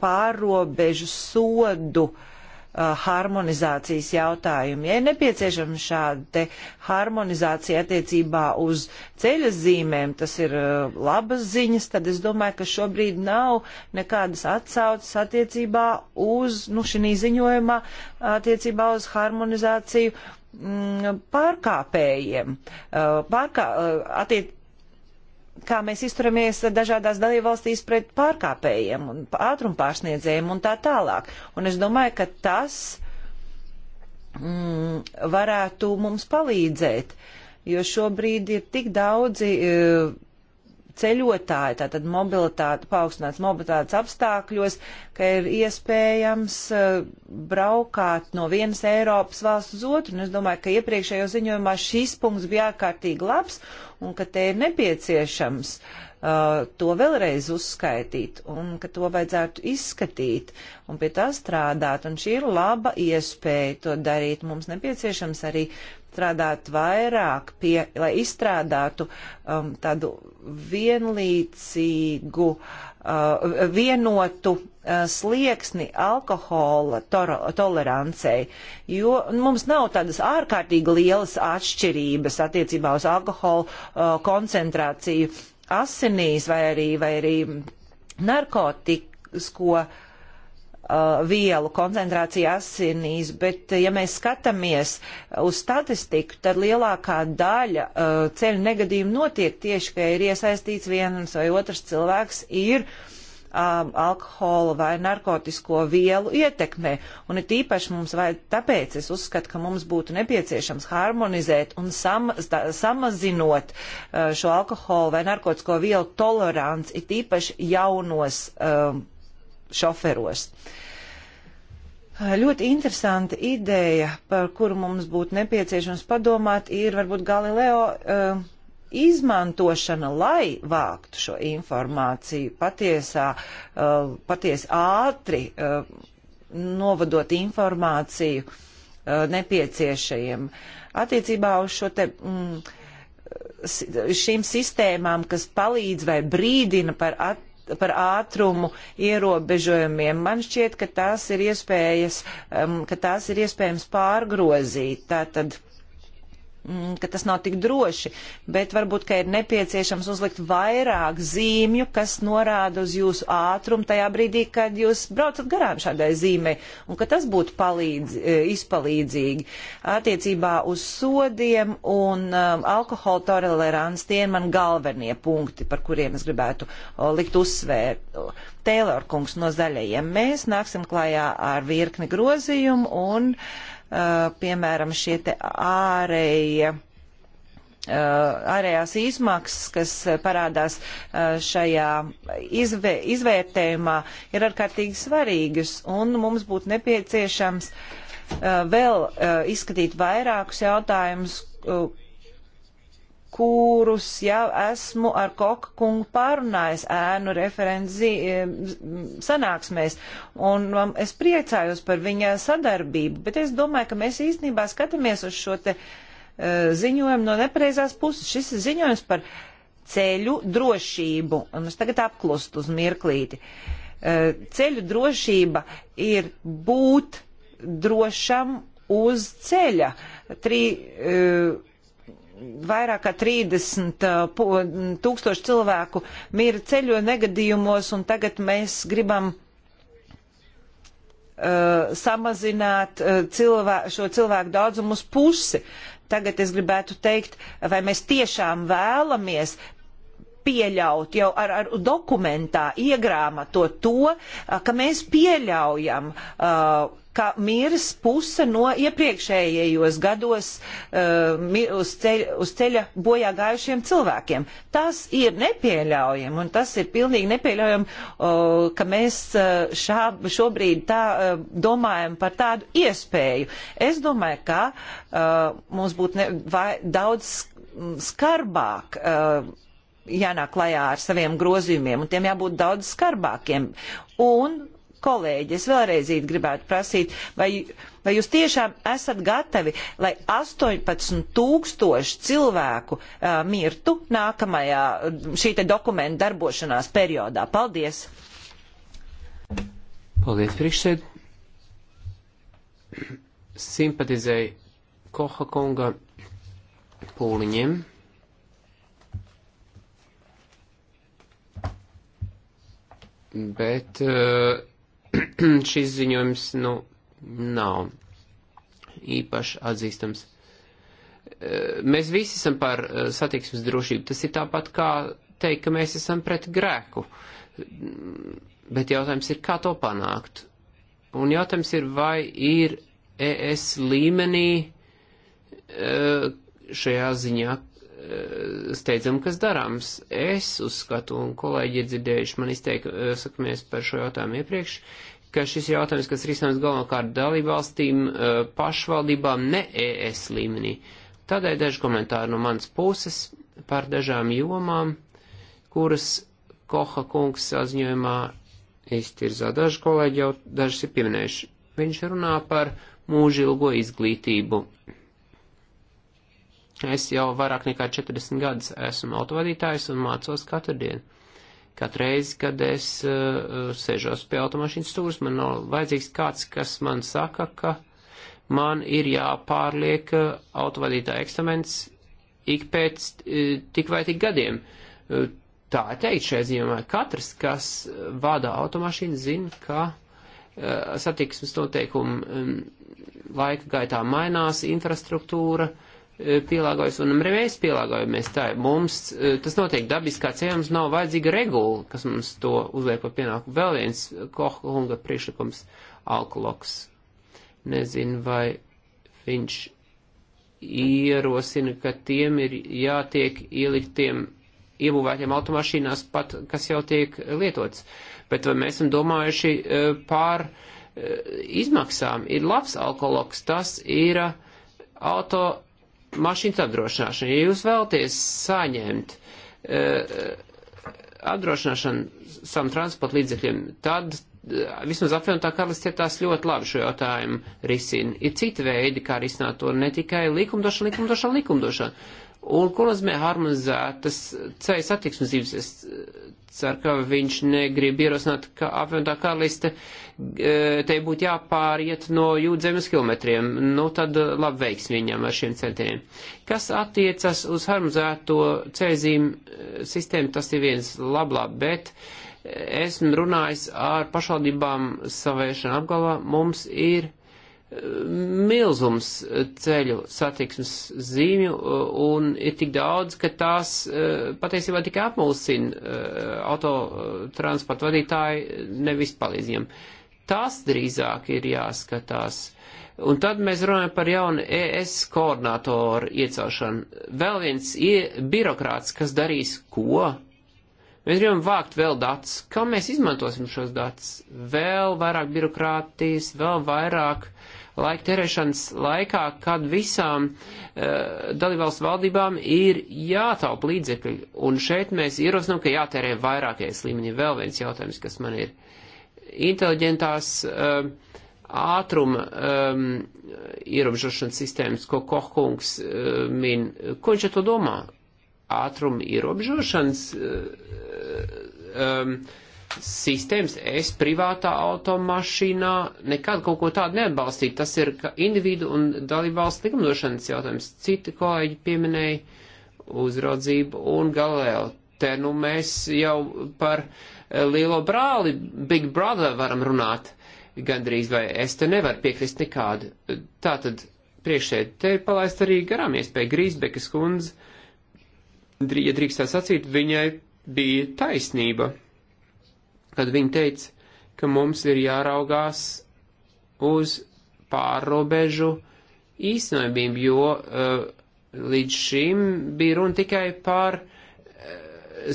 C: pārobežu sodu uh, Uh, harmonizācijas jautājumu. Ja ir nepieciešama šāda harmonizācija attiecībā uz ceļa zīmēm, tas ir uh, labas ziņas, tad es domāju, ka šobrīd nav nekādas atsaucas attiecībā uz, nu, šī ziņojumā attiecībā uz harmonizāciju mm, pārkāpējiem. Uh, pārkā, attiec, kā mēs izturamies dažādās dalībvalstīs pret pārkāpējiem un ātrumpārsniedzējiem un tā tālāk. Un es domāju, ka tas mm, varētu mums palīdzēt, jo šobrīd ir tik daudzi. Uh, ceļotāji, tātad mobilitāte, paaugstināts mobilitātes apstākļos, ka ir iespējams uh, braukāt no vienas Eiropas valsts uz otru. Un es domāju, ka iepriekšējo ziņojumā šis punkts bija ārkārtīgi labs un ka te ir nepieciešams uh, to vēlreiz uzskaitīt un ka to vajadzētu izskatīt un pie tā strādāt. Un šī ir laba iespēja to darīt. Mums nepieciešams arī strādāt vairāk pie, lai izstrādātu um, tādu vienlīdzīgu, uh, vienotu uh, slieksni alkohola tolerancei, jo mums nav tādas ārkārtīgi lielas atšķirības attiecībā uz alkohola uh, koncentrāciju asinīs vai arī, vai arī narkotikas, ko uh, uh, vielu koncentrācija asinīs, bet uh, ja mēs skatāmies uz statistiku, tad lielākā daļa uh, ceļu negadījumu notiek tieši, ka ir iesaistīts viens vai otrs cilvēks ir um, alkohola vai narkotisko vielu ietekmē. Un ir tīpaši mums vajag, tāpēc es uzskatu, ka mums būtu nepieciešams harmonizēt un sam, sta, samazinot uh, šo alkohola vai narkotisko vielu toleranci, ir tīpaši jaunos um, šoferos. Ļoti interesanta ideja, par kuru mums būtu nepieciešams padomāt, ir varbūt Galileo uh, izmantošana, lai vāktu šo informāciju patiesā, uh, patiesi ātri uh, eh, novadot informāciju nepieciešajiem. Attiecībā uz šo te. Mm, šīm sistēmām, kas palīdz vai brīdina par at, par ātrumu ierobežojumiem. Man šķiet, ka tās ir iespējas, um, ka tās ir iespējams pārgrozīt. Tātad, uh, Mm, ka tas nav tik droši, bet varbūt, ka ir nepieciešams uzlikt vairāk zīmju, kas norāda uz jūsu ātrumu tajā brīdī, kad jūs braucat garām šādai zīmē, un ka tas būtu palīdz, e, izpalīdzīgi. Attiecībā uz sodiem un um, alkohola tolerants tie ir man galvenie punkti, par kuriem es gribētu o, likt uzsvērt. Tēlor kungs no zaļajiem. Mēs nāksim klājā ar virkni grozījumu un uh, Eh, piemēram, šie te ārējie. Eh, ārējās izmaksas, kas parādās eh, šajā izvē, izvērtējumā, ir ārkārtīgi svarīgas, un mums būtu nepieciešams vēl izskatīt vairākus jautājumus, kurus jau esmu ar Koka kungu pārunājis ēnu referenci eh, sanāksmēs, un um, es priecājos par viņa sadarbību, bet es domāju, ka mēs īstenībā skatāmies uz šo te eh, ziņojumu no nepareizās puses. Šis ir ziņojums par ceļu drošību, un es tagad apklustu uz mirklīti. Eh, ceļu drošība ir būt drošam uz ceļa. Trī, uh, vairāk kā 30 uh, tūkstoši cilvēku mira ceļo negadījumos, un tagad mēs gribam uh, samazināt uh, cilvē, šo cilvēku daudzumu uz pusi. Tagad es gribētu teikt, vai mēs tiešām vēlamies pieļaut jau ar, ar dokumentā iegrāmato to, uh, ka mēs pieļaujam uh, ka miras puse no iepriekšējos gados uh, uz, ceļ, uz ceļa bojā gājušiem cilvēkiem. Tas ir nepieļaujami, un tas ir pilnīgi nepieļaujami, uh, ka mēs uh, šā, šobrīd tā uh, domājam par tādu iespēju. Es domāju, ka uh, mums būtu ne, vai, daudz skarbāk. Uh, jānāk klajā ar saviem grozījumiem, un tiem jābūt daudz skarbākiem. Un Kolēģi, es vēlreiz gribētu prasīt, vai, vai jūs tiešām esat gatavi, lai 18 tūkstoši cilvēku uh, mirtu nākamajā šī te dokumenta darbošanās periodā? Paldies!
A: Paldies, priekšsēd! Simpatizēju Koha kunga pūliņiem. bet uh, šis ziņojums, nu, nav īpaši atzīstams. E, mēs visi esam par e, satiksmes drošību. Tas ir tāpat kā teikt, ka mēs esam pret grēku. Bet jautājums ir, kā to panākt? Un jautājums ir, vai ir ES līmenī e, šajā ziņā Eh, steidzam, kas darāms. Es uzskatu, un kolēģi ir dzirdējuši man izteikamies par šo jautājumu iepriekš, ka šis jautājums, kas risinās galvenokārt dalībvalstīm, eh, pašvaldībām, ne ES līmenī. Tādēļ daži komentāri no manas puses par dažām jomām, kuras Koha kungs saziņojumā iztirzā. Daži kolēģi jau dažas ir pieminējuši. Viņš runā par mūžilgo izglītību Es jau vairāk nekā 40 gadus esmu autovadītājs un mācos katru dienu. Katru reizi, kad es uh, sēžos pie automašīnas stūres, man nav vajadzīgs kāds, kas man saka, ka man ir jāpārliek uh, autovadītāja eksāmens ik pēc uh, tik vai tik gadiem. Uh, tā teikt šajā ziņā, katrs, kas vada automašīnu, zina, ka uh, satiksmes noteikumi um, laika gaitā mainās, infrastruktūra uh, Eh, pielāgojas un mēs pielāgojamies tā. Mums eh, tas notiek dabiski, kā ceļams nav vajadzīga regula, kas mums to uzliek par pienākumu. Vēl viens eh, Kohunga priekšlikums - alkoloks. Nezinu, vai viņš ierosina, ka tiem ir jātiek ieliktiem iebūvētiem automašīnās pat, kas jau tiek lietots. Bet vai mēs esam domājuši pār izmaksām? Ir labs alkoloks, tas ir auto mašīnas apdrošināšanu. Ja jūs vēlaties saņemt uh, apdrošināšanu savam transporta līdzekļiem, tad uh, vismaz apvienotā karalistē tās ļoti labi šo jautājumu risina. Ir citi veidi, kā risināt to, ne tikai likumdošana, likumdošana, likumdošana. Un ko nozīmē harmonizētas ceļa satiksmes zīmes? Es ceru, ka viņš negrib ierosināt, ka apvienotā karaliste E, te būtu jāpāriet no jūdzemes kilometriem, nu tad e, labi veiks viņam ar šiem centieniem. Kas attiecas uz harmonizēto cēzīmu e, sistēmu, tas ir viens lablā, bet esmu runājis ar pašvaldībām savēršana apgalvā, mums ir milzums ceļu satiksmes zīmju un ir tik daudz, ka tās patiesībā tikai apmulsina autotransporta vadītāji, nevis palīdziem. Uh, Tas drīzāk ir jāskatās. Un tad mēs runājam par jaunu ES koordinātoru iecelšanu. Vēl viens birokrāts, kas darīs ko? Mēs gribam vākt vēl datus. Kā mēs izmantosim šos datus? Vēl vairāk birokrātijas, vēl vairāk laika terēšanas laikā, kad visām uh, dalībvalstu valdībām ir jātaup līdzekļi. Un šeit mēs ierosinām, ka jātērē vairākais līmenī. Vēl viens jautājums, kas man ir. Uh, inteliģentās um, ātruma um, ierobežošanas sistēmas, ko Kohkungs uh, um, min. Ko viņš ar to domā? Ātruma ierobežošanas uh, um, sistēmas es privātā automašīnā nekad kaut ko tādu neatbalstītu. Tas ir individu un dalībvalsts likumdošanas jautājums. Citi kolēģi pieminēja uzraudzību un galēju. Te nu mēs jau par uh, Eh, lielo brāli, Big Brother varam runāt gandrīz, vai es te nevaru piekrist nekādu. Eh, tātad priekšēji te ir palaist arī garām iespēja Grīsbekas kundze, ja drīkstā sacīt, viņai bija taisnība, kad viņa teica, ka mums ir jāraugās uz pārrobežu īstenojumību, jo uh, līdz šim bija runa tikai par uh,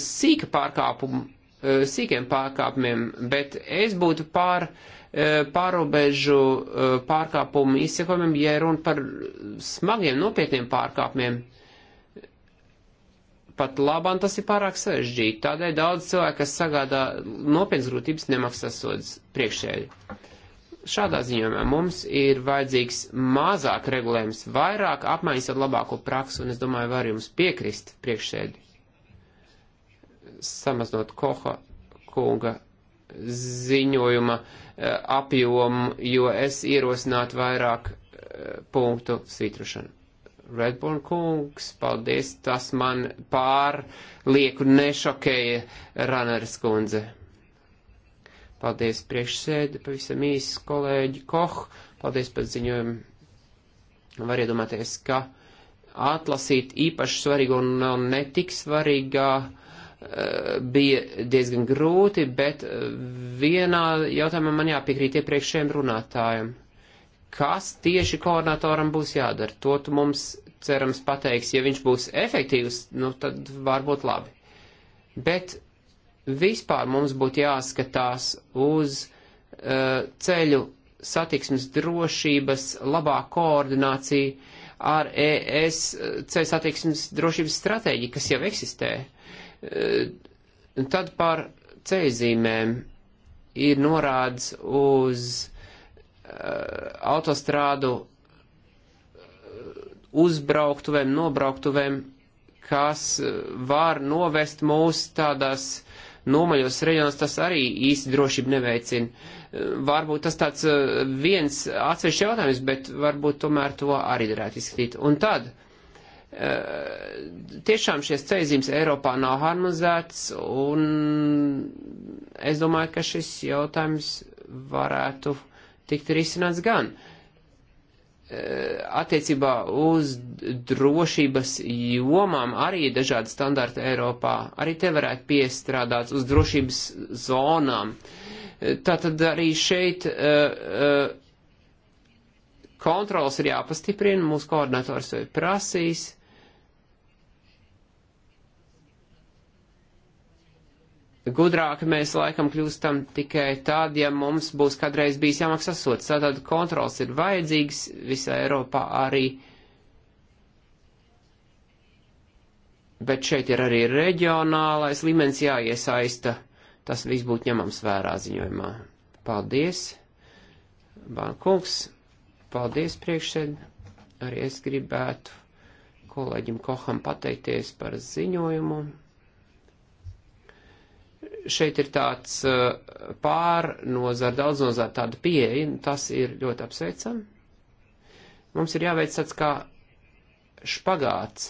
A: sīka pārkāpumu Eh, sīkiem pārkāpumiem, bet es būtu pār eh, pārobežu eh, pārkāpumu izsekojumiem, ja runa par smagiem, nopietniem pārkāpumiem. Pat labāk tas ir pārāk sarežģīti. Tādēļ daudz cilvēku, kas sagādā nopietnas grūtības, nemaksā sodas priekšēji. Šādā ziņojumā mums ir vajadzīgs mazāk regulējums, vairāk apmaiņas ar labāko praksu, un es domāju, var jums piekrist priekšsēdi samaznot Koha kunga ziņojuma eh, apjomu, jo es ierosinātu vairāk eh, punktu svitrušanu. Redborn kungs, paldies, tas man pārlieku nešokēja Raneris kundze. Paldies priekšsēdi, pavisam īsi kolēģi Koch, paldies par ziņojumu. Var iedomāties, ka atlasīt īpaši svarīgo un ne tik svarīgā uh, Eh, bija diezgan grūti, bet eh, vienā jautājumā man jāpiekrīt iepriekšējiem runātājiem. Kas tieši koordinatoram būs jādara? To tu mums cerams pateiks, ja viņš būs efektīvs, nu tad varbūt labi. Bet vispār mums būtu jāskatās uz uh, ceļu satiksmes drošības labāku koordināciju ar ES ceļu satiksmes drošības stratēģiju, kas jau eksistē. Uh, Eh, tad par ceļzīmēm ir norādes uz eh, autostrādu eh, uzbrauktuvēm, nobrauktuvēm, kas var novest mūs tādās nomaļos reģionos, tas arī īsti drošību neveicina. Varbūt tas tāds viens atsevišķi jautājums, bet varbūt tomēr to arī darētu izskatīt. Un tad Eh, tiešām šīs ceļzīmes Eiropā nav harmonizētas, un es domāju, ka šis jautājums varētu tikt risināts gan eh, attiecībā uz drošības jomām arī dažādi standarti Eiropā, arī te varētu piestrādāt uz drošības zonām. Eh, tātad arī šeit kontrols ir jāpastiprina, mūsu koordinators to ir prasījis Gudrāki mēs laikam kļūstam tikai tad, ja mums būs kādreiz bijis jāmaksā sots. Tātad kontrols ir vajadzīgs visā Eiropā arī. Bet šeit ir arī reģionālais līmenis jāiesaista. Tas viss būtu ņemams vērā ziņojumā. Paldies, Bankungs. Paldies, priekšsēd. Arī es gribētu kolēģim Koham pateikties par ziņojumu šeit ir tāds uh, pārnozar, daudznozar tāda pieeja, tas ir ļoti apsveicam. Mums ir jāveic tāds kā špagāts,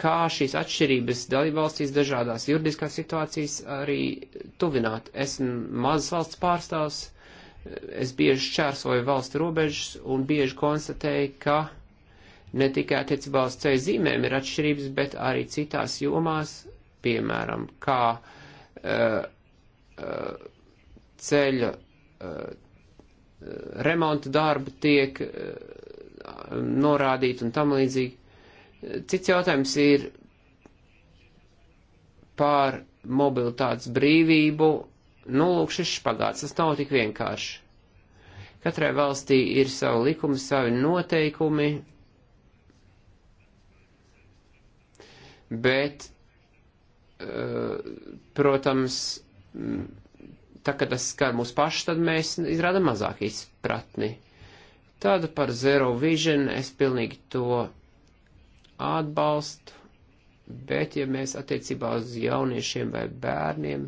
A: kā šīs atšķirības dalībvalstīs dažādās juridiskās situācijas arī tuvināt. Esmu mazas valsts pārstāvs, es bieži šķērsoju valstu robežas un bieži konstatēju, ka ne tikai attiecībā uz ceļu zīmēm ir atšķirības, bet arī citās jomās piemēram, kā uh, uh, ceļa uh, remonta darbi tiek uh, norādīti un tam līdzīgi. Cits jautājums ir pār mobilitātes brīvību. Nu, lūk, šis špagāts, tas nav tik vienkārši. Katrai valstī ir savi likumi, savi noteikumi, bet Eh, protams, mm, tā kā tas skar mūs paši, tad mēs izrādam mazāk izpratni. Tāda par zero vision es pilnīgi to atbalstu, bet ja mēs attiecībā uz jauniešiem vai bērniem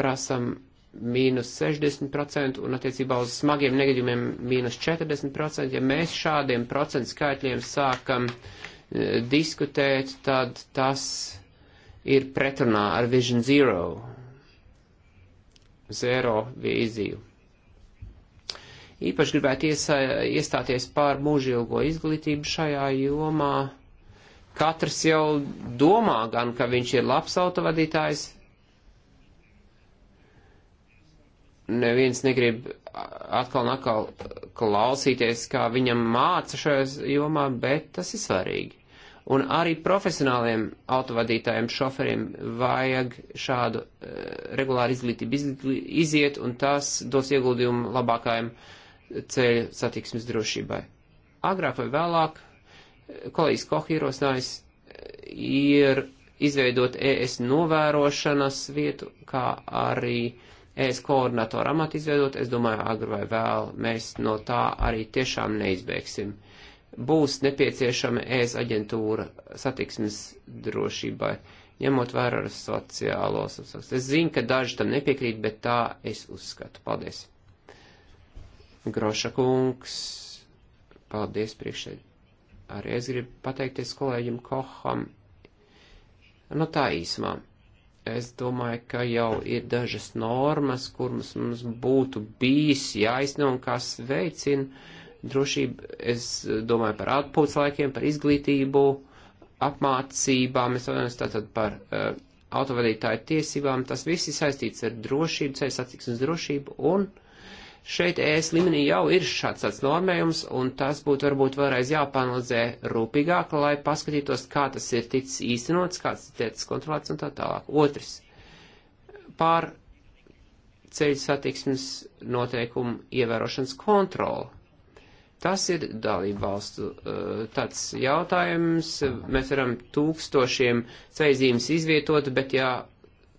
A: prasam mīnus 60% un attiecībā uz smagiem negadījumiem mīnus 40%, ja mēs šādiem procentu skaitļiem sākam e, diskutēt, tad tas ir pretrunā ar Vision Zero, Zero vīziju. Īpaši gribētu iesa, iestāties pār mūžilgo izglītību šajā jomā. Katrs jau domā gan, ka viņš ir labs autovadītājs. Neviens negrib atkal un atkal klausīties, kā viņam māca šajā jomā, bet tas ir svarīgi. Un arī profesionāliem autovadītājiem, šoferiem vajag šādu uh, regulāru izglītību iziet, un tas dos ieguldījumu labākajam ceļu satiksmes drošībai. Agrāk vai vēlāk eh, kolēģis Kohīrosnājs eh, ir izveidot ES novērošanas vietu, kā arī ES koordinatoru amatu izveidot. Es domāju, agri vai vēl mēs no tā arī tiešām neizbēgsim. Uh, būs nepieciešama ēs aģentūra satiksmes drošībai, ņemot vērā sociālos apstākļus. Es zinu, ka daži tam nepiekrīt, bet tā es uzskatu. Paldies. Groša kungs, paldies priekšēd. Arī es gribu pateikties kolēģim Koham. No nu, tā īsumā. Es domāju, ka jau ir dažas normas, kuras mums būtu bijis jāizņem un kas veicina drošību, es eh, domāju par atpūtas laikiem, par izglītību, apmācībām, es domāju tātad par uh, autovadītāju tiesībām, tas viss ir saistīts ar drošību, ceļu satiksmes drošību, un šeit ES līmenī jau ir šāds tāds normējums, un tas būtu varbūt vēlreiz jāpanalizē rūpīgāk, lai paskatītos, kā tas ir ticis īstenots, kāds ir ticis kontrolēts un tā tālāk. Otrs. Pār ceļu satiksmes noteikumu ievērošanas kontroli Tas ir dalību valstu uh, tāds jautājums. Mēs varam tūkstošiem sveizīmes izvietot, bet ja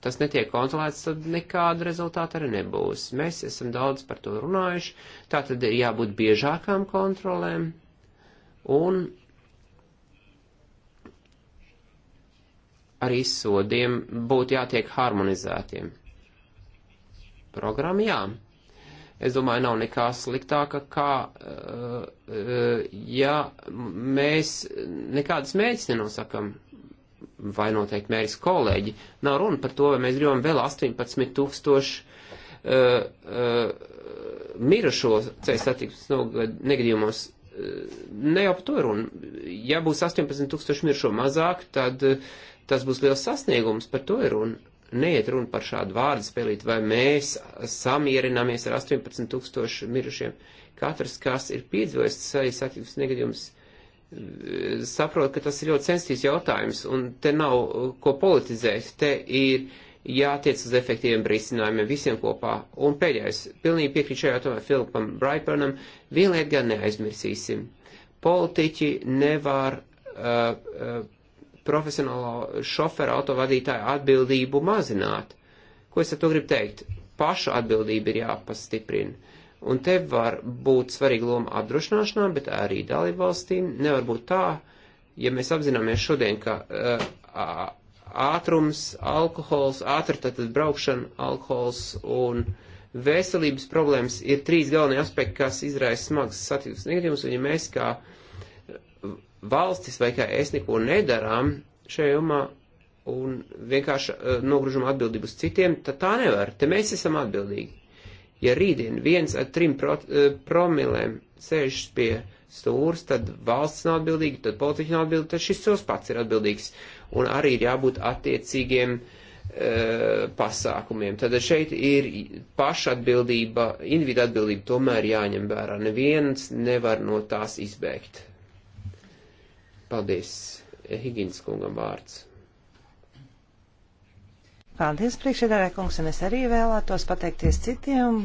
A: tas netiek kontrolēts, tad nekāda rezultāta arī nebūs. Mēs esam daudz par to runājuši. Tā tad ir jābūt biežākām kontrolēm. Un arī sodiem būtu jātiek harmonizētiem. Programma jā, Es domāju, nav nekā sliktāka, kā uh, uh, ja mēs nekādas mērķis nenosakam vai noteikti mērķis kolēģi. Nav runa par to, vai mēs gribam vēl 18 tūkstoši Uh, uh, mirušo ceļu satiksmes no, negadījumos. Uh, ne jau par to ir runa. Ja būs 18 tūkstoši mirušo mazāk, tad uh, tas būs liels sasniegums, par to ir runa neiet runa par šādu vārdu spēlīt, vai mēs samierināmies ar 18 tūkstošu mirušiem. Katrs, kas ir piedzīvojis sajas aktīvas negadījumus, saprot, ka tas ir ļoti sensitīvs jautājums, un te nav uh, ko politizēt, te ir jātiec uz efektīviem risinājumiem visiem kopā. Un pēdējais, pilnīgi piekrītu šajā jautājumā Filipam Braipernam, vienlaik gan neaizmirsīsim. Politiķi nevar uh, uh, profesionālo šoferu autovadītāju atbildību mazināt. Ko es ar to gribu teikt? Paša atbildība ir jāpastiprina. Un te var būt svarīga loma apdrošināšanā, bet arī dalībvalstīm. Nevar būt tā, ja mēs apzināmies šodien, ka uh, ātrums, alkohols, ātri tātad braukšana, alkohols un veselības problēmas ir trīs galvenie aspekti, kas izraisa smagas satiksmes negadījumus, un ja mēs kā valstis vai kā es neko nedarām šajā jomā un vienkārši uh, eh, nogružam atbildību uz citiem, tad tā nevar. Te mēs esam atbildīgi. Ja rītdien viens ar trim pro, uh, promilēm sēžas pie stūrs, tad valsts nav atbildīga, tad politiķi nav atbildīgi, tad šis cilvēks pats ir atbildīgs. Un arī ir jābūt attiecīgiem uh, pasākumiem. Tad šeit ir paša atbildība, individu atbildība tomēr jāņem vērā. Neviens nevar no tās izbēgt. Paldies. Higins kungam vārds.
C: Paldies, priekšsēdētāj kungs, un es arī vēlētos pateikties citiem,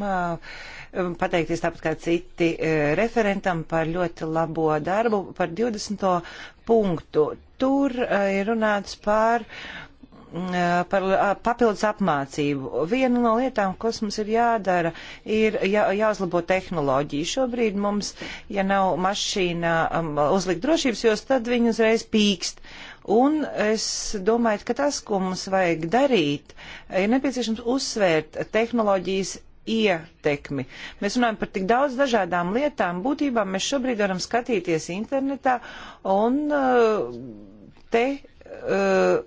C: pateikties tāpat kā citi referentam par ļoti labo darbu, par 20. punktu. Tur ir runāts par uh, Eh, par eh, papildus apmācību. Viena no lietām, kas mums ir jādara, ir jā, jāuzlabo tehnoloģiju. Šobrīd mums, ja nav mašīnā um, uzlikt drošības, jos tad viņi uzreiz pīkst. Un es domāju, ka tas, ko mums vajag darīt, ir nepieciešams uzsvērt tehnoloģijas ietekmi. Mēs runājam par tik daudz dažādām lietām. Būtībā mēs šobrīd varam skatīties internetā un eh, te. Uh,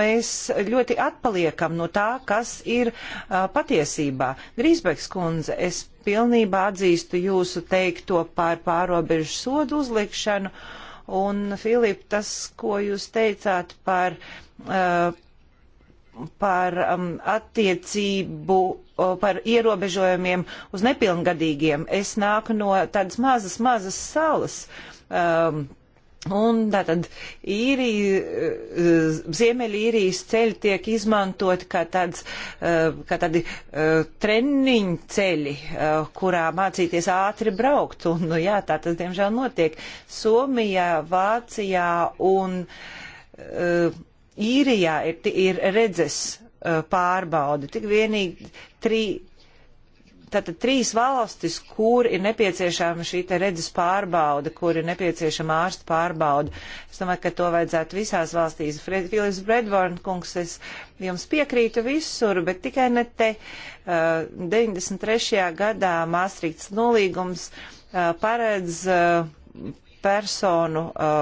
C: mēs ļoti atpaliekam no tā, kas ir uh, patiesībā. Grīsbeks kundze, es pilnībā atzīstu jūsu teikto par pārobežu sodu uzlikšanu, un Filip, tas, ko jūs teicāt par, uh, par um, attiecību, uh, par ierobežojumiem uz nepilngadīgiem, es nāku no tādas mazas, mazas salas. Um, Un tātad īrija, eh, Ziemeļīrijas ceļi tiek izmantoti kā, tāds, eh, kā tādi eh, treniņu ceļi, kurā mācīties ātri braukt. Un, nu, jā, tā tas diemžēl notiek Somijā, Vācijā un īrijā ir, ir redzes pārbaudi. Tik vienīgi trīs Tātad trīs valstis, kur ir nepieciešama šī te redzes pārbauda, kur ir nepieciešama ārsta pārbauda. Es domāju, ka to vajadzētu visās valstīs. Fred, Filips Bredvorn kungs, es jums piekrītu visur, bet tikai ne te. Uh, 93. gadā Māstrīts nolīgums uh, paredz uh, personu uh,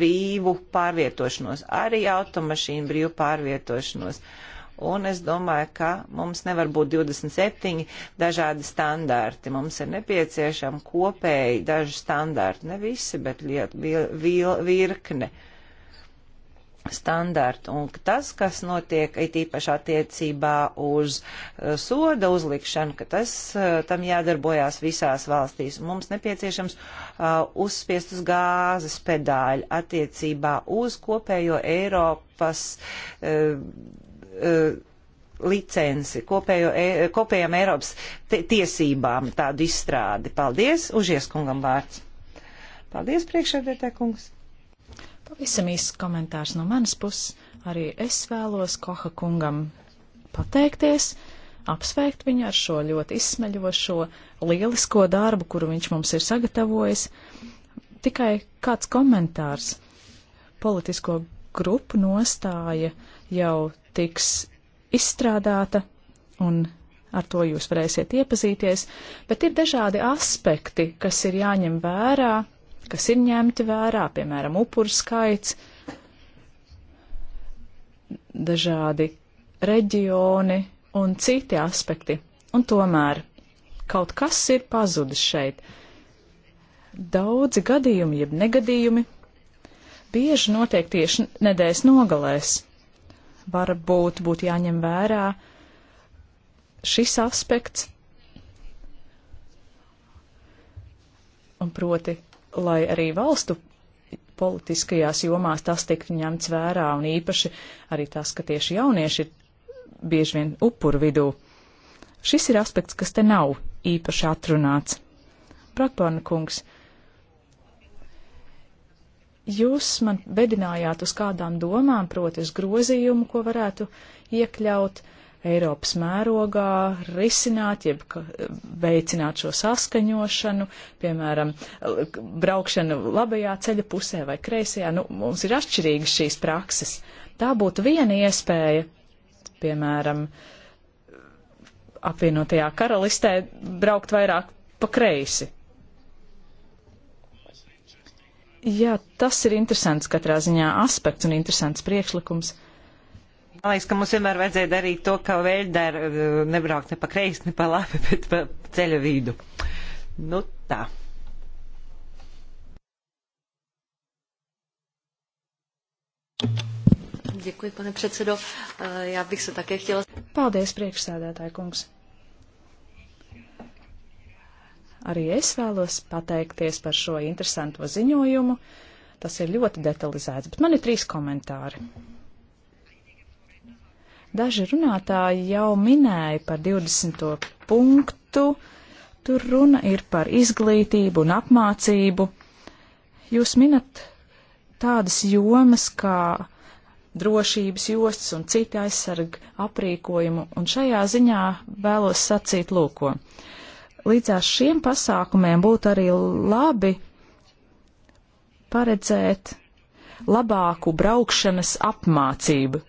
C: brīvu pārvietošanos, arī automašīnu brīvu pārvietošanos. Uh, Un es domāju, ka mums nevar būt 27 dažādi standarti. Mums ir nepieciešama kopēji daži standarti. Ne visi, bet liet, vil, vil, virkne standartu. Un tas, kas notiek it īpaši attiecībā uz eh, soda uzlikšanu, ka tas eh, tam jādarbojās visās valstīs. Mums nepieciešams uh, uzspiest uz gāzes pedāļu attiecībā uz kopējo Eiropas uh, Uh, licenci kopējo, e, kopējām Eiropas tiesībām tādu izstrādi. Paldies, užies kungam vārds. Paldies,
B: priekšēdētē kungs. Pavisam īsts komentārs no manas puses. Arī es vēlos Koha kungam pateikties, apsveikt viņu ar šo ļoti izsmeļošo, lielisko darbu, kuru viņš mums ir sagatavojis. Tikai kāds komentārs. Politisko grupu nostāja uh, jau tiks izstrādāta un ar to jūs varēsiet iepazīties, bet ir dažādi aspekti, kas ir jāņem vērā, kas ir ņemti vērā, piemēram, upuru skaits, dažādi reģioni un citi aspekti. Un tomēr kaut kas ir pazudis šeit. Daudzi gadījumi, jeb negadījumi, bieži notiek tieši nedēļas nogalēs, varbūt būtu jāņem vērā šis aspekts, un proti, lai arī valstu politiskajās jomās tas tiktu ņemts vērā, un īpaši arī tas, ka tieši jaunieši ir bieži vien upuru vidū. Šis ir aspekts, kas te nav īpaši atrunāts. Brakbārna kungs jūs man bedinājāt uz kādām domām, proti uz grozījumu, ko varētu iekļaut Eiropas mērogā, risināt, jeb veicināt šo saskaņošanu, piemēram, braukšanu labajā ceļa pusē vai kreisajā. Nu, mums ir atšķirīgas šīs prakses. Tā būtu viena iespēja, piemēram, apvienotajā karalistē braukt vairāk pa kreisi. Jā, tas ir interesants katrā ziņā aspekts un interesants priekšlikums.
C: Man liekas, ka mums vienmēr vajadzēja darīt to, ka vēļdēr eh, nebraukt ne pa kreisi, ne pa labi, bet pa ceļa vidu. Nu tā. Děkuji, pane předsedo.
B: Eh, já bych se také chtěla... Paldies, priekšsēdētāji kungs. Arī es vēlos pateikties par šo interesanto ziņojumu. Tas ir ļoti detalizēts, bet man ir trīs komentāri. Daži runātāji jau minēja par 20. punktu. Tur runa ir par izglītību un apmācību. Jūs minat tādas jomas kā drošības jostas un citi aizsarga aprīkojumu, un šajā ziņā vēlos sacīt lūko. Uh, līdzās šiem pasākumiem būtu arī labi paredzēt labāku braukšanas apmācību.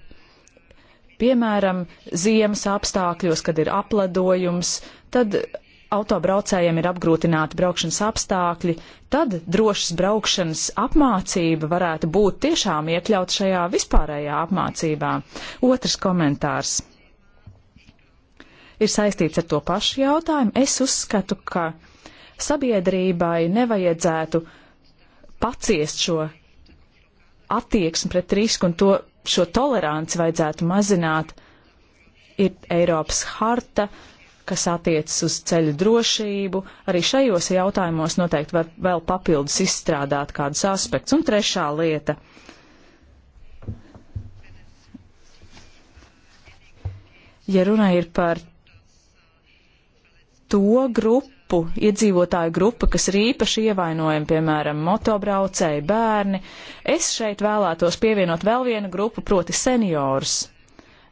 B: Piemēram, ziemas apstākļos, kad ir apledojums, tad autobraucējiem ir apgrūtināti braukšanas apstākļi, tad drošas braukšanas apmācība varētu būt tiešām iekļaut šajā vispārējā apmācībā. Otrs komentārs ir saistīts ar to pašu jautājumu. Es uzskatu, ka sabiedrībai nevajadzētu paciest šo attieksmi pret risku un to, šo toleranci vajadzētu mazināt. Ir Eiropas harta, kas attiecas uz ceļu drošību. Arī šajos jautājumos noteikti var vēl papildus izstrādāt kādus aspektus. Un trešā lieta. Ja runa ir par to grupu, iedzīvotāju grupu, kas ir īpaši ievainojami, piemēram, motobraucēji, bērni. Es šeit vēlētos pievienot vēl vienu grupu, proti seniorus,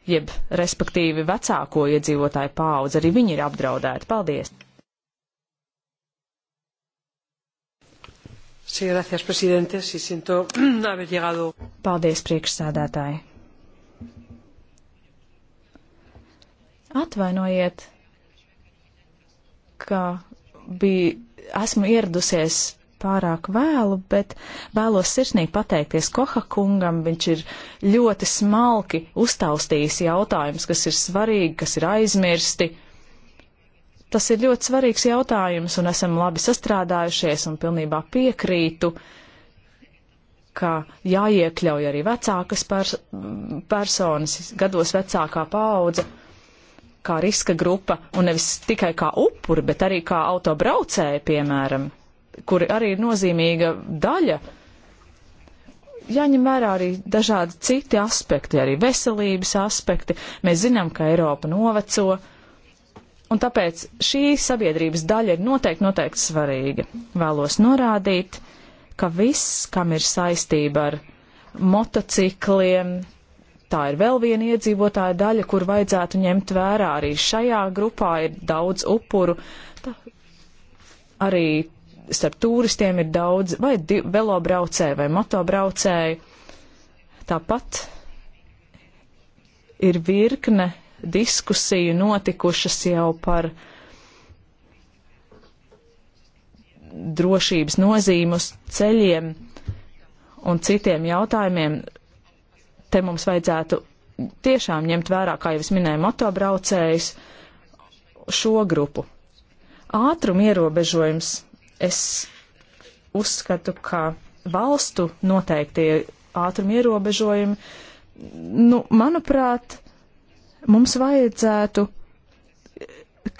B: jeb respektīvi vecāko iedzīvotāju paudzi. Arī viņi ir apdraudēti. Paldies! Sí, gracias,
C: presidente. Sí, siento haber llegado.
B: Paldies, priekšsēdētāji. Atvainojiet, ka bija, esmu ieradusies pārāk vēlu, bet vēlos sirsnīgi pateikties Koha kungam. Viņš ir ļoti smalki uztaustījis jautājumus, kas ir svarīgi, kas ir aizmirsti. Tas ir ļoti svarīgs jautājums, un esam labi sastrādājušies, un pilnībā piekrītu, ka jāiekļauj arī vecākas pers personas, gados vecākā paudze kā riska grupa un nevis tikai kā upuri, bet arī kā autobraucēji, piemēram, kuri arī ir nozīmīga daļa. Jāņem vērā arī dažādi citi aspekti, arī veselības aspekti. Mēs zinām, ka Eiropa noveco, un tāpēc šī sabiedrības daļa ir noteikti, noteikti svarīga. Vēlos norādīt, ka viss, kam ir saistība ar motocikliem, Tā ir vēl viena iedzīvotāja daļa, kur vajadzētu ņemt vērā. Arī šajā grupā ir daudz upuru. Tā, arī starp turistiem ir daudz vai velobraucēju vai motobraucēju. Tāpat ir virkne diskusiju notikušas jau par drošības nozīmus ceļiem un citiem jautājumiem te mums vajadzētu tiešām ņemt vērā, kā jau es minēju, motobraucējus šo grupu. Ātruma ierobežojums es uzskatu, ka valstu noteiktie ātruma ierobežojumi, nu, manuprāt, mums vajadzētu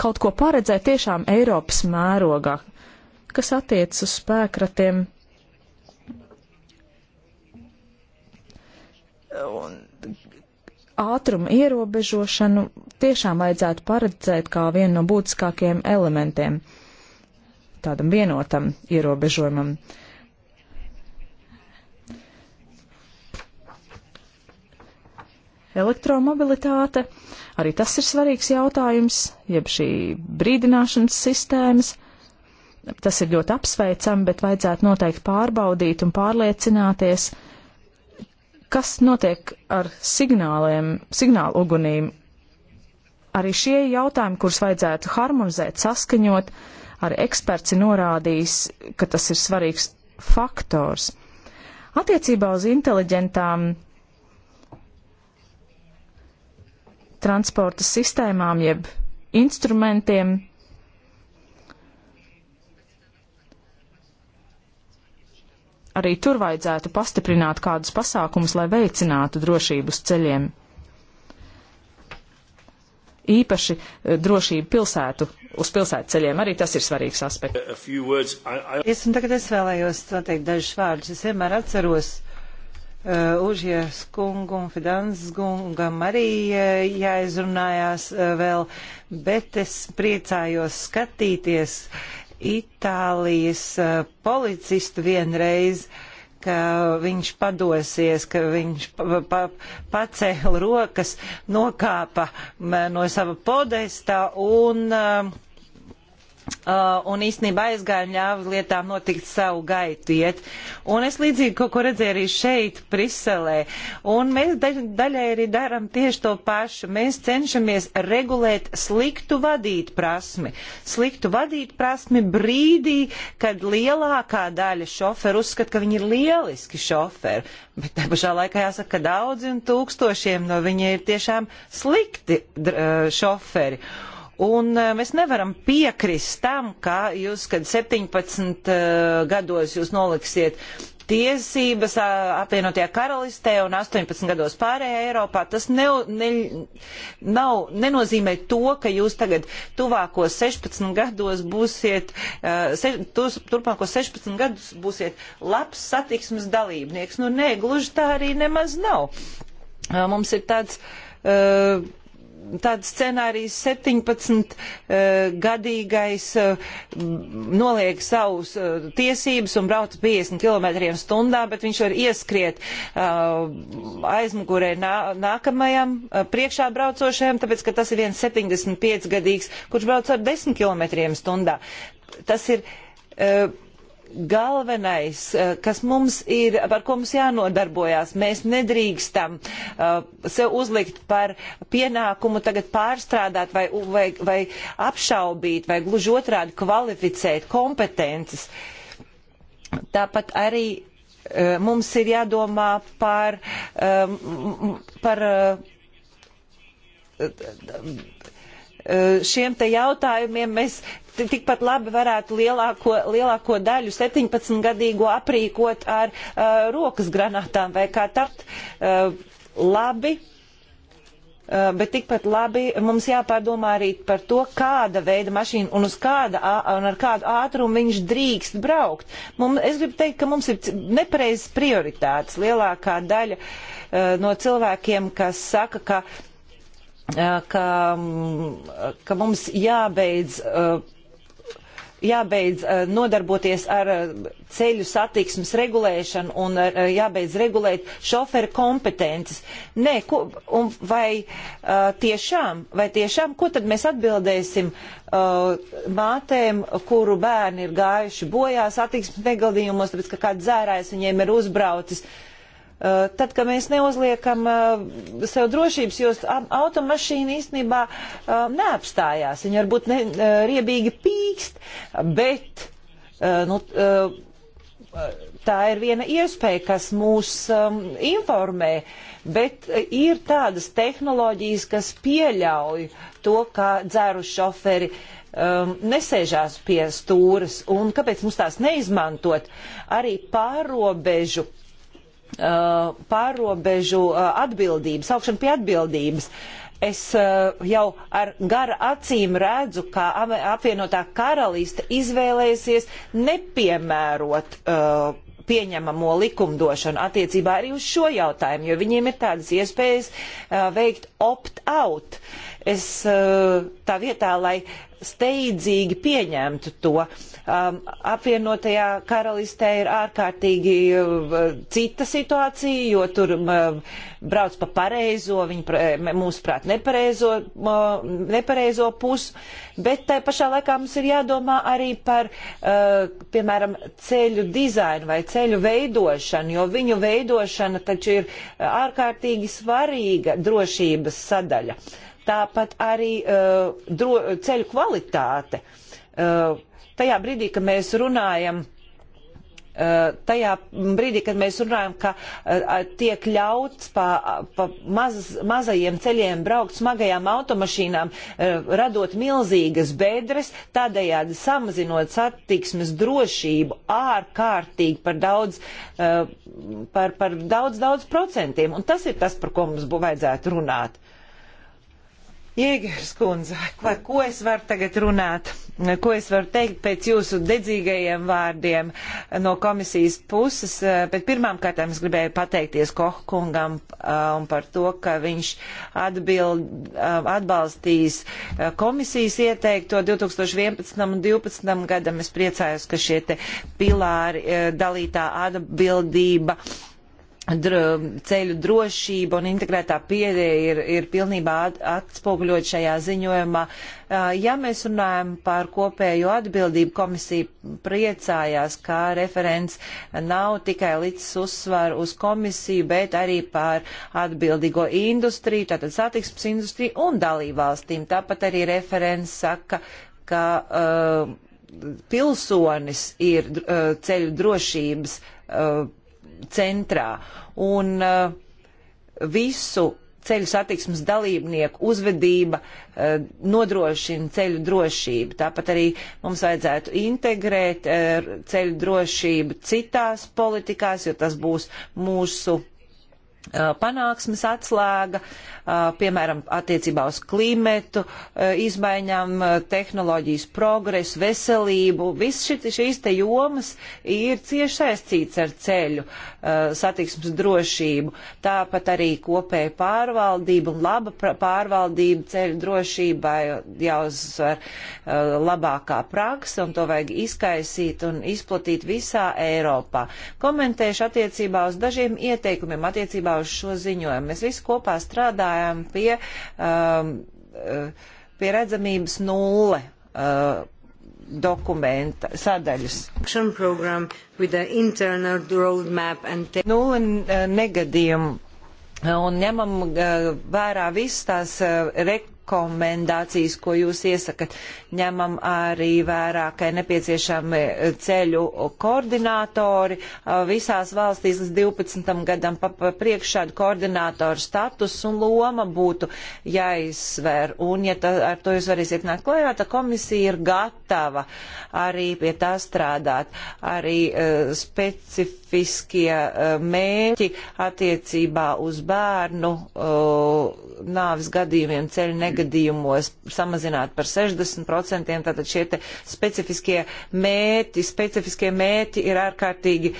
B: kaut ko paredzēt tiešām Eiropas mērogā, kas attiec uz spēkratiem. un ātruma ierobežošanu tiešām vajadzētu paredzēt kā vienu no būtiskākajiem elementiem, tādam vienotam ierobežojumam. Elektromobilitāte, arī tas ir svarīgs jautājums, jeb šī brīdināšanas sistēmas. Tas ir ļoti apsveicami, bet vajadzētu noteikti pārbaudīt un pārliecināties, uh, Kas notiek ar signāliem, signālu ugunīm? Arī šie jautājumi, kurus vajadzētu harmonizēt, saskaņot, arī eksperts ir norādījis, ka tas ir svarīgs faktors. Attiecībā uz inteliģentām transporta sistēmām jeb instrumentiem arī tur vajadzētu pastiprināt kādus pasākumus, lai veicinātu drošību uz ceļiem. Īpaši eh, drošību pilsētu, uz pilsētu ceļiem arī tas ir svarīgs aspekts. Es un tagad es vēlējos pateikt dažus
C: vārdus. Es vienmēr atceros uh, eh, Užies kungu un Fidanses kungam arī uh, eh, jāizrunājās uh, vēl, bet es priecājos skatīties, Itālijas eh, policistu vienreiz, ka viņš padosies, ka viņš pa, pa, pacēla rokas, nokāpa no sava podesta un uh, Uh, un īstenībā aizgāja un ļāva lietām notikt savu gaitu iet. Un es līdzīgi kaut ko redzēju arī šeit, Briselē. Un mēs daļ, daļai arī darām tieši to pašu. Mēs cenšamies regulēt sliktu vadīt prasmi. Sliktu vadīt prasmi brīdī, kad lielākā daļa šoferu uzskata, ka viņi ir lieliski šoferi. Bet te pašā laikā jāsaka, ka daudzi un tūkstošiem no viņiem ir tiešām slikti uh, šoferi. Uh, Un eh, mēs nevaram piekrist tam, ka jūs, kad 17 eh, gados jūs noliksiet tiesības apvienotajā karalistē un 18 gados pārējā Eiropā, tas ne, ne, nav, nenozīmē to, ka jūs tagad tuvākos 16 gados būsiet, eh, se, tus, turpmākos 16 gadus būsiet labs satiksmes dalībnieks. Nu, nē, gluži tā arī nemaz nav. Mums ir tāds. Uh, tāds scenārijs 17 eh, gadīgais eh, noliek savus eh, tiesības un brauc 50 km stundā, bet viņš var ieskriet aizmugurē nā, nākamajam priekšā braucošajam, tāpēc, ka tas ir viens 75 gadīgs, kurš brauc ar 10 km stundā. Tas ir galvenais, eh, kas mums ir, par ko mums jānodarbojās. Mēs nedrīkstam uh, sev uzlikt par pienākumu tagad pārstrādāt vai, vai, vai apšaubīt vai gluži otrādi kvalificēt kompetences. Tāpat arī uh, mums ir jādomā par, uh, par šiem te jautājumiem mēs tikpat labi varētu lielāko, lielāko daļu 17-gadīgo aprīkot ar uh, rokas granātām vai kā tart. Uh, labi, uh, bet tikpat labi mums jāpārdomā arī par to, kāda veida mašīna un, kāda, un ar kādu ātrumu viņš drīkst braukt. Mums, es gribu teikt, ka mums ir nepareizas prioritātes. Lielākā daļa uh, no cilvēkiem, kas saka, ka ka, ka mums jābeidz uh, jābeidz eh, nodarboties ar eh, ceļu satiksmes regulēšanu un eh, jābeidz regulēt šoferu kompetences. Nē, ko, un vai tiešām, vai tiešām, ko tad mēs atbildēsim mātēm, kuru bērni ir gājuši bojā satiksmes negadījumos, tāpēc ka kāds dzērājs viņiem ir uzbraucis? Uh, Eh, tad, kad mēs neuzliekam eh, sev drošības, jo automašīna īstenībā eh, neapstājās. Viņa varbūt ne, riebīgi pīkst, bet nu, tā ir viena iespēja, kas mūs um, informē, bet ir tādas tehnoloģijas, kas pieļauj to, kā dzēru šoferi um, nesēžās pie stūras un kāpēc mums tās neizmantot arī pārobežu Uh, pārobežu uh, atbildības, augšanu pie atbildības. Es uh, jau ar gara acīm redzu, ka apvienotā karaliste izvēlēsies nepiemērot uh, pieņemamo likumdošanu attiecībā arī uz šo jautājumu, jo viņiem ir tādas iespējas uh, veikt opt-out. Uh, es eh, tā vietā, lai steidzīgi pieņemtu to, um, apvienotajā karalistē ir ārkārtīgi eh, cita situācija, jo tur brauc pa pareizo, viņi mūsuprāt nepareizo, nepareizo pusu, bet tai pašā laikā mums ir jādomā arī par, eh, piemēram, ceļu dizainu vai ceļu veidošanu, jo viņu veidošana taču ir ārkārtīgi svarīga drošības sadaļa. Uh, tāpat arī uh, dro, ceļu kvalitāte. Uh, tajā brīdī, kad mēs runājam eh, tajā brīdī, kad mēs runājam, ka tiek ļauts pa, pa maz, mazajiem ceļiem braukt smagajām automašīnām, radot milzīgas bedres, tādējādi samazinot satiksmes drošību ārkārtīgi par daudz, par, par daudz, daudz procentiem. Un tas ir tas, par ko mums vajadzētu runāt. Jēgers kundze, par ko es varu tagad runāt? Ko es varu teikt pēc jūsu dedzīgajiem vārdiem no komisijas puses? Bet pirmām kārtām es gribēju pateikties Kohu kungam um, par to, ka viņš atbild, um, atbalstīs komisijas ieteikto 2011. un 2012. gadam. Es priecājos, ka šie te pilāri, dalītā atbildība. Uh, ceļu drošība un integrētā pieeja ir, ir pilnībā atspoguļot šajā ziņojumā. Uh, ja mēs runājam par kopējo atbildību, komisija priecājās, ka referents nav tikai licis uzsvaru uz komisiju, bet arī par atbildīgo industriju, tātad satiksmes industriju un dalībvalstīm. Tāpat arī referents saka, ka uh, pilsonis ir uh, ceļu drošības uh, centrā un uh, visu ceļu satiksmes dalībnieku uzvedība uh, nodrošina ceļu drošību. Tāpat arī mums vajadzētu integrēt uh, ceļu drošību citās politikās, jo tas būs mūsu panāksmes atslēga, piemēram, attiecībā uz klimetu, izmaiņām, tehnoloģijas progresu, veselību. Viss šit, šīs te jomas ir cieši saistīts ar ceļu satiksmes drošību. Tāpat arī kopēja pārvaldība un laba pārvaldība ceļu drošībai jāuzsver labākā praksa, un to vajag izkaisīt un izplatīt visā Eiropā. Komentēšu attiecībā uz dažiem ieteikumiem attiecībā attiecībā uz šo ziņojumu. Mēs visi kopā strādājam pie, um, uh, pie redzamības nulle uh, dokumenta sadaļas. Nulle uh, negadījumu un ņemam uh, vērā visas tās uh, re rekomendācijas, ko jūs iesakat. Ņemam arī vērā, ka ir nepieciešami ceļu koordinātori. Visās valstīs līdz 12. gadam pa, pa priekš šādu koordinātoru status un loma būtu jāizsver. Un, ja tā, ar to jūs varēsiet nākt klajā, tad komisija ir gatava arī pie tā strādāt. Arī uh, eh, specifiski specifiskie eh, mērķi attiecībā uz bērnu eh, nāvis gadījumiem ceļu negadījumos samazināt par 60%. Tātad šie specifiskie mērķi, specifiskie mērķi ir ārkārtīgi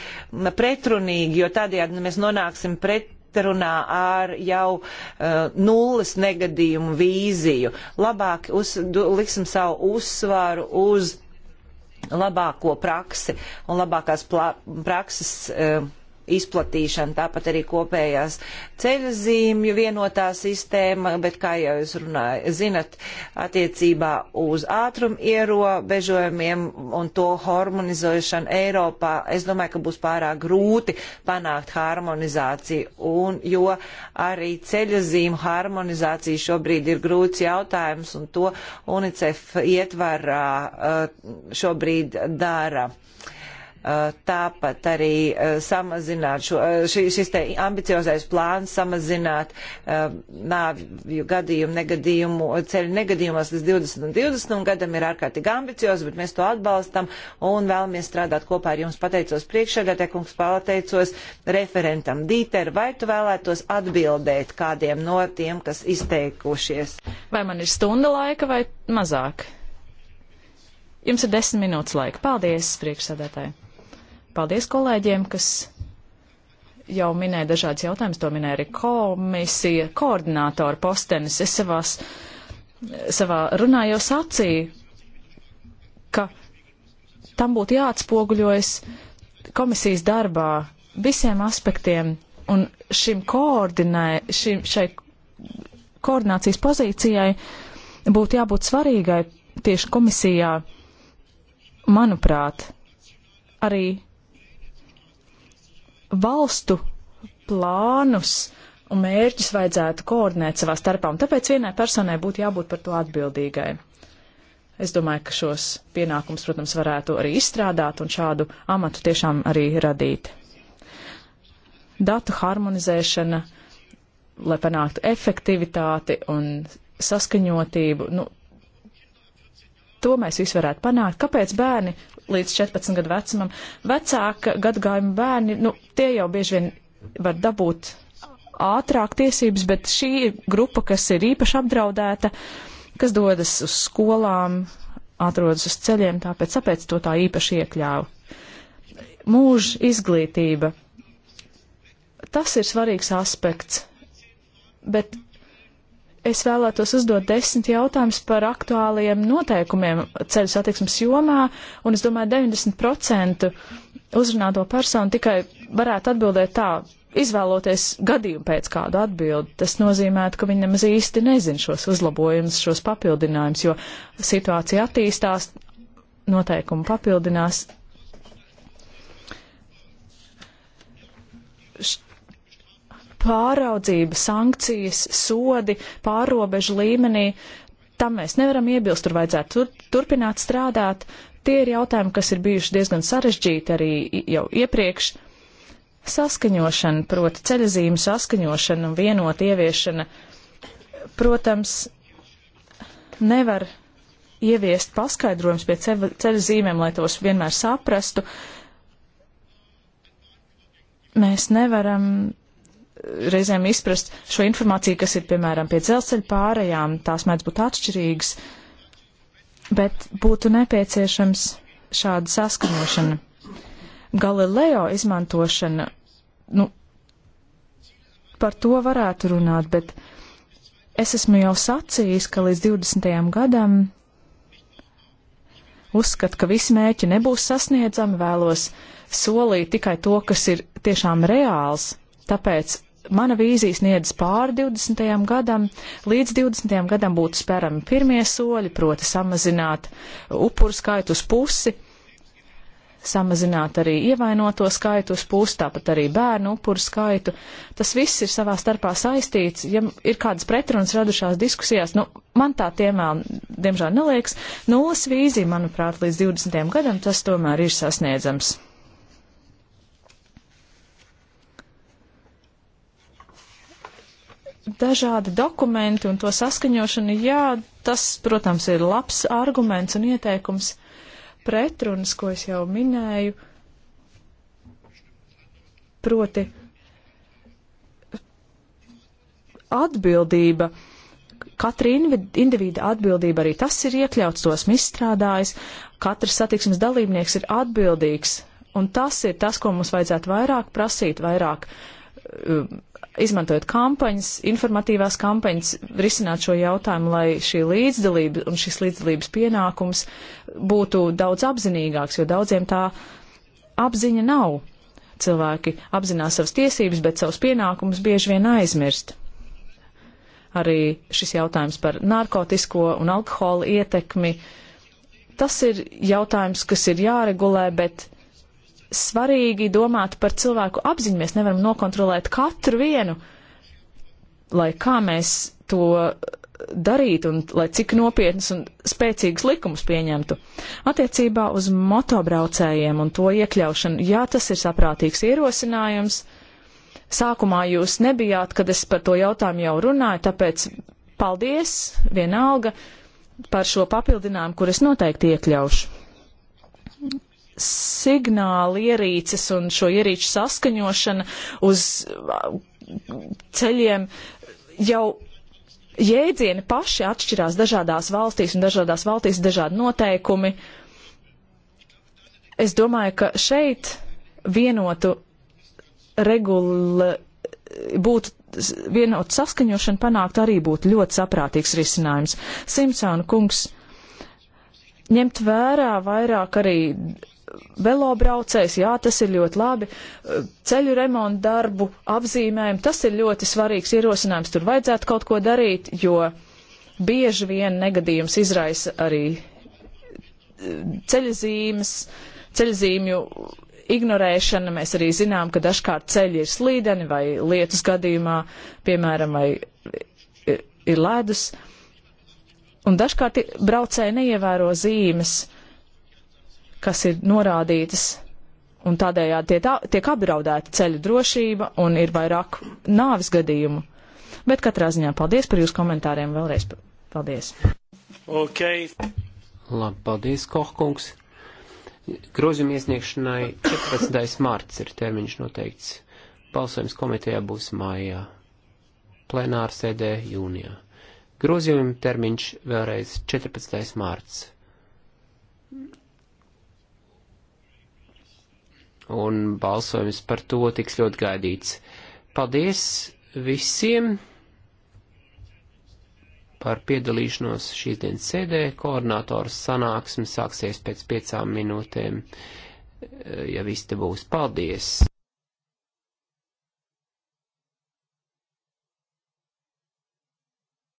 C: pretrunīgi, jo tādējādi mēs nonāksim pret pretrunā ar jau uh, nulles negadījumu vīziju. Labāk uz, du, liksim savu uzsvaru uz labāko praksi un labākās plā, prakses. Uh, izplatīšana, tāpat arī kopējās ceļzīmju vienotā sistēma, bet, kā jau jūs runāju, zinat, attiecībā uz ātrumu ierobežojumiem un to harmonizēšanu Eiropā, es domāju, ka būs pārāk grūti panākt harmonizāciju, un, jo arī ceļzīmu harmonizācija šobrīd ir grūts jautājums, un to UNICEF ietvarā uh, šobrīd dara. Uh, Tāpat arī eh, samazināt šo, eh, šis te ambiciozais plāns samazināt eh, nāvju gadījumu, negadījumu, ceļu negadījumos līdz 20 un 20 gadam ir ārkārtīgi ambiciozi, bet mēs to atbalstam un vēlamies strādāt kopā ar jums. Pateicos priekšsēdētē, kungs, pateicos referentam. Dīter, vai tu vēlētos atbildēt kādiem no tiem, kas
B: izteikušies? Vai man ir stunda laika vai mazāk? Jums ir desmit minūtes laika. Paldies, priekšsēdētāji. Paldies kolēģiem, kas jau minēja dažādas jautājumas, to minēja arī komisija, koordinātora postenis. Es savās, savā runā jau sacīju, ka tam būtu jāatspoguļojas komisijas darbā visiem aspektiem un šim koordinē, šim, šai koordinācijas pozīcijai būtu jābūt svarīgai tieši komisijā, manuprāt, arī valstu plānus un mērķus vajadzētu koordinēt savā starpā, un tāpēc vienai personai būtu jābūt par to atbildīgai. Es domāju, ka šos pienākumus, protams, varētu arī izstrādāt un šādu amatu tiešām arī radīt. Datu harmonizēšana, lai panāktu efektivitāti un saskaņotību, nu, to mēs visi varētu panākt. Kāpēc bērni līdz 14 gadu vecumam. Vecāka gadgājuma bērni, nu, tie jau bieži vien var dabūt ātrāk tiesības, bet šī ir grupa, kas ir īpaši apdraudēta, kas dodas uz skolām, atrodas uz ceļiem, tāpēc, tāpēc to tā īpaši iekļāvu. Mūža izglītība. Tas ir svarīgs aspekts, bet es vēlētos uzdot desmit jautājumus par aktuāliem noteikumiem ceļu satiksmes jomā, un es domāju, 90% uzrunāto personu tikai varētu atbildēt tā, izvēloties gadījumu pēc kādu atbildi. Tas nozīmē, ka viņi nemaz īsti nezin šos uzlabojumus, šos papildinājumus, jo situācija attīstās, noteikumi papildinās. Št pāraudzība, sankcijas, sodi pārobežu līmenī. Tam mēs nevaram iebilst, tur vajadzētu tur, turpināt strādāt. Tie ir jautājumi, kas ir bijuši diezgan sarežģīti arī jau iepriekš. Saskaņošana, proti ceļazīmu saskaņošana un vienot ieviešana, protams, nevar ieviest paskaidrojums pie ceļa zīmēm, lai tos vienmēr saprastu. Mēs nevaram reizēm izprast šo informāciju, kas ir, piemēram, pie dzelzceļa pārējām, tās mēdz būt atšķirīgas, bet būtu nepieciešams šāda saskaņošana. Galileo izmantošana, nu, par to varētu runāt, bet es esmu jau sacījis, ka līdz 20. gadam uzskatu, ka visi mērķi nebūs sasniedzami, vēlos solīt tikai to, kas ir tiešām reāls. Tāpēc mana vīzija sniedz pāri 20. gadam, līdz 20. gadam būtu spērami pirmie soļi, proti samazināt upuru skaitu uz pusi, samazināt arī ievainoto skaitu uz pusi, tāpat arī bērnu upuru skaitu. Tas viss ir savā starpā saistīts. Ja ir kādas pretrunas radušās diskusijās, nu, man tā tiemēl, diemžēl, neliekas. Nulis vīzija, manuprāt, līdz 20. gadam tas tomēr ir sasniedzams. dažādi dokumenti un to saskaņošana, jā, tas, protams, ir labs arguments un ieteikums pretrunas, ko es jau minēju, proti atbildība, katra individa atbildība arī tas ir iekļauts, tos izstrādājis, katrs satiksmes dalībnieks ir atbildīgs, un tas ir tas, ko mums vajadzētu vairāk prasīt, vairāk um, izmantojot kampaņas, informatīvās kampaņas, risināt šo jautājumu, lai šī līdzdalība un šis līdzdalības pienākums būtu daudz apzinīgāks, jo daudziem tā apziņa nav. Cilvēki apzinās savas tiesības, bet savus pienākumus bieži vien aizmirst. Arī šis jautājums par narkotisko un alkohola ietekmi. Tas ir jautājums, kas ir jāregulē, bet svarīgi domāt par cilvēku apziņu. Mēs nevaram nokontrolēt katru vienu, lai kā mēs to darītu un lai cik nopietnas un spēcīgas likumus pieņemtu. Attiecībā uz motobraucējiem un to iekļaušanu, jā, tas ir saprātīgs ierosinājums. Sākumā jūs nebijāt, kad es par to jautājumu jau runāju, tāpēc paldies vienalga par šo papildinājumu, kur es noteikti iekļaušu signāla ierīces un šo ierīču saskaņošana uz uh, ceļiem jau jēdzieni paši atšķirās dažādās valstīs un dažādās valstīs dažādi noteikumi. Es domāju, ka šeit vienotu regula būtu vienot saskaņošanu panākt arī būtu ļoti saprātīgs risinājums. Simpsāna kungs ņemt vērā vairāk arī velobraucējs, jā, tas ir ļoti labi, eh, ceļu remontu darbu apzīmējumu, tas ir ļoti svarīgs ierosinājums, tur vajadzētu kaut ko darīt, jo bieži vien negadījums izraisa arī eh, ceļzīmes, ceļzīmju ignorēšana. Mēs arī zinām, ka dažkārt ceļi ir slīdeni vai lietus gadījumā, piemēram, vai eh, ir ledus. Un dažkārt braucēji neievēro zīmes kas ir norādītas, un tādējādi tie tā, tiek apdraudēta ceļu drošība un ir vairāk nāvis gadījumu. Bet katrā ziņā paldies par jūsu komentāriem vēlreiz. Paldies!
C: Okay.
A: Labi, paldies, Kohkungs! Grozījuma iesniegšanai 14. marts ir termiņš noteikts. Balsojums komitejā būs mājā, plenāra sēdē jūnijā. Grozījuma termiņš vēlreiz 14. marts un balsojums par to tiks ļoti gaidīts. Paldies visiem par piedalīšanos šīs dienas sēdē. Koordinātors sanāksme sāksies pēc piecām minūtēm, ja viss te būs. Paldies!